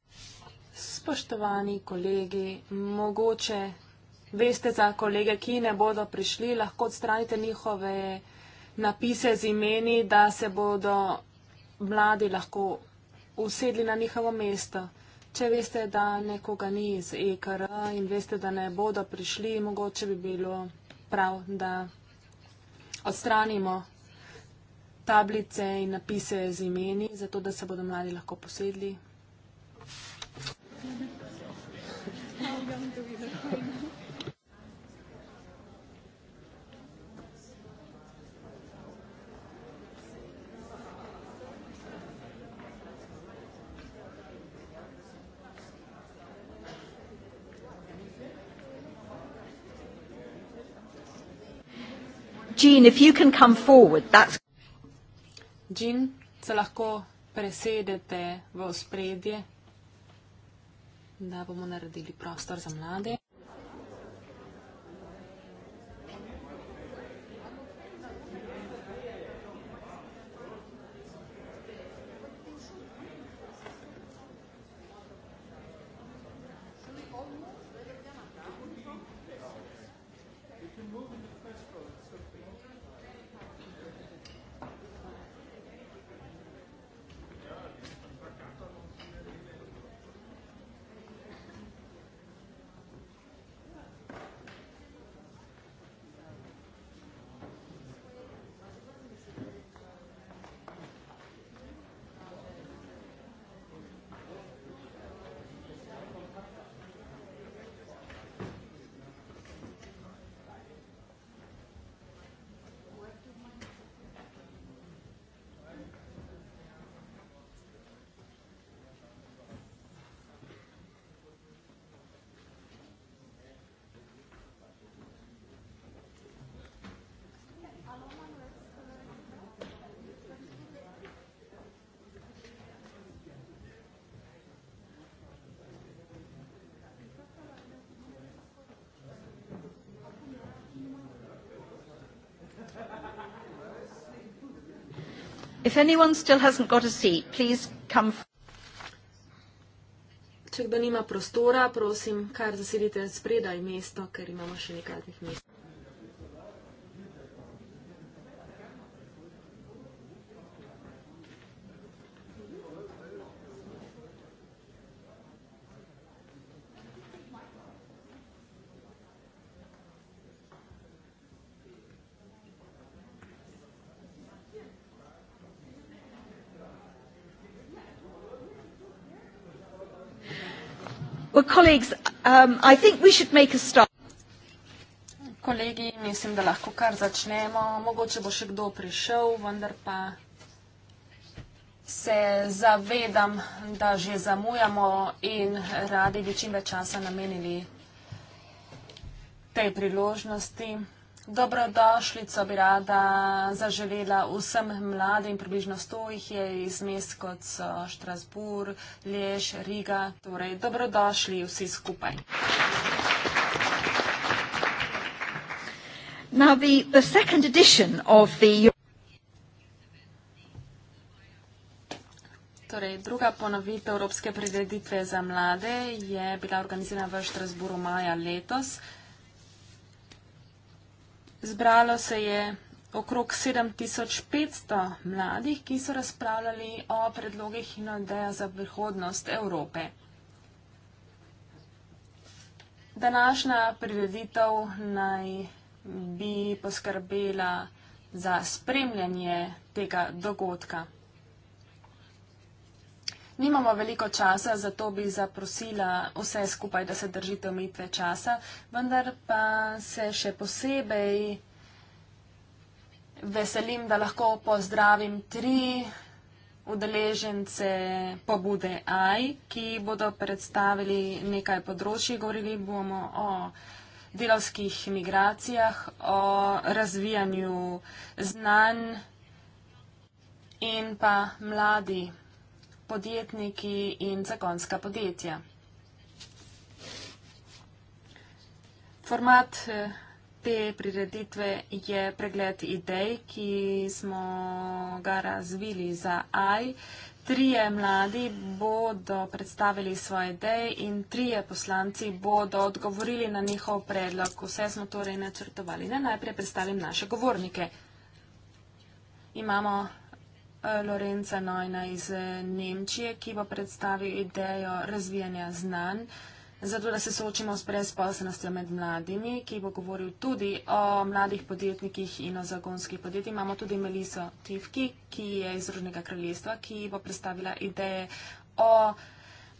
Spoštovani kolegi, mogoče veste za kolege, ki ne bodo prišli, lahko odstranite njihove napise z imeni, da se bodo mladi lahko usedli na njihovo mesto. Če veste, da nekoga ni iz EKR in veste, da ne bodo prišli, mogoče bi bilo prav, da odstranimo tablice in napise z imeni, zato da se bodo mladi lahko posedli. Jean, if you can come forward, that's Jean, se lahko presedete v spredje, da bomo naredili prostor za mlade. If anyone still hasn't got a seat, please come. Če kdo nima prostora, prosim, kar zasedite spredaj mesto, ker imamo še nekaj mest. colleagues, um, I think we should make a start. Kolegi, mislim, da lahko kar začnemo. Mogoče bo še kdo prišel, vendar pa se zavedam, da že zamujamo in radi bi čim več časa namenili tej priložnosti. Dobrodošlico bi rada zaželela vsem mladim, približno sto jih je iz mest kot so Štrasburg, Lež, Riga. Torej, dobrodošli vsi skupaj. Now the, the second edition of the Torej, druga ponovitev Evropske prireditve za mlade je bila organizirana v Štrasburu maja letos. Zbralo se je okrog 7500 mladih, ki so razpravljali o predlogih in odeja za prihodnost Evrope. Današnja prireditev naj bi poskrbela za spremljanje tega dogodka. Nimamo veliko časa, zato bi zaprosila vse skupaj, da se držite omitve časa, vendar pa se še posebej veselim, da lahko pozdravim tri udeležence pobude AI, ki bodo predstavili nekaj področji, govorili bomo o delovskih migracijah, o razvijanju znanj in pa mladi podjetniki in zagonska podjetja. Format eh, te prireditve je pregled idej, ki smo ga razvili za AI. Trije mladi bodo predstavili svoje ideje in trije poslanci bodo odgovorili na njihov predlog. Vse smo torej načrtovali. Ne, najprej predstavim naše govornike. Imamo Lorenza Nojna iz eh, Nemčije, ki bo predstavil idejo razvijanja znanj, zato da se soočimo s brezposobnostjo med mladimi, ki bo govoril tudi o mladih podjetnikih in o zagonskih podjetij. Imamo tudi Meliso Tivki, ki je iz Rudnega kraljestva, ki bo predstavila ideje o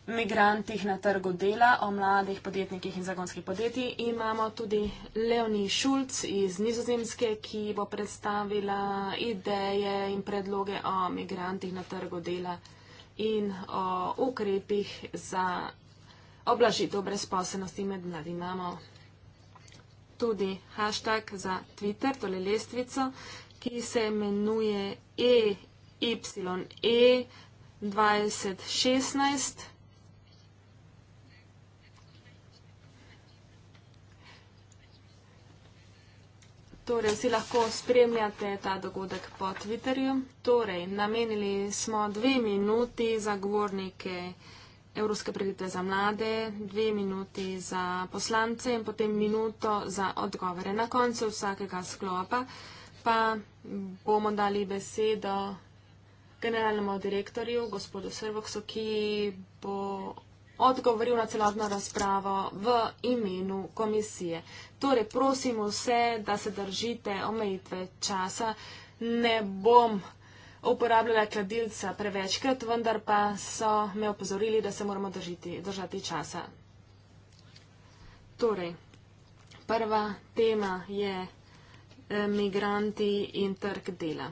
migrantih na trgu dela, o mladih podjetnikih in zagonskih podjetij. Imamo tudi Leonie Schulz iz Nizozemske, ki bo predstavila ideje in predloge o migrantih na trgu dela in o ukrepih za oblažitev brezposobnosti med mladimi. Imamo tudi hashtag za Twitter, tole lestvico, ki se imenuje EYE 2016. Torej, vsi lahko spremljate ta dogodek po Twitterju. Torej, namenili smo dve minuti za govornike Evropske predite za mlade, dve minuti za poslance in potem minuto za odgovore. Na koncu vsakega sklopa pa bomo dali besedo generalnemu direktorju, gospodu Servoksu, ki bo odgovoril na celotno razpravo v imenu komisije. Torej, prosim vse, da se držite omejitve časa. Ne bom uporabljala kladilca prevečkrat, vendar pa so me opozorili, da se moramo držiti, držati časa. Torej, prva tema je e, migranti in trg dela.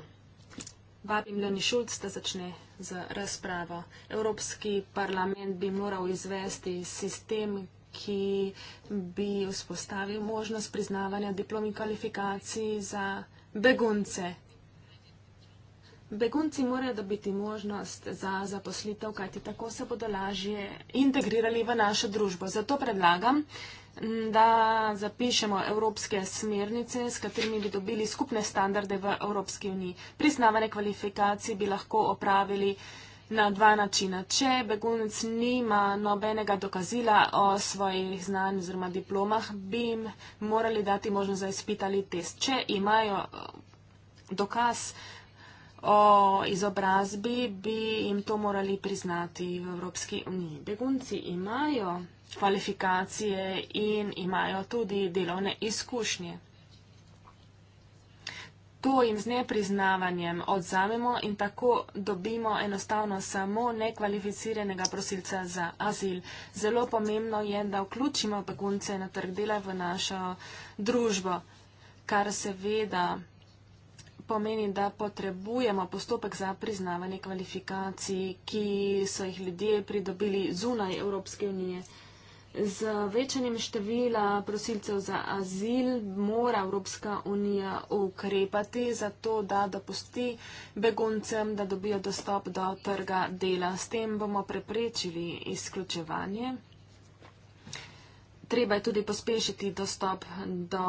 Vabim Leni Šulc, da začne z razpravo. Evropski parlament bi moral izvesti sistem, ki bi vzpostavil možnost priznavanja diplomi kvalifikacij za begunce. Begunci morajo dobiti možnost za zaposlitev, kajti tako se bodo lažje integrirali v našo družbo. Zato predlagam, da zapišemo evropske smernice, s katerimi bi dobili skupne standarde v Evropski uniji. Priznavanje kvalifikacij bi lahko opravili na dva načina. Če begunec nima nobenega dokazila o svojih znanj oziroma diplomah, bi jim morali dati možnost za izpit ali test. Če imajo eh, dokaz o izobrazbi, bi jim to morali priznati v Evropski uniji. Begunci imajo kvalifikacije in imajo tudi delovne izkušnje to jim z nepriznavanjem odzamemo in tako dobimo enostavno samo nekvalificiranega prosilca za azil. Zelo pomembno je, da vključimo begunce na trg dela v našo družbo, kar seveda pomeni, da potrebujemo postopek za priznavanje kvalifikacij, ki so jih ljudje pridobili zunaj Evropske unije. Z večanjem števila prosilcev za azil mora Evropska unija ukrepati za to, da dopusti beguncem, da dobijo dostop do trga dela. S tem bomo preprečili izključevanje. Treba je tudi pospešiti dostop do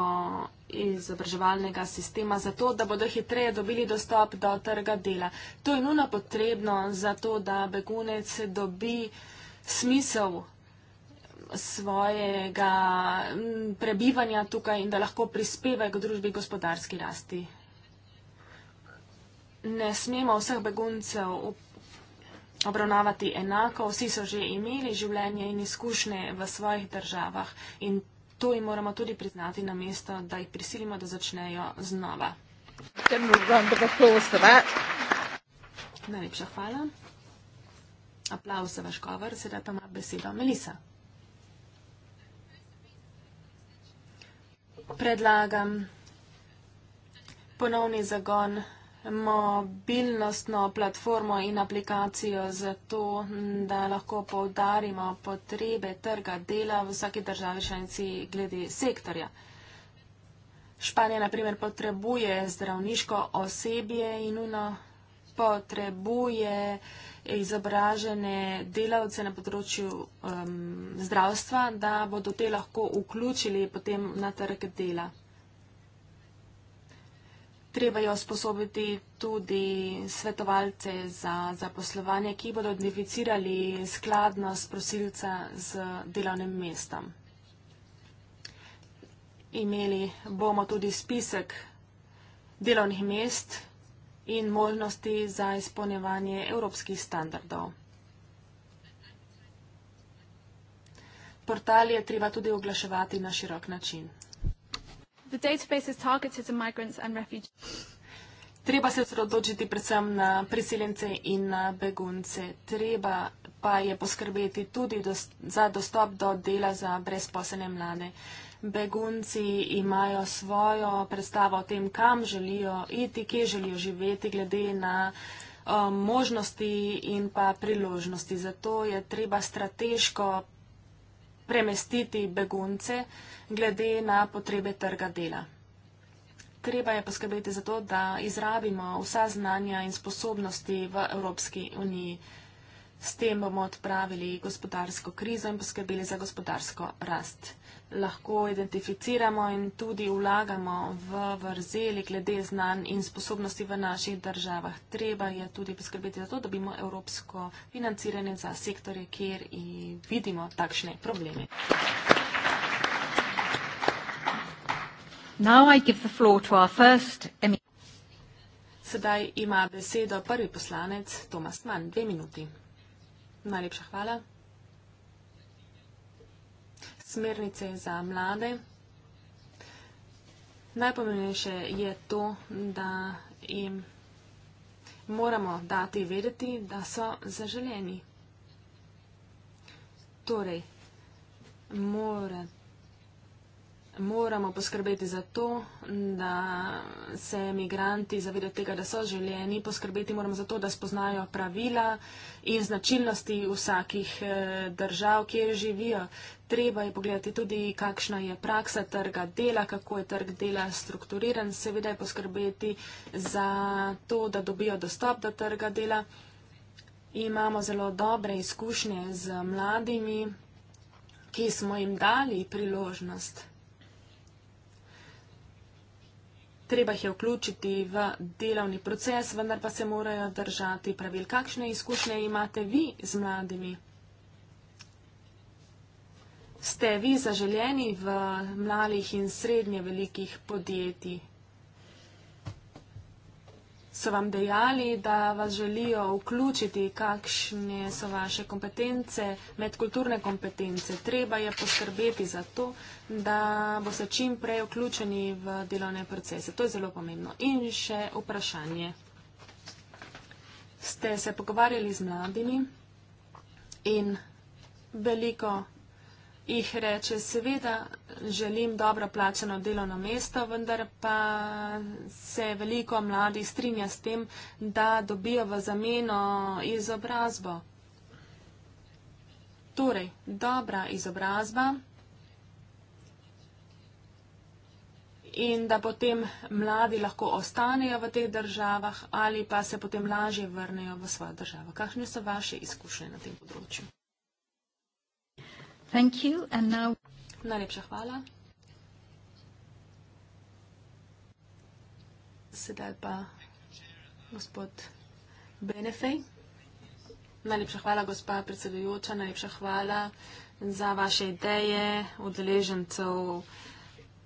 izobraževalnega sistema, zato da bodo hitreje dobili dostop do trga dela. To je nujno potrebno, zato da begunec dobi smisel svojega prebivanja tukaj in da lahko prispevajo k družbi gospodarski rasti. Ne smemo vseh beguncev obravnavati enako, vsi so že imeli življenje in izkušnje v svojih državah in to jim moramo tudi priznati na mesto, da jih prisilimo, da začnejo znova. Najlepša hvala. Aplauz za vaš govor, sedaj pa ima besedo Melisa. predlagam ponovni zagon mobilnostno platformo in aplikacijo za to, da lahko povdarimo potrebe trga dela v vsaki državi članici glede sektorja. Španija, na primer, potrebuje zdravniško osebje in nujno potrebuje uh, izobražene delavce na področju um, zdravstva, da bodo te lahko vključili potem na trg dela. Treba jo sposobiti tudi svetovalce za zaposlovanje, ki bodo identificirali skladnost prosilca z delovnim mestom. Imeli bomo tudi spisek delovnih mest, in možnosti za izpolnjevanje evropskih standardov. Portal je treba tudi oglaševati na širok način. Treba se osredotočiti predvsem na priseljence in na begunce. Treba pa je poskrbeti tudi dost, za dostop do dela za brezposene mlade begunci imajo svojo predstavo o tem, kam želijo iti, kje želijo živeti, glede na um, možnosti in pa priložnosti. Zato je treba strateško premestiti begunce glede na potrebe trga dela. Treba je poskrbeti za to, da izrabimo vsa znanja in sposobnosti v Evropski uniji. S tem bomo odpravili gospodarsko krizo in poskrbeli za gospodarsko rast lahko identificiramo in tudi vlagamo v vrzeli glede znanj in sposobnosti v naših državah. Treba je tudi poskrbeti za to, da bi imeli evropsko financiranje za sektorje, kjer vidimo takšne probleme. Sedaj ima besedo prvi poslanec Tomas Mann. Dve minuti. Najlepša hvala smernice za mlade. Najpomembnejše je to, da jim moramo dati vedeti, da so zaželeni. Torej, morate moramo poskrbeti za to, da se emigranti zavedajo tega, da so željeni, poskrbeti moramo za to, da spoznajo pravila in značilnosti vsakih eh, držav, kjer živijo. Treba je pogledati tudi, kakšna je praksa trga dela, kako je trg dela strukturiran, seveda je poskrbeti za to, da dobijo dostop do trga dela. Imamo zelo dobre izkušnje z mladimi, ki smo jim dali priložnost. treba jih je vključiti v delovni proces, vendar pa se morajo držati pravil. Kakšne izkušnje imate vi z mladimi? Ste vi zaželjeni v mladih in srednje velikih podjetij? so vam dejali, da vas želijo vključiti, kakšne so vaše kompetence, medkulturne kompetence. Treba je poskrbeti za to, da boste čim prej vključeni v delovne procese. To je zelo pomembno. In še vprašanje. Ste se pogovarjali z mladimi in veliko jih reče, seveda želim dobro plačeno delovno mesto, vendar pa se veliko mladih strinja s tem, da dobijo v zameno izobrazbo. Torej, dobra izobrazba in da potem mladi lahko ostanejo v teh državah ali pa se potem lažje vrnejo v svojo državo. Kakšne so vaše izkušnje na tem področju? Thank you, and now... Najlepša hvala. Sedaj pa gospod Benefej. Najlepša hvala, gospa predsedujoča, najlepša hvala za vaše ideje, odeležencev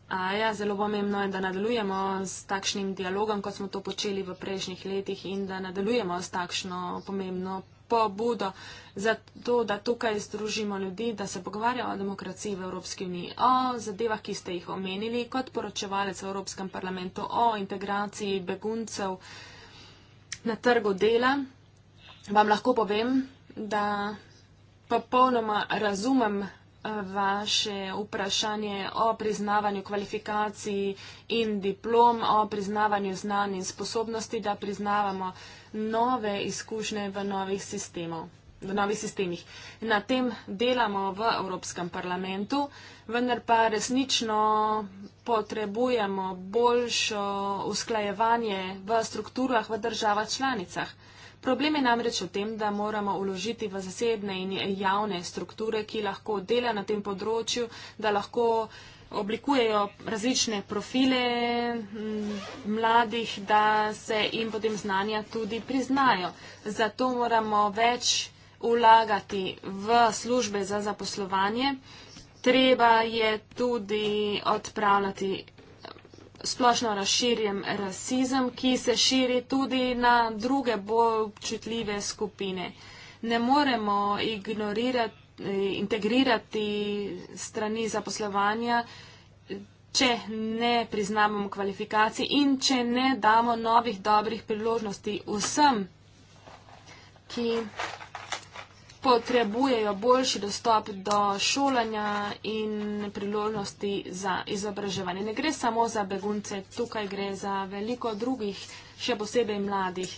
AJA. Zelo pomembno je, da nadaljujemo s takšnim dialogom, kot smo to počeli v prejšnjih letih in da nadaljujemo s takšno pomembno pobudo za to, da tukaj združimo ljudi, da se pogovarjajo o demokraciji v Evropski uniji, o zadevah, ki ste jih omenili kot poročevalec v Evropskem parlamentu, o integraciji beguncev na trgu dela, vam lahko povem, da popolnoma razumem eh, vaše vprašanje o priznavanju kvalifikacij in diplom, o priznavanju znanj in sposobnosti, da priznavamo nove izkušnje v novih sistemov. V novih sistemih. Na tem delamo v Evropskem parlamentu, vendar pa resnično potrebujemo boljšo usklajevanje v strukturah v državah članicah. Problem je namreč v tem, da moramo uložiti v zasebne in javne strukture, ki lahko delajo na tem področju, da lahko oblikujejo različne profile mm, mladih, da se jim potem znanja tudi priznajo. Zato moramo več vlagati v službe za zaposlovanje. Treba je tudi odpravljati splošno razširjen rasizem, ki se širi tudi na druge bolj občutljive skupine. Ne moremo ignorirati integrirati strani zaposlovanja, če ne priznamo kvalifikacij in če ne damo novih dobrih priložnosti vsem, ki potrebujejo boljši dostop do šolanja in priložnosti za izobraževanje. Ne gre samo za begunce, tukaj gre za veliko drugih, še posebej mladih.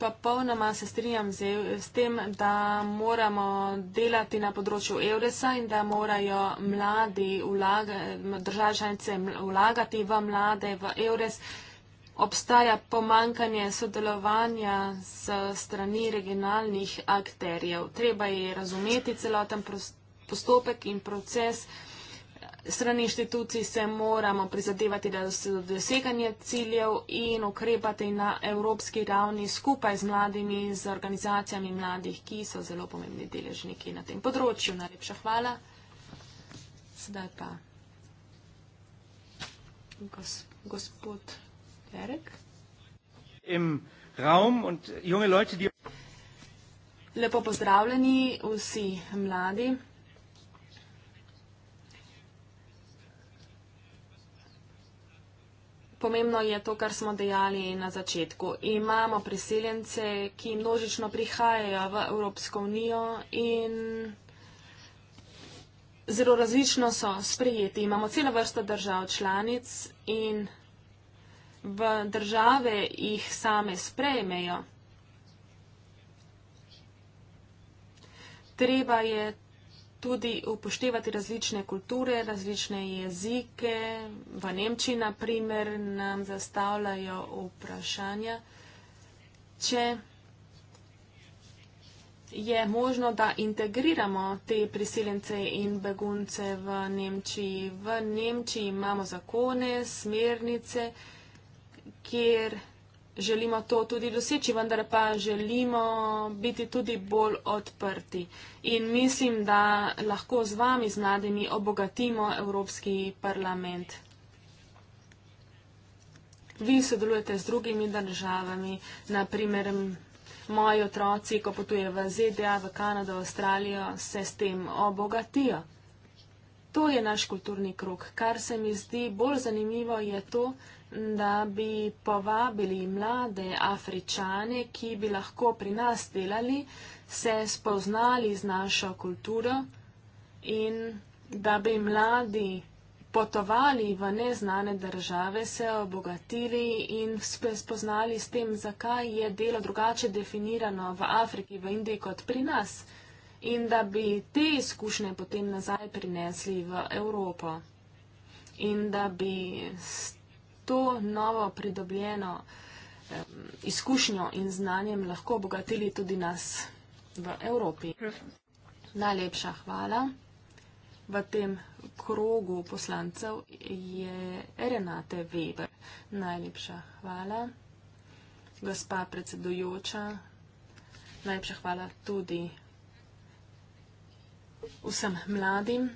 Popolnoma se strinjam z, z tem, da moramo delati na področju Euresa in da morajo mladi vlaga, državljanice vlagati v mlade, v Eures. Obstaja pomankanje sodelovanja s strani regionalnih akterjev. Treba je razumeti celoten postopek in proces strani inštitucij se moramo prizadevati, da se do doseganje ciljev in ukrepati na evropski ravni skupaj z mladimi, z organizacijami mladih, ki so zelo pomembni deležniki na tem področju. Najlepša hvala. Sedaj pa gos, gospod Derek. Lepo pozdravljeni vsi mladi. Pomembno je to, kar smo dejali na začetku. Imamo priseljence, ki množično prihajajo v Evropsko unijo in zelo različno so sprejeti. Imamo celo vrsto držav članic in v države jih same sprejmejo. Treba je tudi upoštevati različne kulture, različne jezike. V Nemčiji, na primer, nam zastavljajo vprašanja, če je možno, da integriramo te priseljence in begunce v Nemčiji. V Nemčiji imamo zakone, smernice, kjer želimo to tudi doseči, vendar pa želimo biti tudi bolj odprti. In mislim, da lahko z vami, z mladimi, obogatimo Evropski parlament. Vi sodelujete z drugimi državami, naprimer moji otroci, ko potuje v ZDA, v Kanado, v Avstralijo, se s tem obogatijo. To je naš kulturni krok. Kar se mi zdi bolj zanimivo je to, da bi povabili mlade Afričane, ki bi lahko pri nas delali, se spoznali z našo kulturo in da bi mladi potovali v neznane države, se obogatili in spoznali s tem, zakaj je delo drugače definirano v Afriki, v Indiji kot pri nas in da bi te izkušnje potem nazaj prinesli v Evropo in da bi s to novo pridobljeno izkušnjo in znanjem lahko obogatili tudi nas v Evropi. Najlepša hvala. V tem krogu poslancev je Renate Weber. Najlepša hvala. Gospa predsedujoča, najlepša hvala tudi vsem mladim.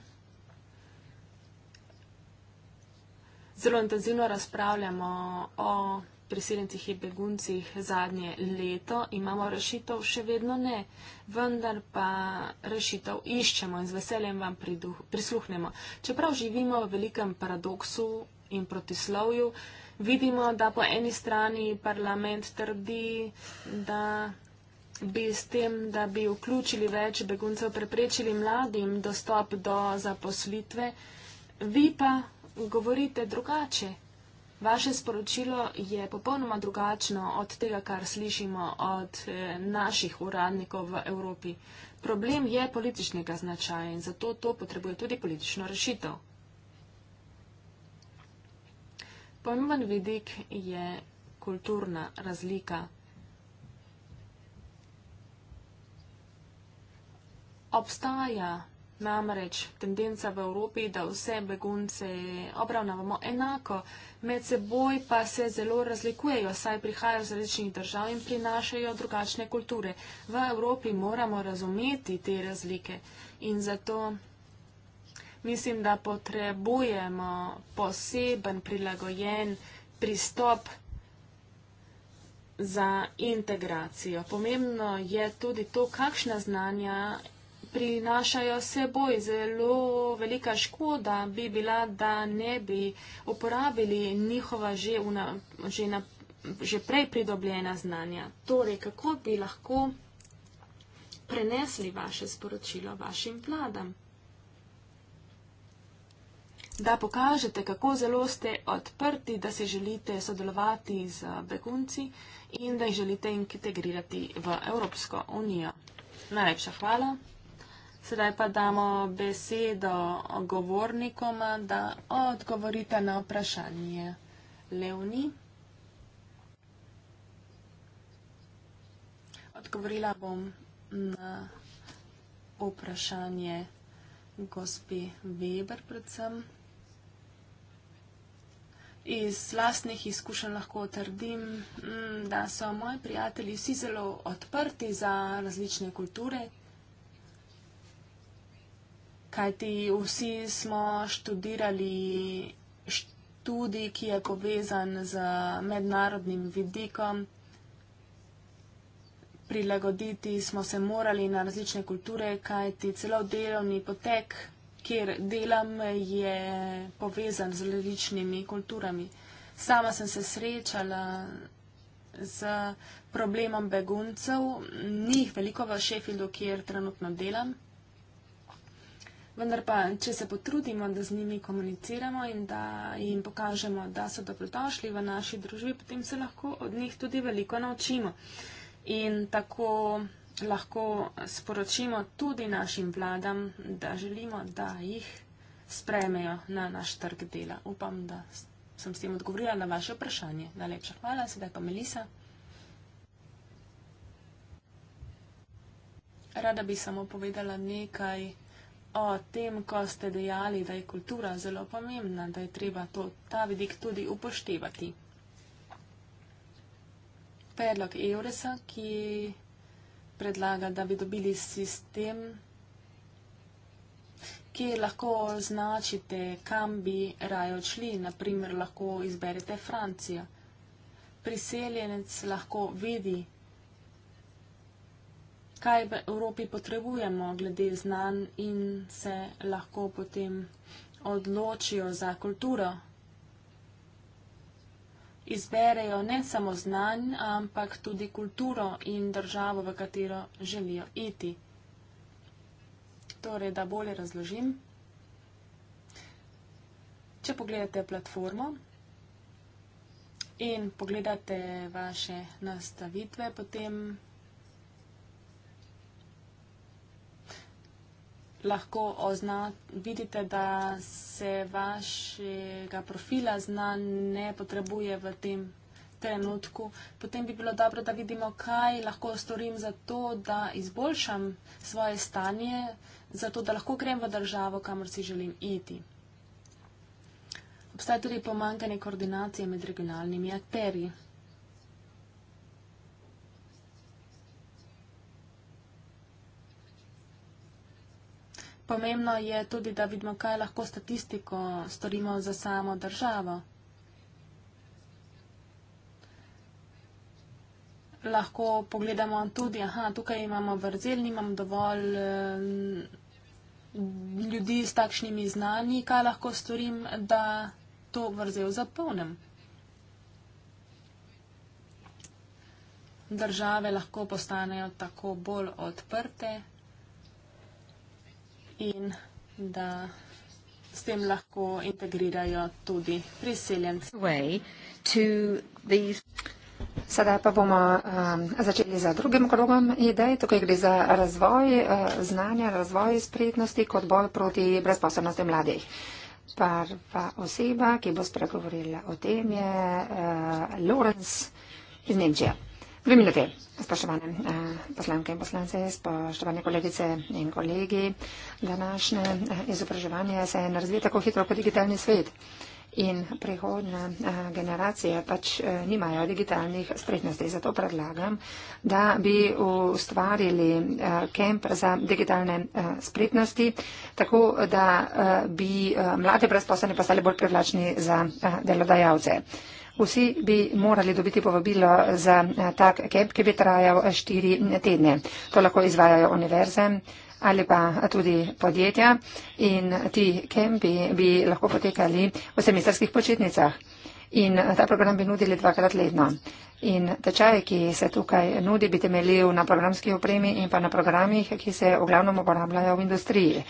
Zelo intenzivno razpravljamo o priseljencih in beguncih zadnje leto. Imamo rešitev, še vedno ne, vendar pa rešitev iščemo in z veseljem vam priduh, prisluhnemo. Čeprav živimo v velikem paradoksu in protislovju, vidimo, da po eni strani parlament trdi, da bi s tem, da bi vključili več beguncev, preprečili mladim dostop do zaposlitve. Vi pa govorite drugače. Vaše sporočilo je popolnoma drugačno od tega, kar slišimo od eh, naših uradnikov v Evropi. Problem je političnega značaja in zato to potrebuje tudi politično rešitev. Pomemben vidik je kulturna razlika. obstaja namreč tendenca v Evropi, da vse begunce obravnavamo enako, med seboj pa se zelo razlikujejo, saj prihajajo z različnih držav in prinašajo drugačne kulture. V Evropi moramo razumeti te razlike in zato mislim, da potrebujemo poseben prilagojen pristop za integracijo. Pomembno je tudi to, kakšna znanja prinašajo seboj zelo velika škoda, bi bila, da ne bi uporabili njihova že, una, že, na, že prej pridobljena znanja. Torej, kako bi lahko prenesli vaše sporočilo vašim vladam? Da pokažete, kako zelo ste odprti, da se želite sodelovati z begunci in da jih želite integrirati v Evropsko unijo. Najlepša hvala. Sedaj pa damo besedo govornikoma, da odgovorite na vprašanje. Levni. Odgovorila bom na vprašanje gospi Weber predvsem. Iz lastnih izkušenj lahko trdim, mm, da so moji prijatelji vsi zelo odprti za različne kulture, kajti vsi smo študirali študij, ki je povezan z mednarodnim vidikom. Prilagoditi smo se morali na različne kulture, kajti celo delovni potek, kjer delam, je povezan z različnimi kulturami. Sama sem se srečala z problemom beguncev, njih veliko v Sheffieldu, kjer trenutno delam. Vendar pa, če se potrudimo, da z njimi komuniciramo in da jim pokažemo, da so dobrodošli v naši družbi, potem se lahko od njih tudi veliko naučimo. In tako lahko sporočimo tudi našim vladam, da želimo, da jih spremejo na naš trg dela. Upam, da sem s tem odgovorila na vaše vprašanje. Najlepša hvala, sedaj pa Melisa. Rada bi samo povedala nekaj o tem, ko ste dejali, da je kultura zelo pomembna, da je treba to, ta vidik tudi upoštevati. Predlog Euresa, ki predlaga, da bi dobili sistem, ki lahko označite, kam bi raje odšli, naprimer lahko izberete Francijo. Priseljenec lahko vidi, kaj v Evropi potrebujemo glede znanj in se lahko potem odločijo za kulturo. Izberejo ne samo znanj, ampak tudi kulturo in državo, v katero želijo iti. Torej, da bolje razložim. Če pogledate platformo in pogledate vaše nastavitve, potem lahko ozna, vidite, da se vašega profila zna ne potrebuje v tem trenutku, potem bi bilo dobro, da vidimo, kaj lahko storim za to, da izboljšam svoje stanje, za to, da lahko grem v državo, kamor si želim iti. Obstaja tudi pomankanje koordinacije med regionalnimi akterji. Pomembno je tudi, da vidimo, kaj lahko statistiko storimo za samo državo. Lahko pogledamo tudi, aha, tukaj imamo vrzel, nimam dovolj eh, ljudi s takšnimi znanji, kaj lahko storim, da to vrzel zapolnem. Države lahko postanejo tako bolj odprte in da s tem lahko integrirajo tudi priseljence. Sedaj pa bomo um, začeli za drugim krogom idej. Tukaj gre za razvoj uh, znanja, razvoj spretnosti kot boj proti brezposobnosti mladih. Prva oseba, ki bo spregovorila o tem, je uh, Lorenz iz Nemčije. Vem lepe, spoštovane eh, poslanke in poslance, spoštovane kolegice in kolegi, današnje eh, izobraževanje se je razvije tako hitro kot digitalni svet in prihodne eh, generacije pač nimajo digitalnih spretnosti. Zato predlagam, da bi ustvarili kemp za digitalne spretnosti, tako da bi mlade brezposobne postali bolj privlačni za delodajalce. Vsi bi morali dobiti povabilo za eh, tak keb, ki bi trajal eh, štiri eh, tedne. To lahko izvajajo univerze ali pa tudi podjetja in ti kempi bi lahko potekali v semestrskih početnicah. In ta program bi nudili dvakrat letno. In tečaj, ki se tukaj nudi, bi temeljil na programski opremi in pa na programih, ki se v glavnem uporabljajo v industriji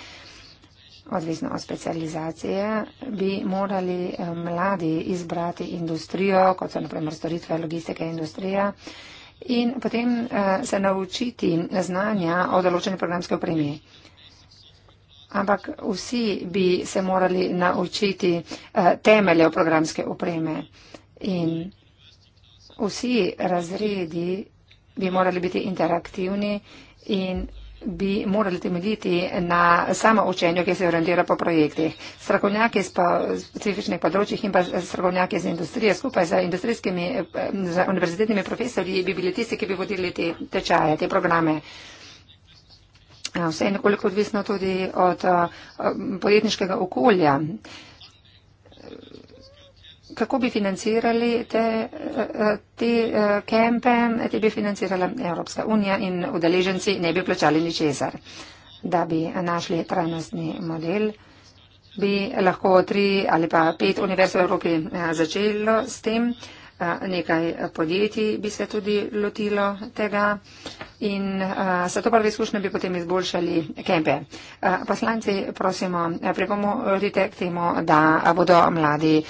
odvisno od specializacije, bi morali eh, mladi izbrati industrijo, kot so naprimer storitve logistike industrija, in potem eh, se naučiti znanja o določeni programski opremi. Ampak vsi bi se morali naučiti eh, temelje programske opreme in vsi razredi bi morali biti interaktivni in bi morali temeljiti na samo učenju, ki se orientira po projektih. Strakovnjaki iz specifičnih področjih in pa strakovnjaki iz industrije skupaj z industrijskimi, z univerzitetnimi profesorji bi bili tisti, ki bi vodili te tečaje, te programe. Vse je nekoliko odvisno tudi od eh, podjetniškega okolja kako bi financirali te, eh, te eh, kempe, te bi financirala Evropska unija in udeleženci ne bi plačali ničesar. Da bi našli trajnostni model, bi lahko tri ali pa pet univerz v Evropi eh, začelo s tem. Uh, nekaj podjetij bi se tudi lotilo tega in za to prve izkušnje bi potem izboljšali kempe. Poslanci, prosimo, pripomorite k temu, da bodo mladi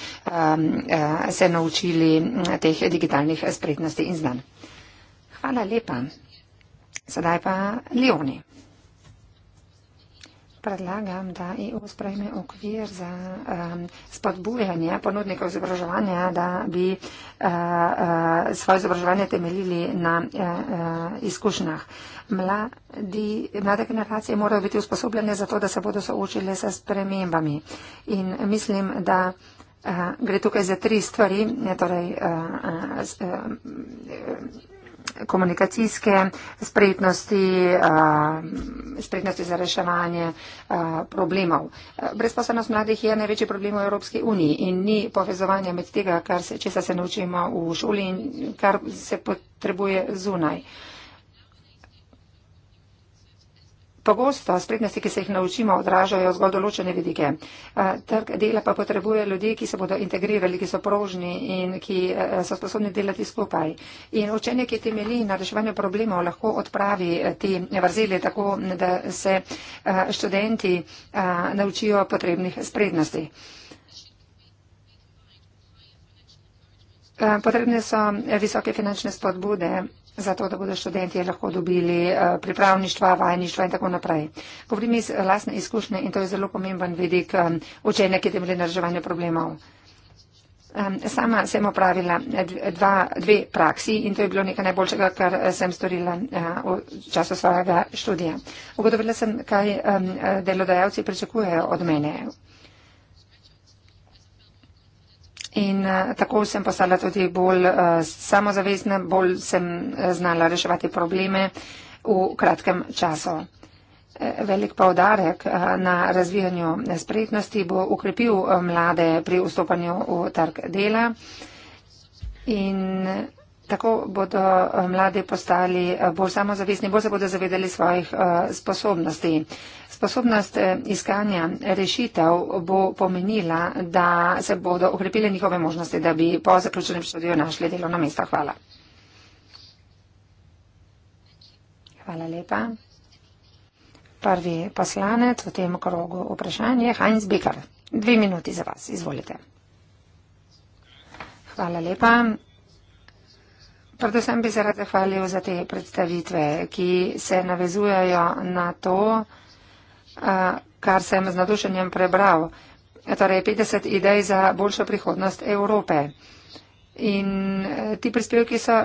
se naučili teh digitalnih spretnosti in znanj. Hvala lepa. Sedaj pa Leoni predlagam, da EU sprejme okvir za um, spodbujanje ponudnikov izobraževanja, da bi uh, uh, svoje izobraževanje temeljili na uh, uh, izkušnjah. Mladi, mlade generacije morajo biti usposobljene za to, da se bodo soočile s spremembami. In mislim, da uh, gre tukaj za tri stvari. Ne, torej, uh, uh, uh, uh, komunikacijske spretnosti, eh, spretnosti za reševanje eh, problemov. Eh, Brezposobnost mladih je največji problem v Evropski uniji in ni povezovanja med tega, kar se, se naučimo v šoli in kar se potrebuje zunaj. Pogosto spretnosti, ki se jih naučimo, odražajo zgolj določene vidike. Trg dela pa potrebuje ljudi, ki se bodo integrirali, ki so prožni in ki so sposobni delati skupaj. In učenje, ki temelji na reševanju problemov, lahko odpravi te vrzeli tako, da se študenti naučijo potrebnih spretnosti. Potrebne so visoke finančne spodbude zato da bodo študenti lahko dobili eh, pripravništva, vajništva in tako naprej. Govorim iz lastne izkušnje in to je zelo pomemben vidik eh, učenja, ki temelji na reševanju problemov. Sama sem opravila eh, dva, dve praksi in to je bilo nekaj najboljšega, kar sem storila v času svojega študija. Ugotovila sem, kaj delodajalci pričakujejo od mene In uh, tako sem postala tudi bolj uh, samozavestna, bolj sem uh, znala reševati probleme v kratkem času. Velik povdarek na razvijanju spretnosti bo ukrepil mlade pri vstopanju v trg dela in tako bodo mladi postali bolj samozavestni, bolj se bodo zavedali svojih sposobnosti. Sposobnost eh, iskanja rešitev bo pomenila, da se bodo okrepile njihove možnosti, da bi po zaključenem študiju našli delovno mesto. Hvala. Hvala lepa. Prvi poslanec v tem krogu vprašanj je Heinz Bikar. Dve minuti za vas, izvolite. Hvala lepa. Predvsem bi se rad zahvalil za te predstavitve, ki se navezujejo na to, da kar sem z nadušenjem prebral. Torej, 50 idej za boljšo prihodnost Evrope. In eh, ti prispevki so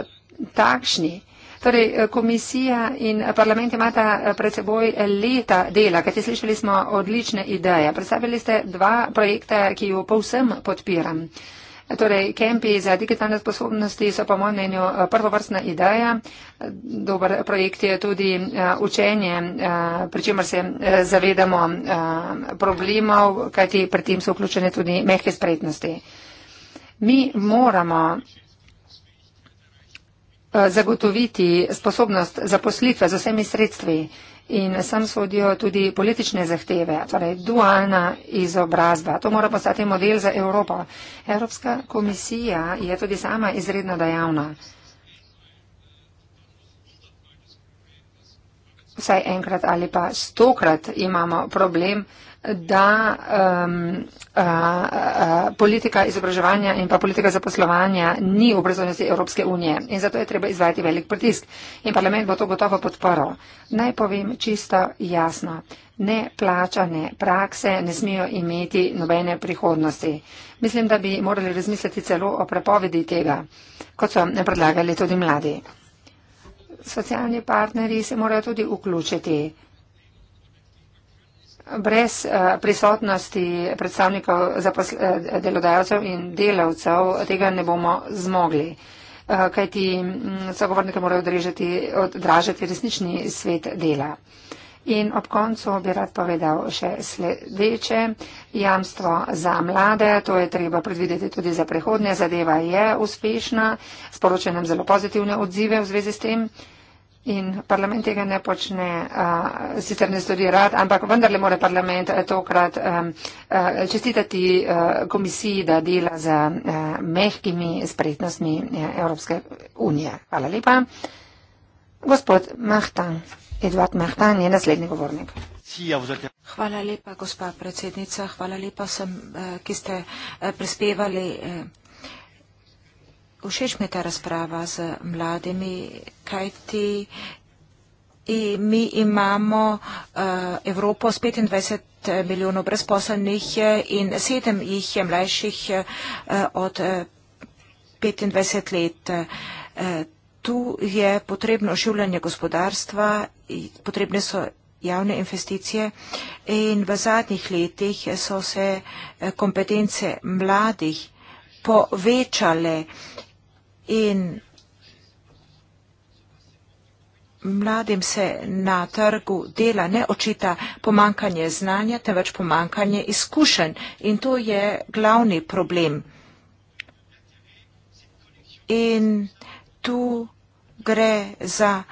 takšni. Torej, eh, komisija in parlament imata eh, pred seboj leta dela, kajti slišali smo odlične ideje. Predstavili ste dva projekta, ki jo povsem podpiram. Uh, Torej, kempi za digitalne sposobnosti so po mojem mnenju eh, prvovrstna ideja. Dober projekt je tudi eh, učenje, eh, pri čemer se zavedamo problemov, kajti pri tem so vključene tudi mehke spretnosti. Mi moramo zagotoviti sposobnost zaposlitve z vsemi sredstvi. In sem sodijo tudi politične zahteve, torej dualna izobrazba. To mora postati model za Evropo. Evropska komisija je tudi sama izredno dejavna. Vsaj enkrat ali pa stokrat imamo problem da um, a, a, politika izobraževanja in pa politika zaposlovanja ni v brezovnosti Evropske unije in zato je treba izvajati velik pritisk. In parlament bo to gotovo podporil. Naj povem čisto jasno. Neplačane prakse ne smijo imeti nobene prihodnosti. Mislim, da bi morali razmisliti celo o prepovedi tega, kot so ne predlagali tudi mladi. Socialni partneri se morajo tudi vključiti. Brez eh, prisotnosti predstavnikov eh, delodajalcev in delavcev tega ne bomo zmogli, eh, kaj ti mm, sogovornike morajo odražati resnični svet dela. In ob koncu bi rad povedal še sledeče. Jamstvo za mlade, to je treba predvideti tudi za prihodnje. Zadeva je uspešna, sporočenem zelo pozitivne odzive v zvezi s tem. In parlament tega ne počne, uh, sicer ne stori rad, ampak vendarle mora parlament eh, tokrat um, uh, čestitati uh, komisiji, da dela z uh, mehkimi spretnostmi Evropske unije. Hvala lepa. Gospod Mahtan, Eduard Mahtan je naslednji govornik. Hvala lepa, gospa predsednica. Hvala lepa vsem, ki ste prispevali Všeč mi je ta razprava z mladimi, kajti mi imamo eh, Evropo s 25 eh, milijonov brezposelnih eh, in sedem jih je mlajših od 25 let. Tu je potrebno oživljanje gospodarstva, potrebne so javne investicije in v zadnjih letih so se kompetence mladih povečale in mladim se na trgu dela ne očita pomankanje znanja, temveč pomankanje izkušenj in to je glavni problem. In tu gre za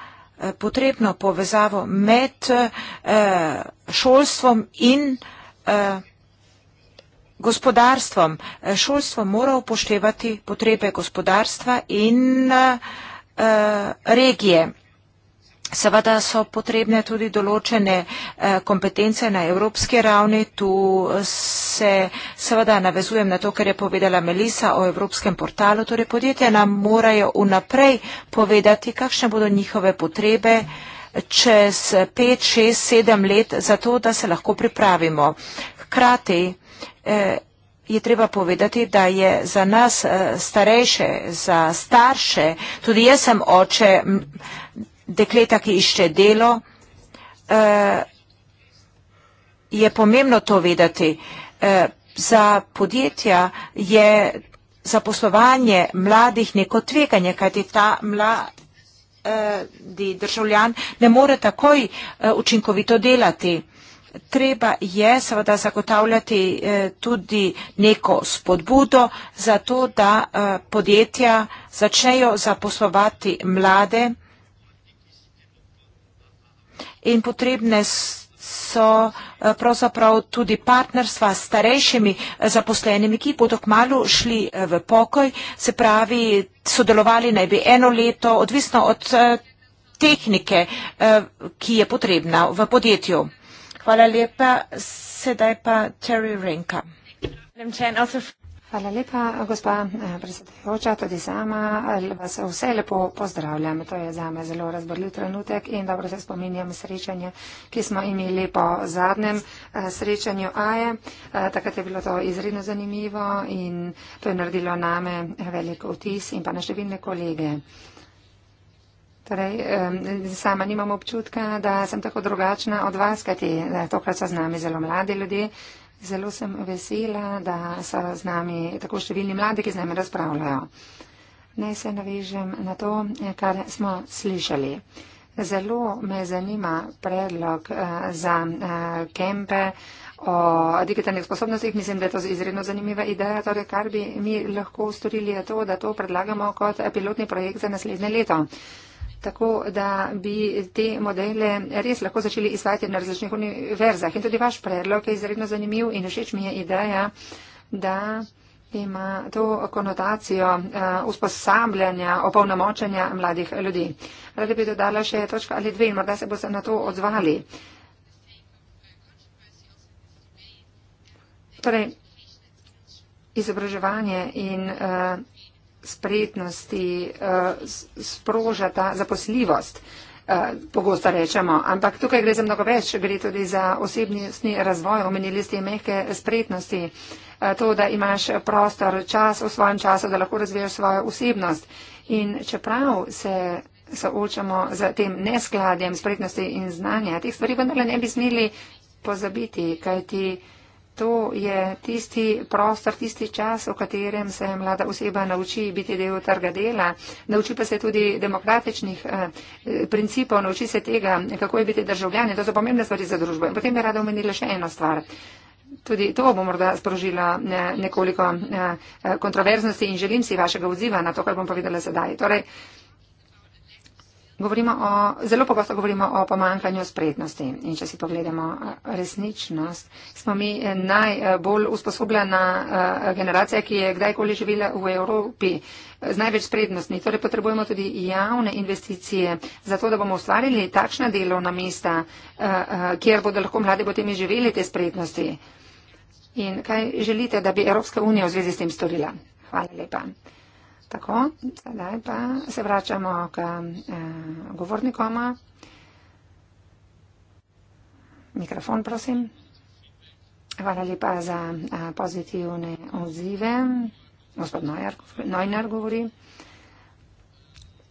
eh, potrebno povezavo med eh, šolstvom in vsega eh, gospodarstvom. Eh, šolstvo mora upoštevati potrebe gospodarstva in uh, regije. Seveda so potrebne tudi določene kompetence na evropski ravni. Tu se seveda navezujem na to, kar je povedala Melisa o evropskem portalu. Torej podjetja nam morajo vnaprej povedati, kakšne bodo njihove potrebe čez 5, 6, 7 let, zato da se lahko pripravimo. Hkrati Eh, je treba povedati, da je za nas eh, starejše, za starše, tudi jaz sem oče dekleta, ki išče delo, eh, je pomembno to vedeti. Za podjetja je zaposlovanje mladih neko tveganje, kajti ta mladi državljan ne more takoj učinkovito delati. Treba je seveda zagotavljati eh, tudi neko spodbudo za to, da eh, podjetja začnejo zaposlovati mlade in potrebne so eh, pravzaprav tudi partnerstva s starejšimi zaposlenimi, ki bodo kmalo šli v pokoj, se pravi, sodelovali naj bi eno leto, odvisno od tehnike, ki je potrebna v podjetju. Hvala lepa. Sedaj pa Terry Renka. Hvala lepa, gospa eh, predsedujoča, tudi sama. Vas vse lepo pozdravljam. To je zame zelo razborljiv trenutek in dobro se spominjam srečanja, ki smo imeli po zadnjem eh, srečanju AE. Eh, takrat je bilo to izredno zanimivo in to je naredilo name velik vtis in pa na številne kolege. Torej, sama nimam občutka, da sem tako drugačna od vas, kajti eh, tokrat so z nami zelo mladi ljudje. Zelo sem vesela, da so z nami tako številni mladi, ki z nami razpravljajo. Naj se navežem na to, kar smo slišali. Zelo me zanima predlog eh, za eh, kempe o digitalnih sposobnostih. Mislim, da je to izredno zanimiva ideja. Torej, kar bi mi lahko ustorili je to, da to predlagamo kot pilotni projekt za naslednje leto tako da bi te modele res lahko začeli izvajati na različnih univerzah. In tudi vaš predlog je izredno zanimiv in všeč mi je ideja, da ima to konotacijo uh, usposabljanja, opolnomočenja mladih ljudi. Rada bi dodala še točka ali dve in morda se boste na to odzvali. Torej, izobraževanje in uh, spretnosti uh, sproža ta zaposljivost, uh, pogosto rečemo. Ampak tukaj gre za mnogo več, gre tudi za osebnostni razvoj, omenili ste mehke spretnosti, uh, to, da imaš prostor, čas v svojem času, da lahko razvijaš svojo osebnost. In čeprav se soočamo z tem neskladjem spretnosti in znanja, teh stvari vendarle ne bi smeli pozabiti, kajti to je tisti prostor, tisti čas, v katerem se mlada oseba nauči biti del trga dela, nauči pa se tudi demokratičnih eh, principov, nauči se tega, kako je biti državljan. To so pomembne stvari za družbo. In potem bi rada omenila še eno stvar. Tudi to bo morda sprožila eh, nekoliko eh, eh, kontroverznosti in želim si vašega odziva na to, kar bom povedala sedaj. Torej, eh, Govorimo o, zelo pogosto govorimo o pomankanju spretnosti in če si pogledamo eh, resničnost, smo mi eh, najbolj usposobljena eh, generacija, ki je kdajkoli živela v Evropi z največ spretnosti. Torej potrebujemo tudi javne investicije za to, da bomo ustvarili takšna delovna mesta, kjer bodo lahko mladi potem izživeli te spretnosti. In kaj želite, da bi Evropska unija v zvezi s tem storila? Hvala lepa. Tako, sedaj pa se vračamo k eh, govornikoma. Mikrofon, prosim. Hvala lepa za eh, pozitivne odzive. Gospod Neuner govori.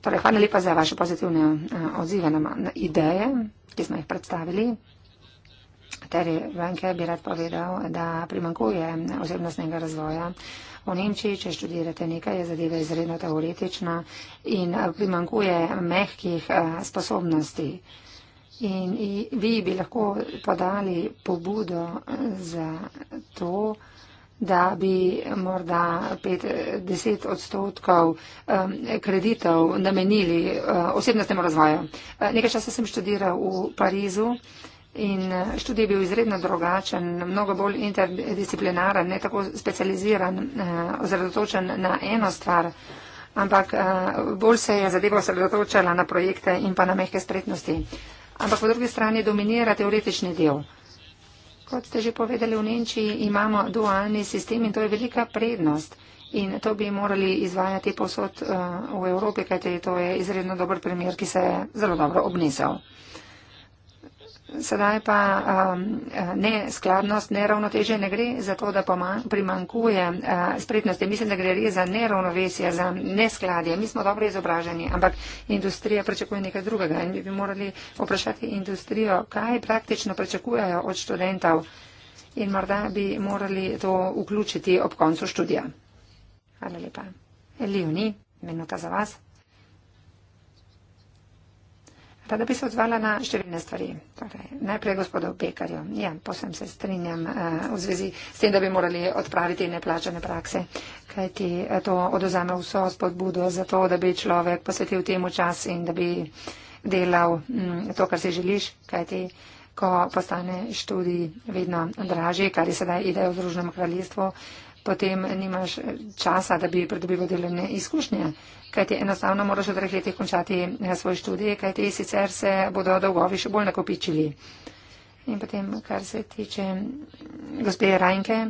Torej, hvala lepa za vaše pozitivne eh, odzive na, na ideje, ki smo jih predstavili. Terry Wenke bi rad povedal, da primankuje osebnostnega razvoja. V Nemčiji, če študirate nekaj, je zadeva izredno teoretična in eh, primankuje mehkih eh, sposobnosti. In vi bi lahko podali pobudo eh, za to, da bi morda 50 odstotkov kreditov namenili osebnostnemu razvoju. Nekaj časa sem študiral v Parizu. In eh, študij je bil izredno drugačen, mnogo bolj interdisciplinaren, ne tako specializiran, eh, ozredotočen na eno stvar, ampak eh, bolj se je zadeva ozredotočala na projekte in pa na mehke spretnosti. Ampak po drugi strani dominira teoretični del. Kot ste že povedali, v Nemčiji imamo dualni sistem in to je velika prednost. In to bi morali izvajati posod v Evropi, kajte to je izredno dober primer, ki se je zelo dobro obnesel. Sedaj pa um, ne skladnost, neravnoteže ne gre za to, da primankuje uh, spretnosti. Mislim, da gre res za neravnovesje, za neskladje. Mi smo dobro izobraženi, ampak industrija prečakuje nekaj drugega in bi morali vprašati industrijo, kaj praktično prečakujejo od študentov in morda bi morali to vključiti ob koncu študija. Hvala lepa. Elivni, minuta za vas. Tada bi se odzvala na številne stvari. Torej, najprej gospodov pekarjo. Ja, posem se strinjam uh, v zvezi s tem, da bi morali odpraviti neplačane prakse, kajti eh, to odozame vso spodbudo za to, da bi človek posvetil temu čas in da bi delal m, mm, to, kar si želiš, kajti ko postaneš tudi vedno dražji, kar je sedaj ideja v Združenem kraljestvu, uh, potem nimaš časa, da bi pridobil delene izkušnje. Kajti enostavno moraš v treh letih končati eh, svoj študij, kajti sicer se bodo dolgovi še bolj nakopičili. In potem, kar se tiče gospe Rajnke,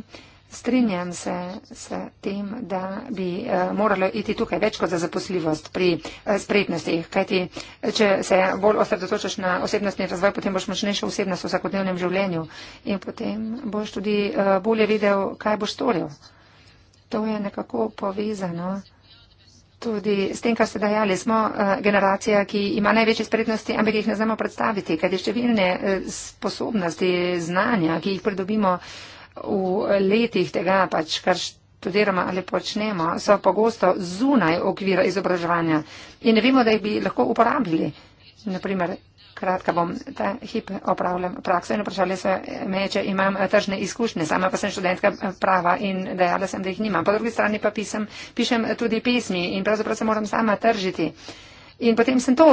Strinjam se s tem, da bi eh, moralo iti tukaj več kot za zaposljivost pri eh, spretnostih, kajti eh, če se bolj osredotočaš na osebnostni razvoj, potem boš močnejša osebnost v vsakodnevnem življenju in potem boš tudi bolje videl, kaj boš storil. To je nekako povezano tudi s tem, kar ste dajali. Smo generacija, ki ima največje spretnosti, ampak jih ne znamo predstaviti, kajti številne sposobnosti, znanja, ki jih pridobimo, v letih tega, pač, kar študiramo ali počnemo, so pogosto zunaj okvira izobraževanja in ne vemo, da jih bi lahko uporabili. Naprimer, kratka bom ta hip opravljam prakso in vprašali se me, če imam tržne izkušnje. Sama pa sem študentka eh, prava in dejala sem, da jih nimam. Po drugi strani pa pisem, pišem tudi pismi in pravzaprav se moram sama tržiti. In potem sem to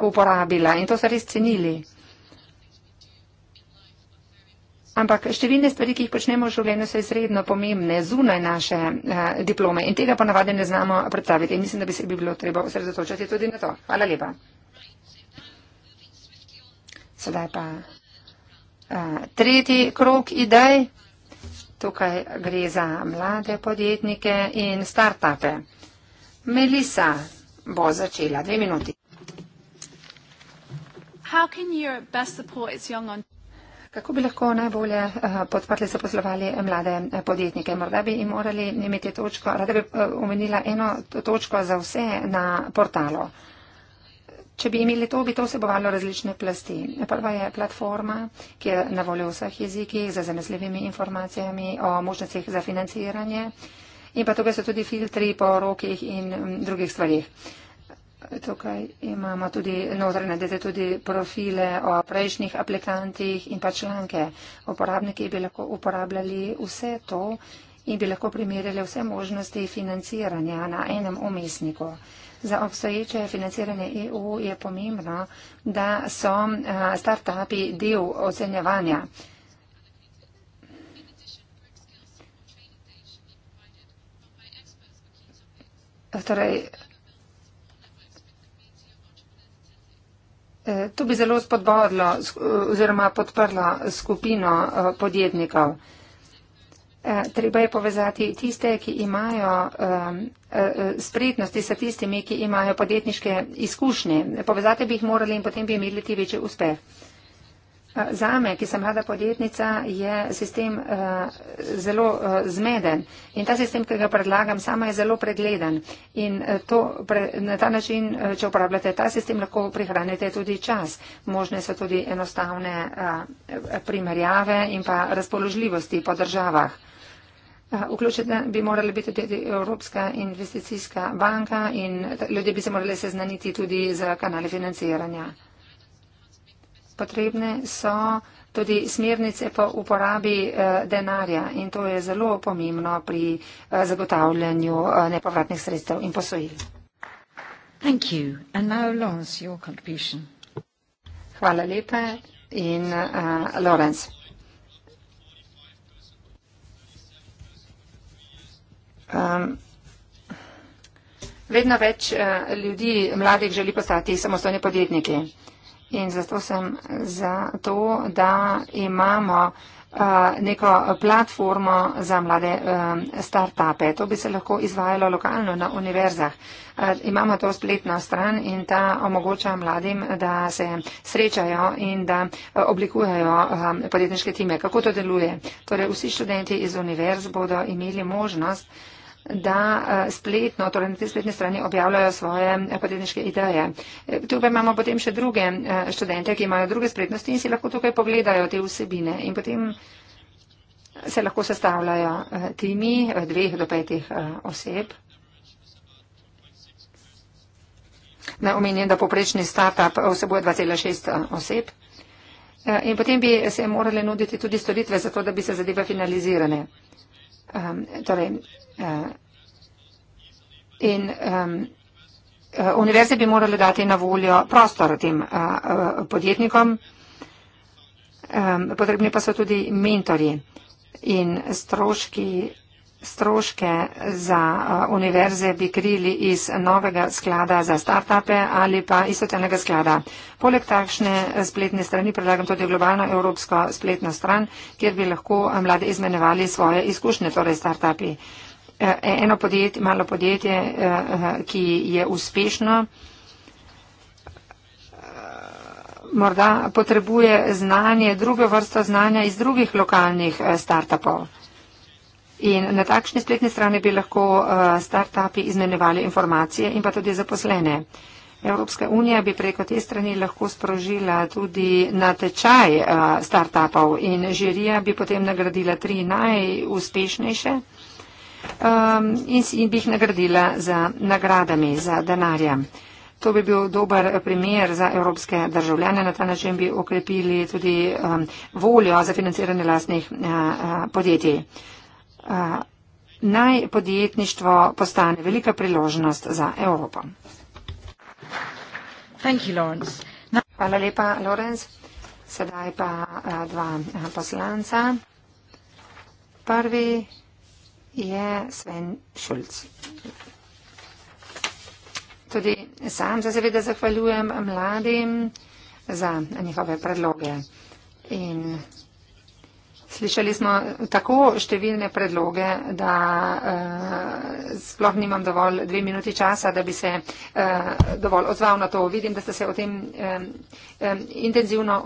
uporabila in to so res cenili. Ampak številne stvari, ki jih počnemo v življenju, so izredno pomembne zunaj naše uh, diplome in tega ponavadi ne znamo predstaviti. In mislim, da bi se bi bilo treba osredotočati tudi na to. Hvala lepa. Sedaj pa uh, tretji krok idej. Tukaj gre za mlade podjetnike in start-upe. Melisa bo začela. Dve minuti. How can Europe best support its young entrepreneurs? kako bi lahko najbolje eh, podprli zaposlovali eh, mlade eh, podjetnike. Morda bi jim morali imeti točko, rada bi omenila eno točko za vse na portalu. Če bi imeli to, bi to vsebovalo različne plasti. Prva je platforma, ki je na voljo vseh jezikih za zanesljivimi informacijami o možnostih za financiranje. In pa tukaj so tudi filtri po rokih in mm, drugih stvarih. Uh, tukaj imamo tudi notranje dete, tudi profile o prejšnjih aplikantih in pa članke. Uporabniki bi lahko uporabljali vse to in bi lahko primerjali vse možnosti financiranja na enem umestniku. Za obstoječe financiranje EU je pomembno, da so start-upi del ocenjevanja. Torej, Eh, to bi zelo spodbodlo oziroma podprlo skupino eh, podjetnikov. Eh, treba je povezati tiste, ki imajo spretnosti s tistimi, ki imajo podjetniške izkušnje. Povezati bi jih morali in potem bi imeli ti večji uspeh. Zame, ki sem mlada podjetnica, je sistem uh, zelo uh, zmeden in ta sistem, ki ga predlagam, sama je zelo pregleden. In uh, to, pre, na ta način, uh, če uporabljate ta sistem, lahko prihranite tudi čas. Možne so tudi enostavne uh, primerjave in pa razpoložljivosti po državah. Vključena bi morala biti tudi Evropska investicijska banka in ljudje bi se morali seznaniti tudi z kanali financiranja potrebne so tudi smernice po uporabi eh, denarja in to je zelo pomembno pri eh, zagotavljanju eh, nepovratnih sredstev in posojil. Hvala lepa in uh, Lorenz. Um, ehm, vedno več uh, ljudi, mladih, želi postati samostojni podjetniki. In zato sem za to, da imamo eh, neko platformo za mlade eh, start-upe. To bi se lahko izvajalo lokalno na univerzah. Eh, imamo to spletno stran in ta omogoča mladim, da se srečajo in da oblikujejo podjetniške time. Kako to deluje? Torej, vsi študenti iz univerz bodo imeli možnost da eh, spletno, torej na te spletne strani objavljajo svoje eh, podjetniške ideje. Eh, tukaj imamo potem še druge študente, ki imajo druge spretnosti in si lahko tukaj pogledajo te vsebine in potem se lahko sestavljajo timi dveh do petih oseb. Naj omenjam, da poprečni startup vsebuje 2,6 oseb. In potem bi se morali nuditi tudi storitve za to, da bi se zadeve finalizirale. Um, torej, uh, in um, uh, univerze bi morali dati na voljo prostor tem uh, uh, podjetnikom. Um, potrebni pa so tudi mentori in stroški stroške za uh, univerze bi krili iz novega sklada za startupe ali pa iz socialnega sklada. Poleg takšne spletne strani predlagam tudi globalno evropsko spletno stran, kjer bi lahko mlade izmenjevali svoje izkušnje, torej startupi. E, eno podjetje, malo podjetje, e, e ki je uspešno, e, morda potrebuje znanje, drugo vrsto znanja iz drugih lokalnih e, startupov. In na takšni spletni strani bi lahko eh, start-upi izmenjevali informacije in pa tudi zaposlene. Evropska unija bi preko te strani lahko sprožila tudi natečaj eh, start-upov in žirija bi potem nagradila tri najuspešnejše ehm, in bi jih nagradila za nagradami, za denarja. To bi bil dober primer za evropske državljane. Na ta način bi okrepili tudi ehm, voljo za financiranje lastnih eh, podjetij a, naj podjetništvo postane velika priložnost za Evropo. Thank you, Lawrence. Hvala lepa, Lorenz. Sedaj pa a, dva a, poslanca. Prvi je Sven Šulc. Tudi sam se seveda zahvaljujem mladim za njihove predloge. In Slišali smo tako številne predloge, da uh, sploh nimam dovolj dve minuti časa, da bi se uh, dovolj odzval na to. Vidim, da ste se o tem, um, um, intenzivno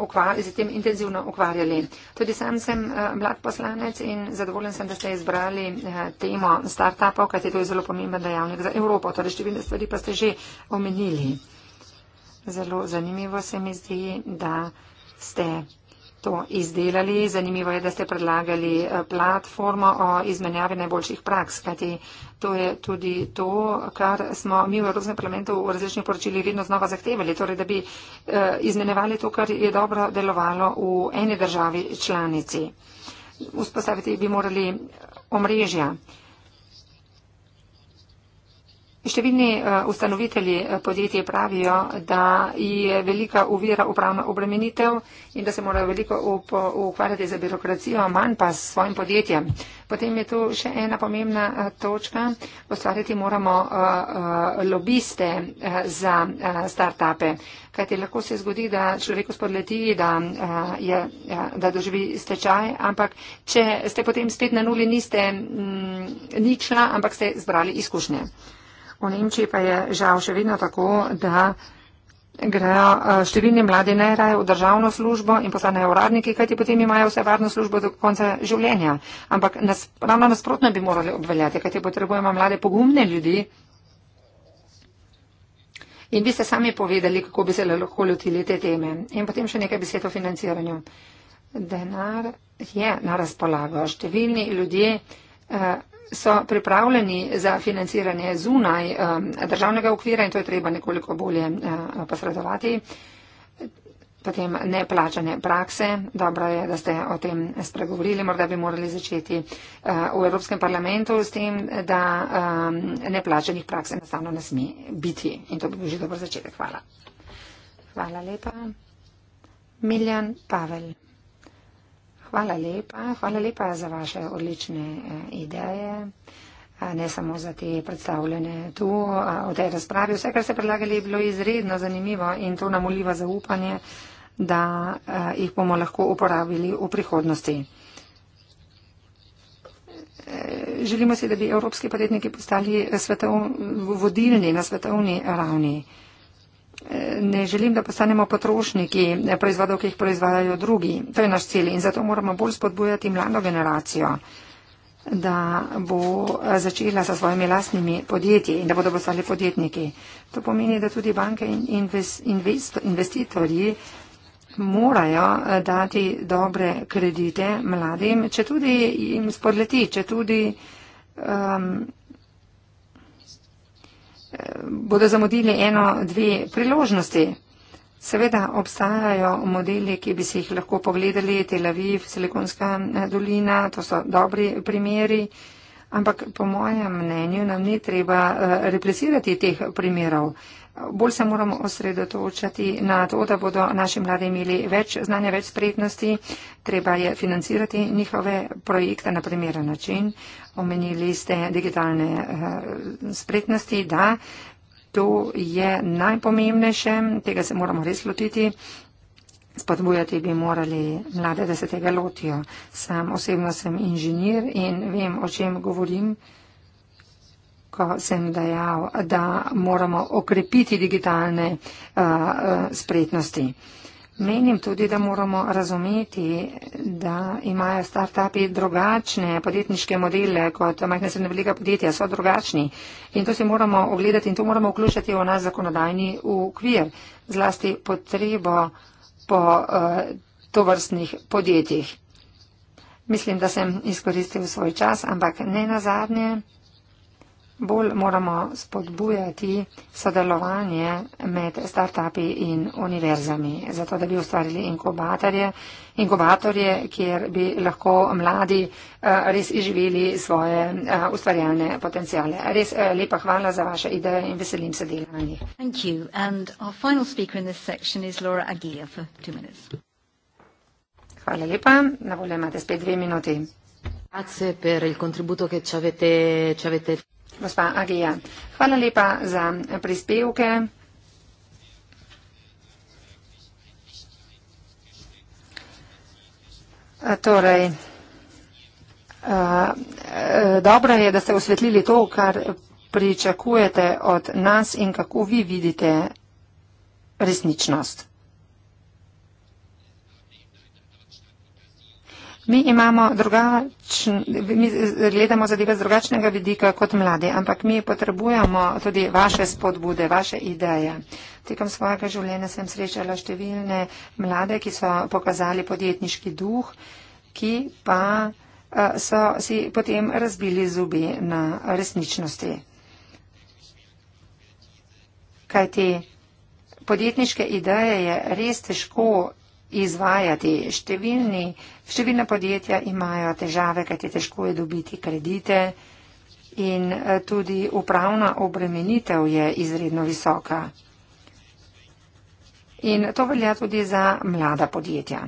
z tem intenzivno ukvarjali. Tudi sam sem uh, mlad poslanec in zadovoljen sem, da ste izbrali uh, temo startupov, kajti to je zelo pomemben dejavnik za Evropo. Torej, številne stvari pa ste že omenili. Zelo zanimivo se mi zdi, da ste to izdelali. Zanimivo je, da ste predlagali eh, platformo o izmenjavi najboljših praks, kajti to je tudi to, kar smo mi v Evropskem parlamentu v različnih poročilih vedno znova zahtevali, torej da bi eh, izmenjevali to, kar je dobro delovalo v eni državi članici. Vzpostaviti bi morali omrežja. Številni eh, ustanovitelji eh, podjetij pravijo, da je velika uvira upravna obremenitev in da se morajo veliko ukvarjati za birokracijo, manj pa s svojim podjetjem. Potem je tu še ena pomembna eh, točka. Ustvariti moramo lobiste za start-upe. Kajti lahko se zgodi, da človek spodleti, da, je, da doživi stečaj, ampak če ste potem spet na nuli, niste mm, ničla, ampak ste zbrali izkušnje. V Nemčiji pa je žal še vedno tako, da grejo e, številni mladi najraje v državno službo in postanejo uradniki, kajti potem imajo vse varno službo do konca življenja. Ampak nas, ravno nasprotno bi morali obveljati, kajti potrebujemo mlade pogumne ljudi. In vi ste sami povedali, kako bi se lahko lotili te teme. In potem še nekaj besed o financiranju. Denar je na razpolago. Številni ljudje. Uh, so pripravljeni za financiranje zunaj um, državnega okvira in to je treba nekoliko bolje uh, posredovati. Potem neplačane prakse. Dobro je, da ste o tem spregovorili. Morda bi morali začeti uh, v Evropskem parlamentu s tem, da um, neplačanih prakse enostavno ne sme biti. In to bi bil že dober začetek. Hvala. Hvala lepa. Miljan Pavel. Hvala lepa. Hvala lepa za vaše odlične eh, ideje. Ne samo za te predstavljene tu v tej razpravi. Vse, kar ste predlagali, je bilo izredno zanimivo in to nam uliva zaupanje, da jih bomo lahko uporabili v prihodnosti. Eh, želimo si, da bi evropski podjetniki postali svetov, vodilni na svetovni ravni ne želim, da postanemo potrošniki proizvodov, ki jih proizvajajo drugi. To je naš cilj in zato moramo bolj spodbujati mlado generacijo, da bo začela sa svojimi lastnimi podjetji in da bodo postali podjetniki. To pomeni, da tudi banke in invest, investitorji morajo eh, dati dobre kredite mladim, če tudi jim spodleti, če tudi. Um, ehm, bodo zamudili eno, dve priložnosti. Seveda obstajajo modeli, ki bi si jih lahko pogledali, Tel Aviv, Silikonska eh, dolina, to so dobri primeri, ampak po mojem mnenju nam ni treba eh, replicirati teh primerov bolj se moramo osredotočati na to, da bodo naši mladi imeli več znanja, več spretnosti. Treba je financirati njihove projekte na primeren način. Omenili ste digitalne eh, spretnosti, da to je najpomembnejše, tega se moramo res lotiti. Spodbujati bi morali mlade, da se tega lotijo. Sam osebno sem inženir in vem, o čem govorim ko sem dejal, da moramo okrepiti digitalne uh, spretnosti. Menim tudi, da moramo razumeti, da imajo start-upi drugačne podjetniške modele kot majhne srednje velika podjetja, so drugačni. In to si moramo ogledati in to moramo vključiti v naš zakonodajni ukvir, zlasti potrebo po uh, tovrstnih podjetjih. Mislim, da sem izkoristil svoj čas, ampak ne na zadnje bolj moramo spodbujati sodelovanje med startupi in univerzami, zato da bi ustvarili inkubatorje, inkubatorje kjer bi lahko mladi eh, res izživeli svoje eh, ustvarjalne potencijale. Res eh, lepa hvala za vaše ideje in veselim se dela na njih. Hvala lepa. Na voljo imate spet dve minuti. Grazie per il contributo che ci avete, ci avete gospa Agija. Hvala lepa za prispevke. Torej, eh, dobro je, da ste osvetlili to, kar pričakujete od nas in kako vi vidite resničnost. Mi imamo drugačen, mi gledamo zadeve z drugačnega vidika kot mladi, ampak mi potrebujemo tudi vaše spodbude, vaše ideje. Tekom svojega življenja sem srečala številne mlade, ki so pokazali podjetniški duh, ki pa eh, so si potem razbili zubi na resničnosti. Kaj te podjetniške ideje je res težko izvajati. Številni uh, Številna podjetja imajo težave, kaj ti težko je dobiti kredite in eh, tudi upravna obremenitev je izredno visoka. In to velja tudi za mlada podjetja.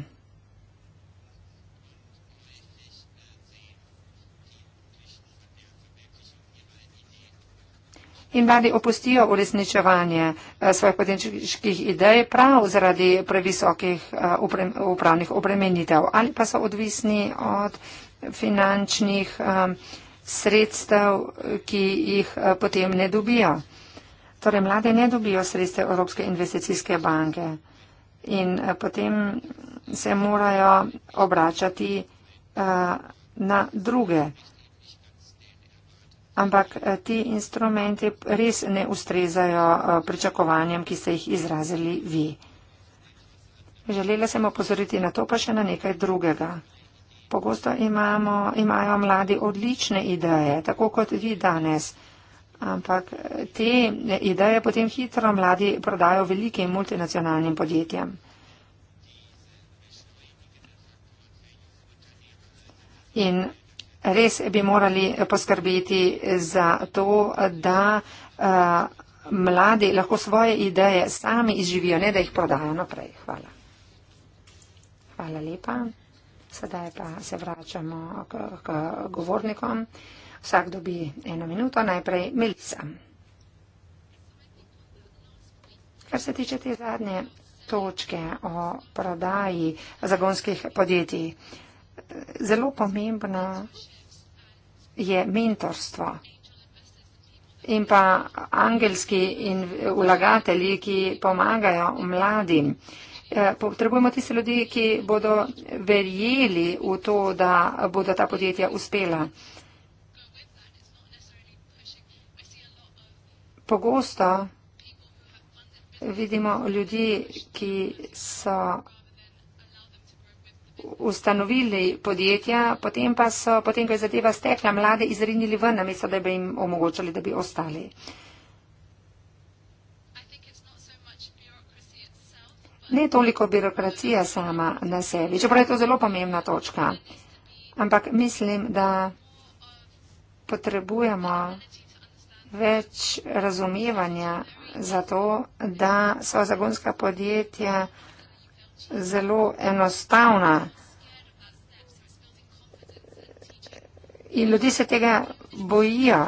in mladi opustijo uresničevanje eh, svojih podjetniških idej prav zaradi previsokih eh, upravnih obremenitev ali pa so odvisni od finančnih eh, sredstev, ki jih potem ne dobijo. Torej, mlade ne dobijo sredstev Evropske investicijske banke in potem se morajo obračati na druge ampak eh, ti instrumenti res ne ustrezajo eh, pričakovanjem, ki ste jih izrazili vi. Želela sem opozoriti na to pa še na nekaj drugega. Pogosto imamo, imajo mladi odlične ideje, tako kot vi danes, ampak eh, te ideje potem hitro mladi prodajo velikim multinacionalnim podjetjem. In res bi morali poskrbeti za to, da eh, mladi lahko svoje ideje sami izživijo, ne da jih prodajo naprej. Hvala. Hvala lepa. Sedaj pa se vračamo k, k govornikom. Vsak dobi eno minuto. Najprej Melisa. Kar se tiče te zadnje točke o prodaji zagonskih podjetij, zelo pomembno je mentorstvo. In pa angelski in vlagatelji, ki pomagajo mladim. E, potrebujemo tiste ljudi, ki bodo verjeli v to, da bodo ta podjetja uspela. Pogosto vidimo ljudi, ki so ustanovili podjetja, potem pa so, potem ko je zadeva stekla, mlade izrinili ven, namesto da bi jim omogočali, da bi ostali. Ne toliko birokracija sama na sebi, čeprav je to zelo pomembna točka. Ampak mislim, da potrebujemo več razumevanja za to, da so zagonska podjetja zelo enostavna. In ljudi se tega bojijo.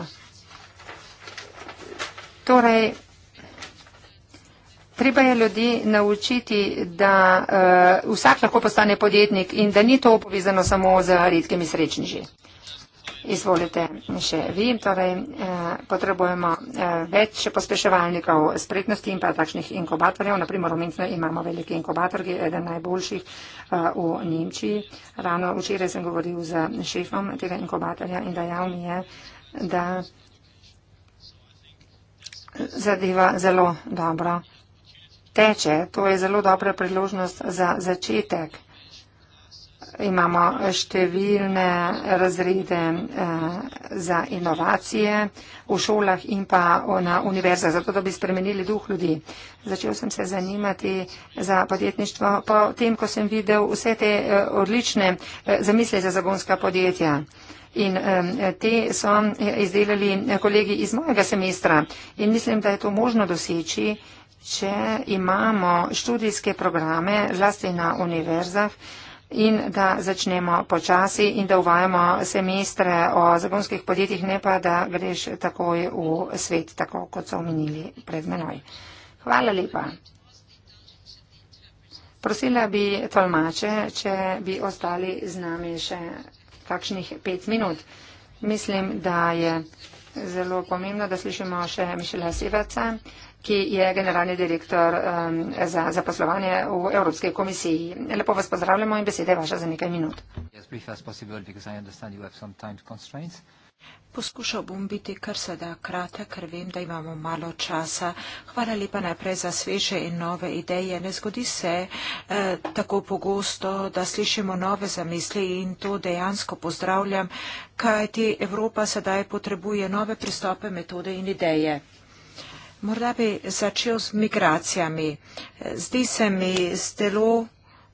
Torej, treba je ljudi naučiti, da uh, vsak lahko postane podjetnik in da ni to povezano samo z redkimi srečniži. Izvolite še vi, torej eh, potrebujemo eh, več pospeševalnikov spretnosti in pa takšnih inkubatorjev. Naprimer, v Mincu imamo veliki inkubator, ki je eden najboljših eh, v Nemčiji. Ravno včeraj sem govoril z šefom tega inkubatorja in dejal mi je, da zadeva zelo dobro teče. To je zelo dobra priložnost za začetek imamo številne razrede eh, za inovacije v šolah in pa na univerzah, zato da bi spremenili duh ljudi. Začel sem se zanimati za podjetništvo po tem, ko sem videl vse te eh, odlične eh, zamisle za zagonska podjetja. In te so izdelali kolegi iz mojega semestra in mislim, da je to možno doseči, če imamo študijske programe, zlasti na univerzah, in da začnemo počasi in da uvajamo semestre o zagonskih podjetjih, ne pa da greš takoj v svet, tako kot so omenili pred menoj. Hvala lepa. Prosila bi tolmače, če bi ostali z nami še kakšnih pet minut. Mislim, da je zelo pomembno, da slišimo še Mišela Sivaca ki je generalni direktor um, za zaposlovanje v Evropske komisiji. Lepo vas pozdravljamo in besede je vaša za nekaj minut. Poskušal bom biti kar se da kratek, ker vem, da imamo malo časa. Hvala lepa najprej za sveže in nove ideje. Ne zgodi se eh, tako pogosto, da slišimo nove zamisli in to dejansko pozdravljam, kajti Evropa sedaj potrebuje nove pristope, metode in ideje. Morda bi začel s migracijami. Zdi se mi zelo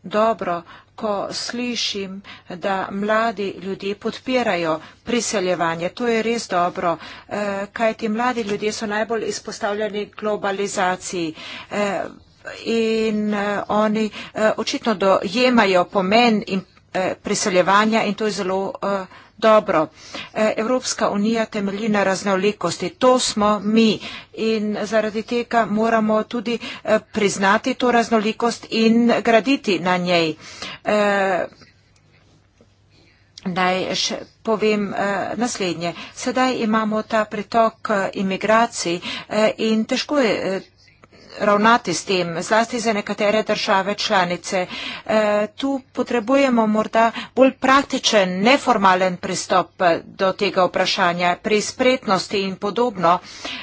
dobro, ko slišim, da mladi ljudje podpirajo priseljevanje. To je res dobro, eh, kaj ti mladi ljudje so najbolj izpostavljeni globalizaciji eh, in eh, oni očitno dojemajo pomen priseljevanja in to je zelo Dobro, e, Evropska unija temelji na raznolikosti, to smo mi in zaradi tega moramo tudi e, priznati to raznolikost in graditi na njej. E, naj še povem naslednje. Sedaj imamo ta pritok imigracij in težko je ravnati s tem, zlasti za nekatere države članice. Eh, tu potrebujemo morda bolj praktičen, neformalen pristop eh, do tega vprašanja. Pri spretnosti in podobno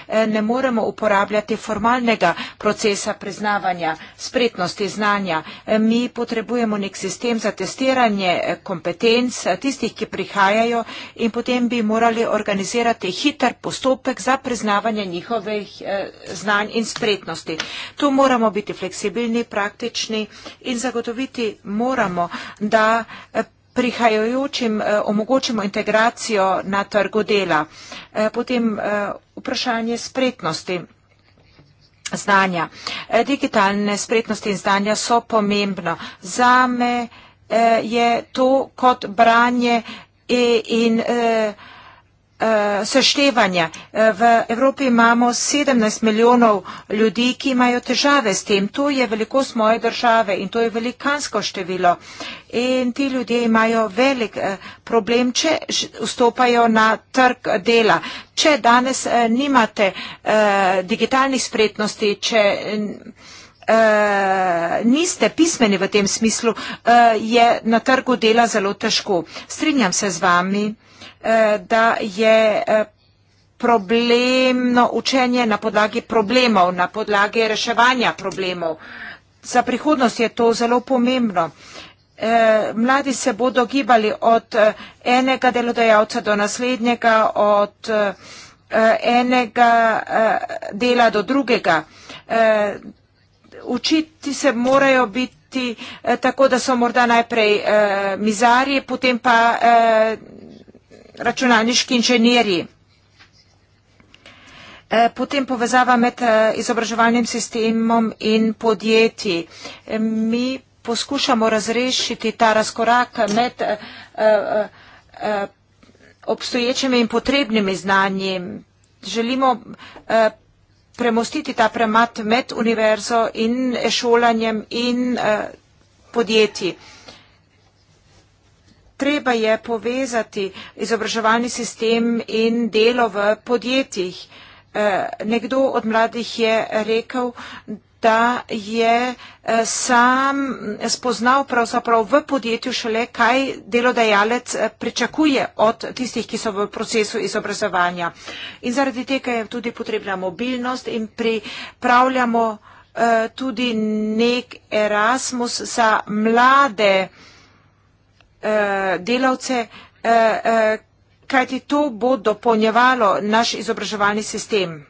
eh, ne moremo uporabljati formalnega procesa priznavanja spretnosti znanja. Mi potrebujemo nek sistem za testiranje kompetenc tistih, ki prihajajo in potem bi morali organizirati hiter postopek za priznavanje njihovih znanj in spretnosti. Tu moramo biti fleksibilni, praktični in zagotoviti moramo, da eh, prihajajočim eh, omogočimo integracijo na trgu dela. Eh, potem vprašanje spretnosti znanja. Digitalne spretnosti in znanja so pomembno. Za me je to kot branje e in, in Eh, seštevanja. Eh, v Evropi imamo 17 milijonov ljudi, ki imajo težave s tem. To je velikost moje države in to je velikansko število. In ti ljudje imajo velik eh, problem, če vstopajo na trg dela. Če danes nimate digitalnih spretnosti, če niste pismeni v tem smislu, je na trgu dela zelo težko. Strinjam se z vami. Eh, da je eh, problemno učenje na podlagi problemov, na podlagi reševanja problemov. Za prihodnost je to zelo pomembno. Eh, mladi se bodo gibali od enega delodajalca do naslednjega, od enega dela do drugega. Učiti se morajo biti tako, da so morda najprej mizarji, potem pa računalniški inženirji. E, potem povezava med e, izobraževalnim sistemom in podjetji. E, mi poskušamo razrešiti ta razkorak med obstoječimi in potrebnimi znanji. Želimo premostiti ta premat med univerzo in šolanjem in podjetji treba je povezati izobraževalni sistem in delo v podjetjih. Eh, nekdo od mladih je rekel, da je eh, sam spoznal pravzaprav v podjetju šele, kaj delodajalec eh, pričakuje od tistih, ki so v procesu izobraževanja. In zaradi tega je tudi potrebna mobilnost in pripravljamo tudi nek Erasmus za mlade uh, Eh, delavce, eh, eh, kajti to bo dopolnjevalo naš izobraževalni sistem,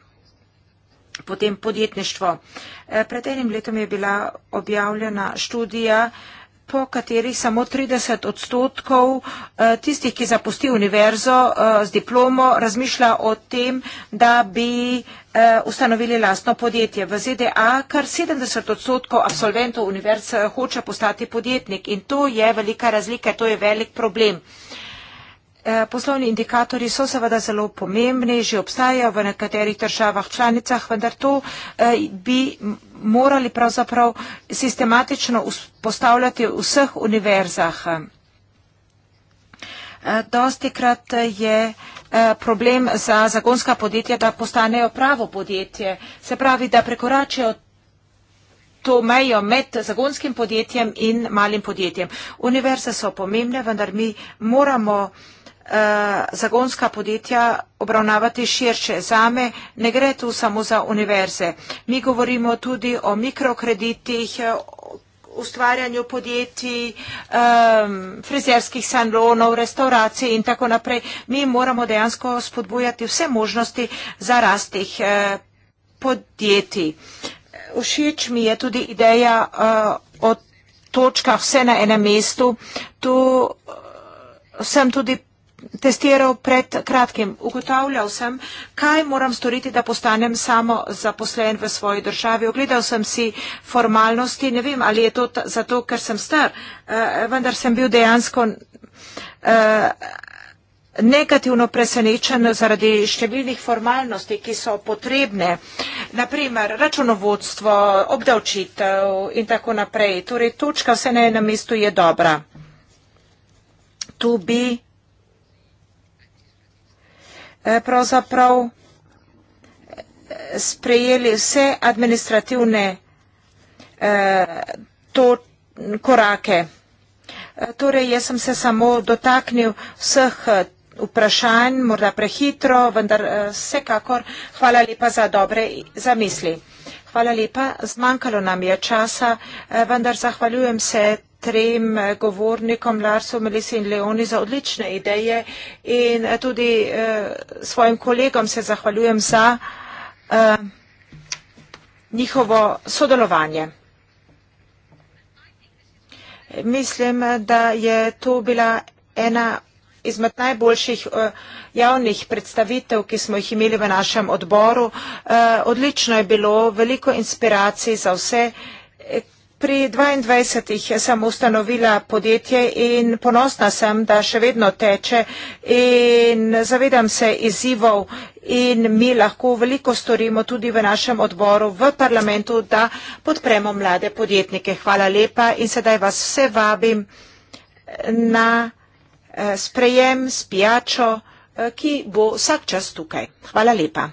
potem podjetništvo. Pred enim letom je bila objavljena študija, po katerih samo 30 odstotkov eh, tistih, ki zapusti univerzo eh, z diplomo, razmišlja o tem, da bi eh, ustanovili lastno podjetje. V ZDA kar 70 odstotkov absolventov univerz hoče postati podjetnik in to je velika razlika, to je velik problem. Uh, Eh, poslovni indikatorji so seveda zelo pomembni, že obstajajo v nekaterih državah članicah, vendar to eh, bi morali pravzaprav sistematično postavljati v vseh univerzah. Eh, Dosti krat je problem za zagonska podjetja, da postanejo pravo podjetje. Se pravi, da prekoračijo to mejo med zagonskim podjetjem in malim podjetjem. Univerze so pomembne, vendar mi moramo uh, Eh, zagonska podjetja obravnavati širše. Zame ne gre tu samo za univerze. Mi govorimo tudi o mikrokreditih, eh, ustvarjanju podjetij, um, frizerskih salonov, restauracij in tako naprej. Mi moramo dejansko spodbujati vse možnosti za rast teh uh, podjetij. Všeč mi je tudi ideja uh, o točkah vse na enem mestu. Tu sem tudi testiral pred kratkim. Ugotavljal sem, kaj moram storiti, da postanem samo zaposlen v svoji državi. Ogledal sem si formalnosti, ne vem, ali je to zato, ker sem star, eh, vendar sem bil dejansko eh, negativno presenečen zaradi številnih formalnosti, ki so potrebne, naprimer računovodstvo, obdavčitev in tako naprej. Torej, točka vse na enem mestu je dobra. Tu bi Eh, pravzaprav eh, sprejeli vse administrativne eh, to korake. Torej, jaz sem se samo dotaknil vseh vprašanj, morda prehitro, vendar vsekakor hvala lepa za dobre zamisli. Hvala lepa. Zmanjkalo nam je časa, eh, vendar zahvaljujem se trem eh, govornikom Larsu, Melisi in Leoni za odlične ideje in eh, tudi svojim kolegom se zahvaljujem za njihovo sodelovanje. Mislim, da je to bila ena izmed najboljših eh, javnih predstavitev, ki smo jih imeli v našem odboru. Eh, odlično je bilo, veliko inspiracij za vse. Eh, pri 22. sem ustanovila podjetje in ponosna sem, da še vedno teče in zavedam se izzivov in mi lahko veliko storimo tudi v našem odboru v parlamentu, da podpremo mlade podjetnike. Hvala lepa in sedaj vas vse vabim na. Eh, sprejem s pijačo, eh, ki bo vsak čas tukaj. Hvala lepa.